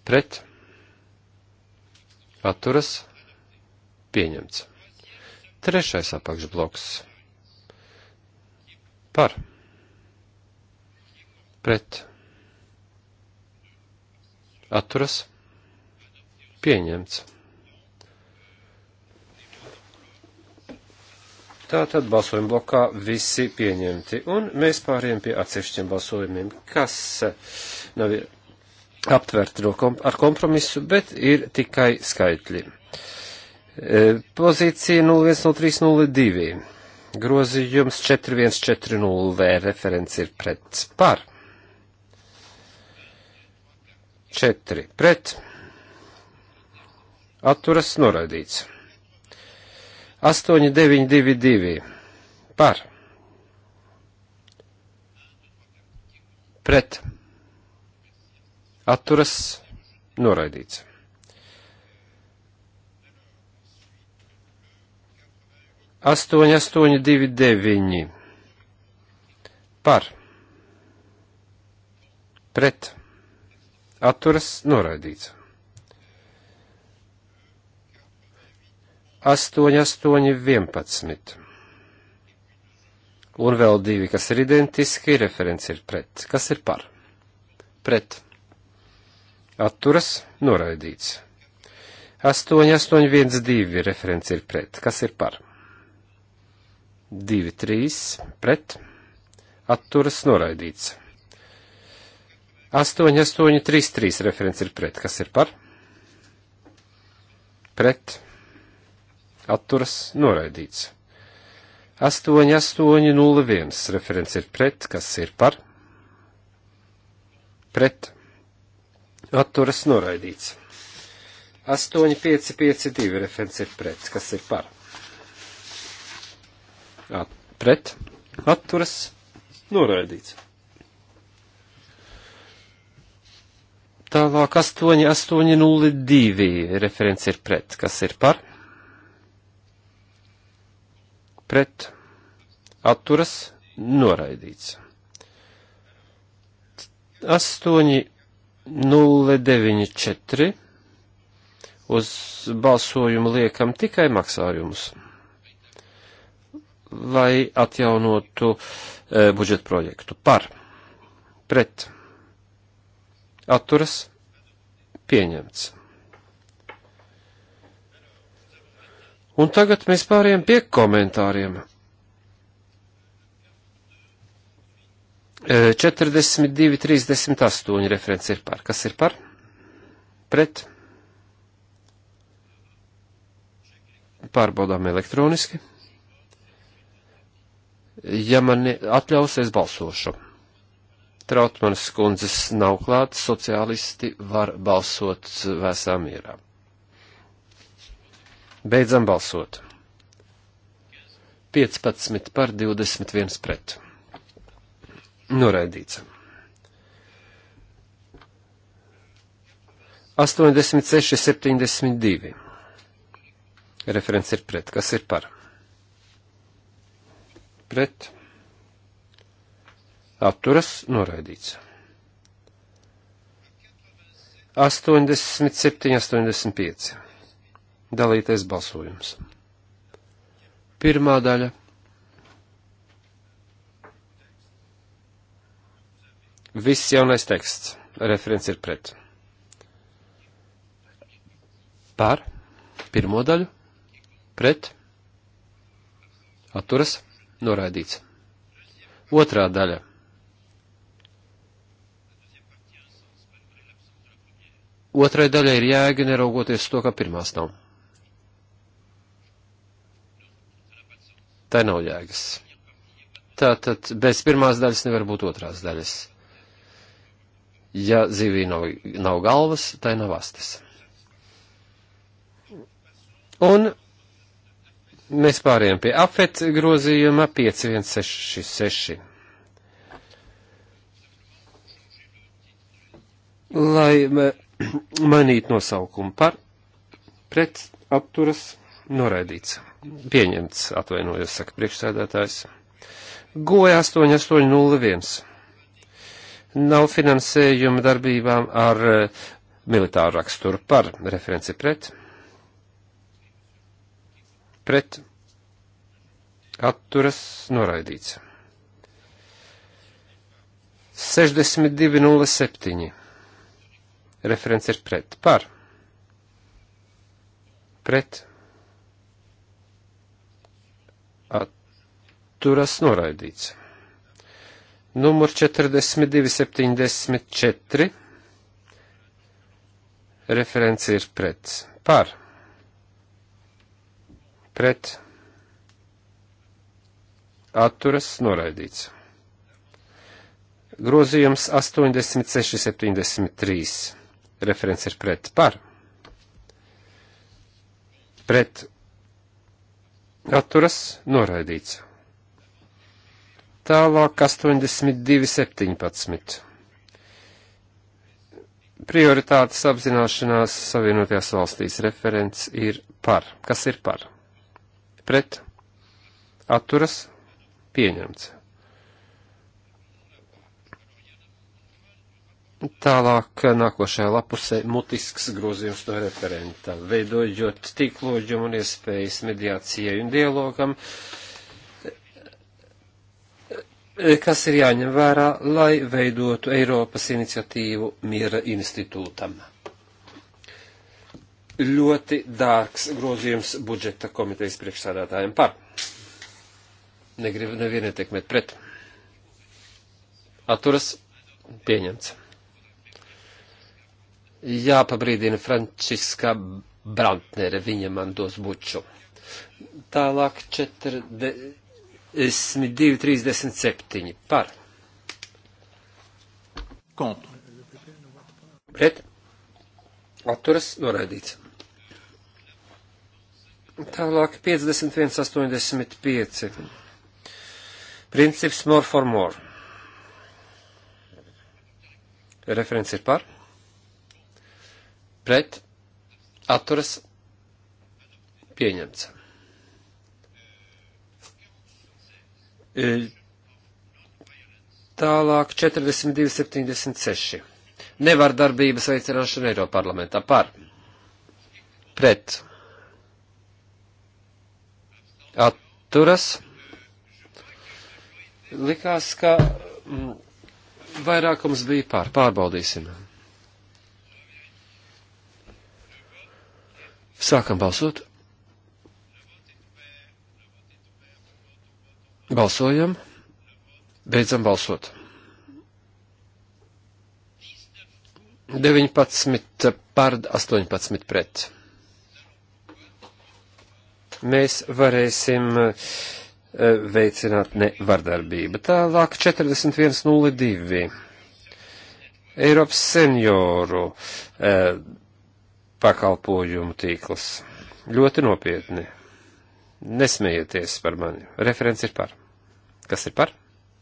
pret atturas pieņemts. Trešais apakšbloks par pret atturas pieņemts. Tātad balsojuma blokā visi pieņemti, un mēs pāriem pie atsevišķiem balsojumiem, kas eh, nav aptverti no komp ar kompromisu, bet ir tikai skaitļi. E, pozīcija 01302. Grozījums 4140V referents ir pret par. 4 pret. Atturas noraidīts. 8922 par. Pret. Atturas noraidīts. 8829 par pret atturas noraidīts. 8811 un vēl divi, kas ir identiski, referents ir pret. Kas ir par? Pret. Atturas noraidīts. 8812 referents ir pret. Kas ir par? 2, 3, pret, atturas noraidīts. 8, 8, 3, 3 referents ir pret. Kas ir par? Pret, atturas noraidīts. 8, 8, 0, 1 referents ir pret. Kas ir par? Pret, atturas noraidīts. 8, 5, 5, 2 referents ir pret. Kas ir par? At, pret. Atturas. Noraidīts. Tālāk 8802 referents ir pret. Kas ir par? Pret. Atturas. Noraidīts. 8094 uz balsojumu liekam tikai maksājumus lai atjaunotu e, budžeta projektu. Par, pret, atturas, pieņemts. Un tagad mēs pāriem pie komentāriem. 42, e, 38 referents ir par. Kas ir par? Pret. Pārbaudām elektroniski. Ja man atļaus, es balsošu. Trautmanas kundzes nav klāt, sociālisti var balsot vēsā mierā. Beidzam balsot. 15 par 21 pret. Noraidīts. 86, 72. Referents ir pret. Kas ir par? pret atturas noraidīts. 87, 85. Dalīties balsojums. Pirmā daļa. Viss jaunais teksts. Referents ir pret. Par. Pirmo daļu. Pret. Atturas. Noraidīts. Otrā daļa. Otrai daļai ir jēga neraugoties to, ka pirmās nav. Tā nav jēgas. Tātad bez pirmās daļas nevar būt otrās daļas. Ja zivī nav, nav galvas, tai nav astes. Un Mēs pārējām pie afet grozījuma 5166. Lai mainītu nosaukumu par pret apturas noraidīts. Pieņemts, atvainojos, saka priekšsēdētājs. Goja 8801. Nav finansējuma darbībām ar eh, militāru raksturu par referenci pret pret atturas noraidīts. 62.07. Referents ir pret. Par. Pret. Atturas noraidīts. Numur 42.74. Referents ir pret. Par pret atturas noraidīts. Grozījums 8673. Referents ir pret par. Pret atturas noraidīts. Tālāk 8217. Prioritātes apzināšanās Savienotajās valstīs referents ir par. Kas ir par? pret atturas pieņemts. Tālāk nākošajā lapusē mutisks grozījums no referenta, veidojot tīkloģumu un iespējas mediācijai un dialogam, kas ir jāņem vērā, lai veidotu Eiropas iniciatīvu miera institūtam ļoti dārgs grozījums budžeta komitejas priekšsādātājiem par. Negribu nevienu ietekmēt pret. Atturas pieņemts. Jāpabrīdina Frančiska Brantnere, viņa man dos buču. Tālāk 42, 37 par. Kontu. Pret. Atturas noraidīts. Tālāk 51.85. Princips more for more. Referents ir par. Pret. Atturas. Pieņemts. E, tālāk 42.76. Nevar darbības veicināšana Eiroparlamentā par. Pret atturas. Likās, ka mm, vairākums bija pār. Pārbaudīsim. Sākam balsot. Balsojam. Beidzam balsot. 19 par 18 pret mēs varēsim eh, veicināt nevardarbību. Tālāk 41.02. Eiropas senioru eh, pakalpojumu tīkls. Ļoti nopietni. Nesmējieties par mani. Referents ir par. Kas ir par?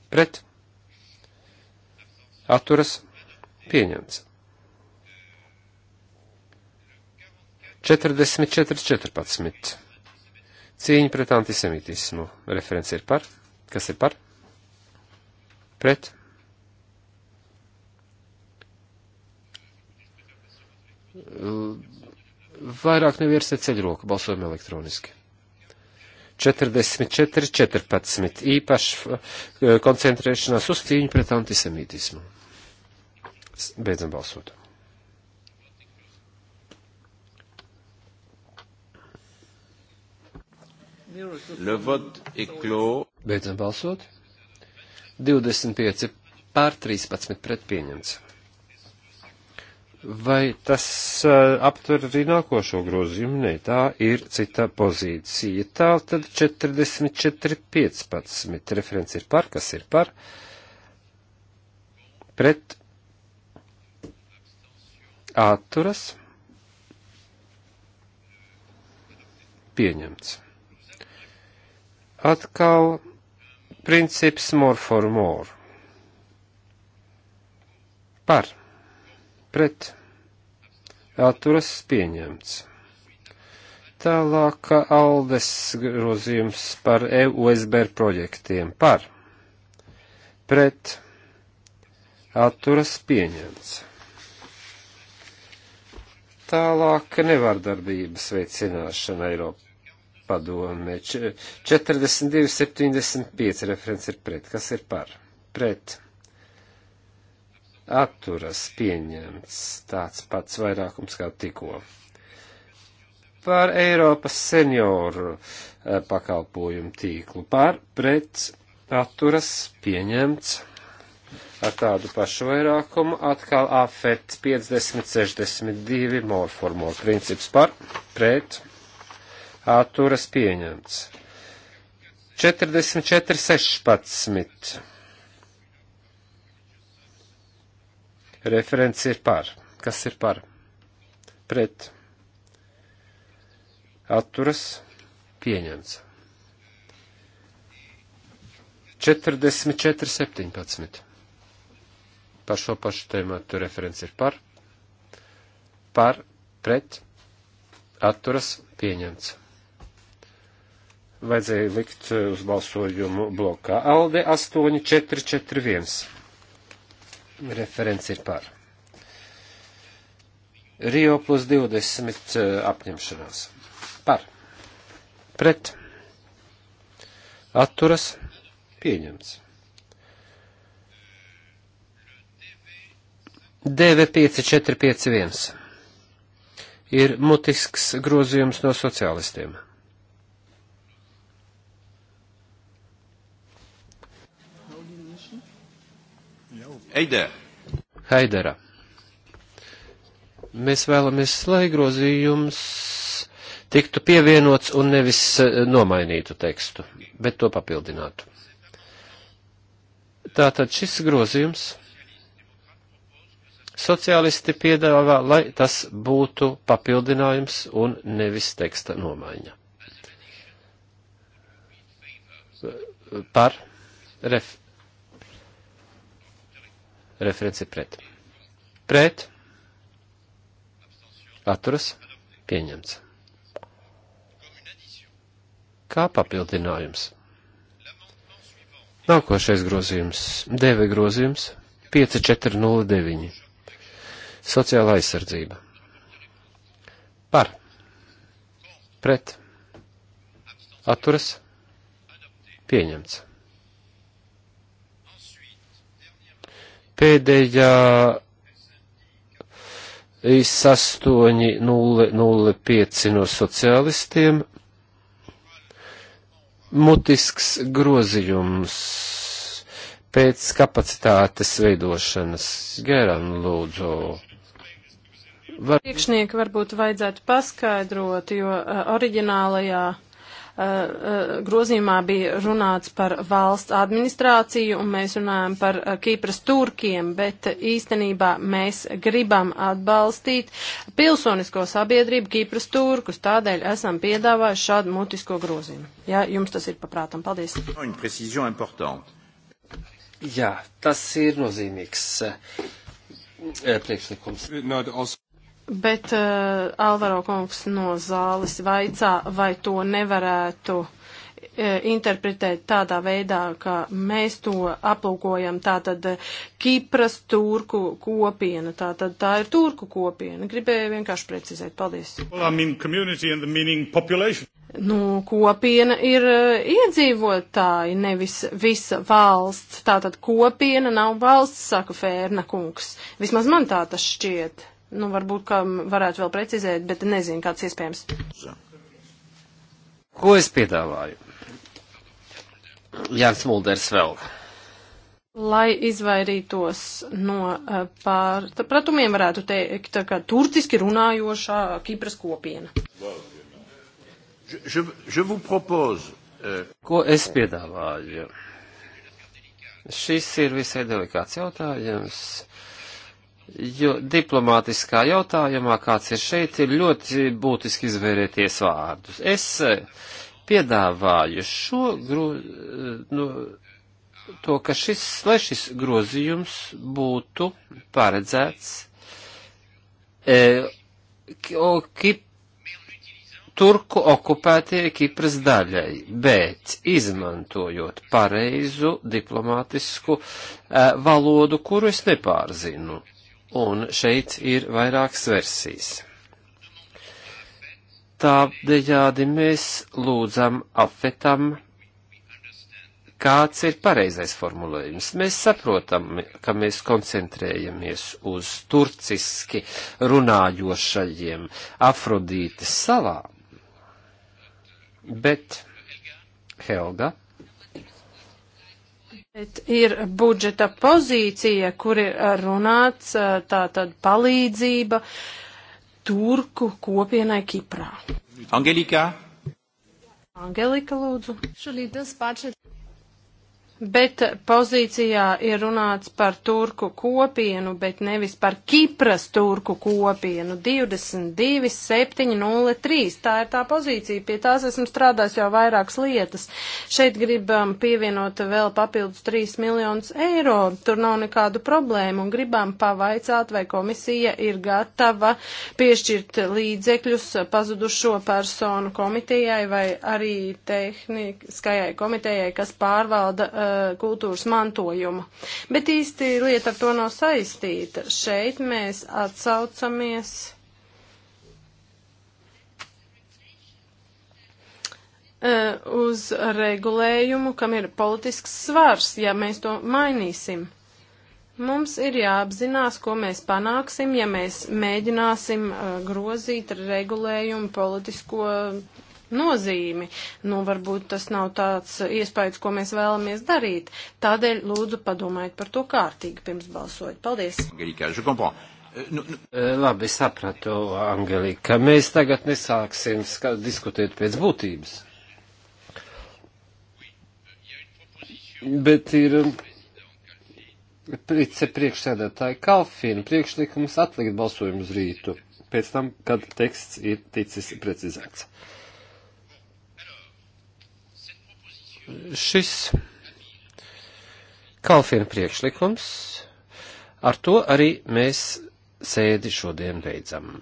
Pret. Atturas. Pieņemts. 44, 14. Cīņa pret antisemitismu. Referents ir par. Kas ir par? Pret. Vairāk neviens neceļ roku, balsojam elektroniski. 44, 14. Īpaši koncentrēšanās uz cīņu pret antisemītismu. Beidzam balsot. Le vote est clos. Beidzam balsot. 25 pār 13 pret pieņemts. Vai tas uh, aptver arī nākošo grozījumu? Nē, tā ir cita pozīcija. Tā tad 44, 15. Referents ir par, kas ir par? Pret atturas pieņemts. Atkal princips more for more. Par, pret, atturas pieņemts. Tālāk Aldes grozījums par EUSBR projektiem. Par, pret, atturas pieņemts. Tālāk nevardarbības veicināšana Eiropā padome. 42, 75 referents ir pret. Kas ir par? Pret. Atturas pieņemts tāds pats vairākums kā tikko. Par Eiropas senioru eh, pakalpojumu tīklu. Par pret atturas pieņemts ar tādu pašu vairākumu, atkal afet 50-62 morformo princips par pret atturas pieņemts. 44, 16. Referents ir par. Kas ir par? Pret. Atturas pieņemts. 44, 17. Par šo pašu tēmātu referents ir par. Par, pret, atturas pieņemts vajadzēja likt eh, uz balsojumu blokā. Alde 8441. Referents ir par. Rio plus 20 eh, apņemšanās. Par. Pret. Atturas. Pieņemts. DV5451 ir mutisks grozījums no sociālistiem. Eider. Haidera. Mēs vēlamies, lai grozījums tiktu pievienots un nevis e, nomainītu tekstu, bet to papildinātu. Tātad šis grozījums sociālisti piedāvā, lai tas būtu papildinājums un nevis teksta nomaiņa. Par ref, Referents ir pret. Pret. Atturas. Pieņemts. Kā papildinājums. Nākošais grozījums. Deve grozījums. 5409. Sociāla aizsardzība. Par. Pret. Atturas. Pieņemts. pēdējā IS 8.005 no sociālistiem mutisks grozījums pēc kapacitātes veidošanas. Geran lūdzu. Var... Priekšnieki varbūt vajadzētu paskaidrot, jo uh, oriģinālajā Eh, eh, grozījumā bija runāts par valsts administrāciju un mēs runājam par eh, Kīpras turkiem, bet īstenībā mēs gribam atbalstīt pilsonisko sabiedrību Kīpras turkus. Tādēļ esam piedāvājuši šādu mutisko grozījumu. Ja jums tas ir paprātam. Paldies. Jā, tas ir nozīmīgs priekšlikums. Bet uh, Alvaro kungs no zāles vaicā, vai to nevarētu uh, interpretēt tādā veidā, ka mēs to aplūkojam tātad eh, Kipras turku kopiena, tātad tā ir turku kopiena. Gribēju vienkārši precizēt. Paldies. Well, I mean Nu, kopiena ir uh, iedzīvotāji, nevis visa valsts. Tātad kopiena nav valsts, saka Fērna kungs. Vismaz man tā tas šķiet. Nu, varbūt, ka varētu vēl precizēt, bet nezinu, kāds iespējams. Ko es piedāvāju? Jānis Mulders vēl. Lai izvairītos no uh, eh, pārpratumiem, varētu teikt, ka turciski runājošā Kipras kopiena. Je, je propose, uh... Ko es piedāvāju? Šis ir visai delikāts jautājums. Uh, jo diplomātiskā jautājumā, kāds ir šeit, ir ļoti būtiski izvērēties vārdus. Es eh, piedāvāju šo, gro, eh, nu, to, ka šis, lai šis grozījums būtu paredzēts e, Kip, turku okupētie Kipras daļai, bet izmantojot pareizu diplomātisku e, valodu, kuru es nepārzinu. Un šeit ir vairākas versijas. Tādējādi mēs lūdzam afetam, kāds ir pareizais formulējums. Mēs saprotam, ka mēs koncentrējamies uz turciski runājošajiem Afrodītes salām, bet Helga Bet ir budžeta pozīcija, kur ir runāts tā tad palīdzība turku kopienai Kiprā. Angelika. Angelika, lūdzu bet pozīcijā ir runāts par turku kopienu, bet nevis par Kipras turku kopienu. 22.703. Tā ir tā pozīcija, pie tās esmu strādājis jau vairākas lietas. Šeit gribam pievienot vēl papildus 3 miljonus eiro, tur nav nekādu problēmu, un gribam pavaicāt, vai komisija ir gatava piešķirt līdzekļus pazudušo personu komitejai vai arī tehniskajai komitejai, kas pārvalda uh, Eh, kultūras mantojumu. Bet īsti lieta ar to nav saistīta. Šeit mēs atsaucamies. Eh, uz regulējumu, kam ir politisks svars, ja mēs to mainīsim. Mums ir jāapzinās, ko mēs panāksim, ja mēs mēģināsim eh, grozīt regulējumu politisko nozīmi. Nu, varbūt tas nav tāds iespējas, ko mēs vēlamies darīt. Tādēļ lūdzu padomājiet par to kārtīgi pirms balsojat. Paldies! Euh, eh, labi, sapratu, Angelika. Mēs tagad nesāksim diskutēt pēc būtības. Bet ir um, vicepriekšsēdētāja Kalfina priekšlikums atlikt balsojumu uz rītu, pēc tam, kad teksts ir ticis precizēts. šis kalfina priekšlikums, ar to arī mēs sēdi šodien beidzam.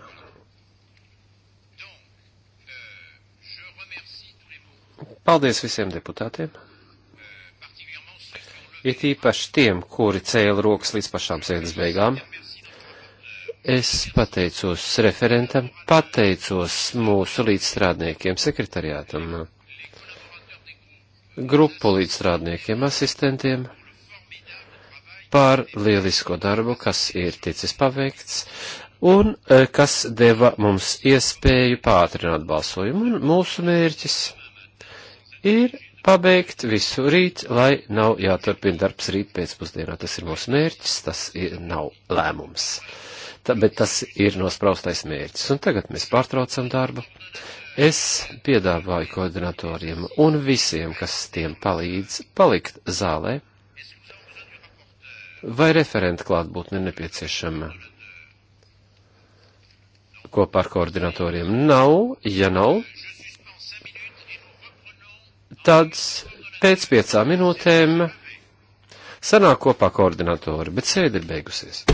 Paldies visiem deputātiem. It īpaši tiem, kuri cēla rokas līdz pašām sēdes beigām. Es pateicos referentam, pateicos mūsu līdzstrādniekiem, sekretariātam grupu līdzstrādniekiem, asistentiem par lielisko darbu, kas ir ticis paveikts un e, kas deva mums iespēju pātrināt balsojumu. Un mūsu mērķis ir pabeigt visu rīt, lai nav jāturpina darbs rīt pēcpusdienā. Tas ir mūsu mērķis, tas ir, nav lēmums. Ta, bet tas ir nospraustais mērķis. Un tagad mēs pārtraucam darbu. Es piedāvāju koordinatoriem un visiem, kas tiem palīdz, palikt zālē, vai referenta klātbūtne nepieciešama. Kopā ar koordinatoriem nav, ja nav, tad pēc piecām minūtēm sanāk kopā koordinatori, bet sēde ir beigusies.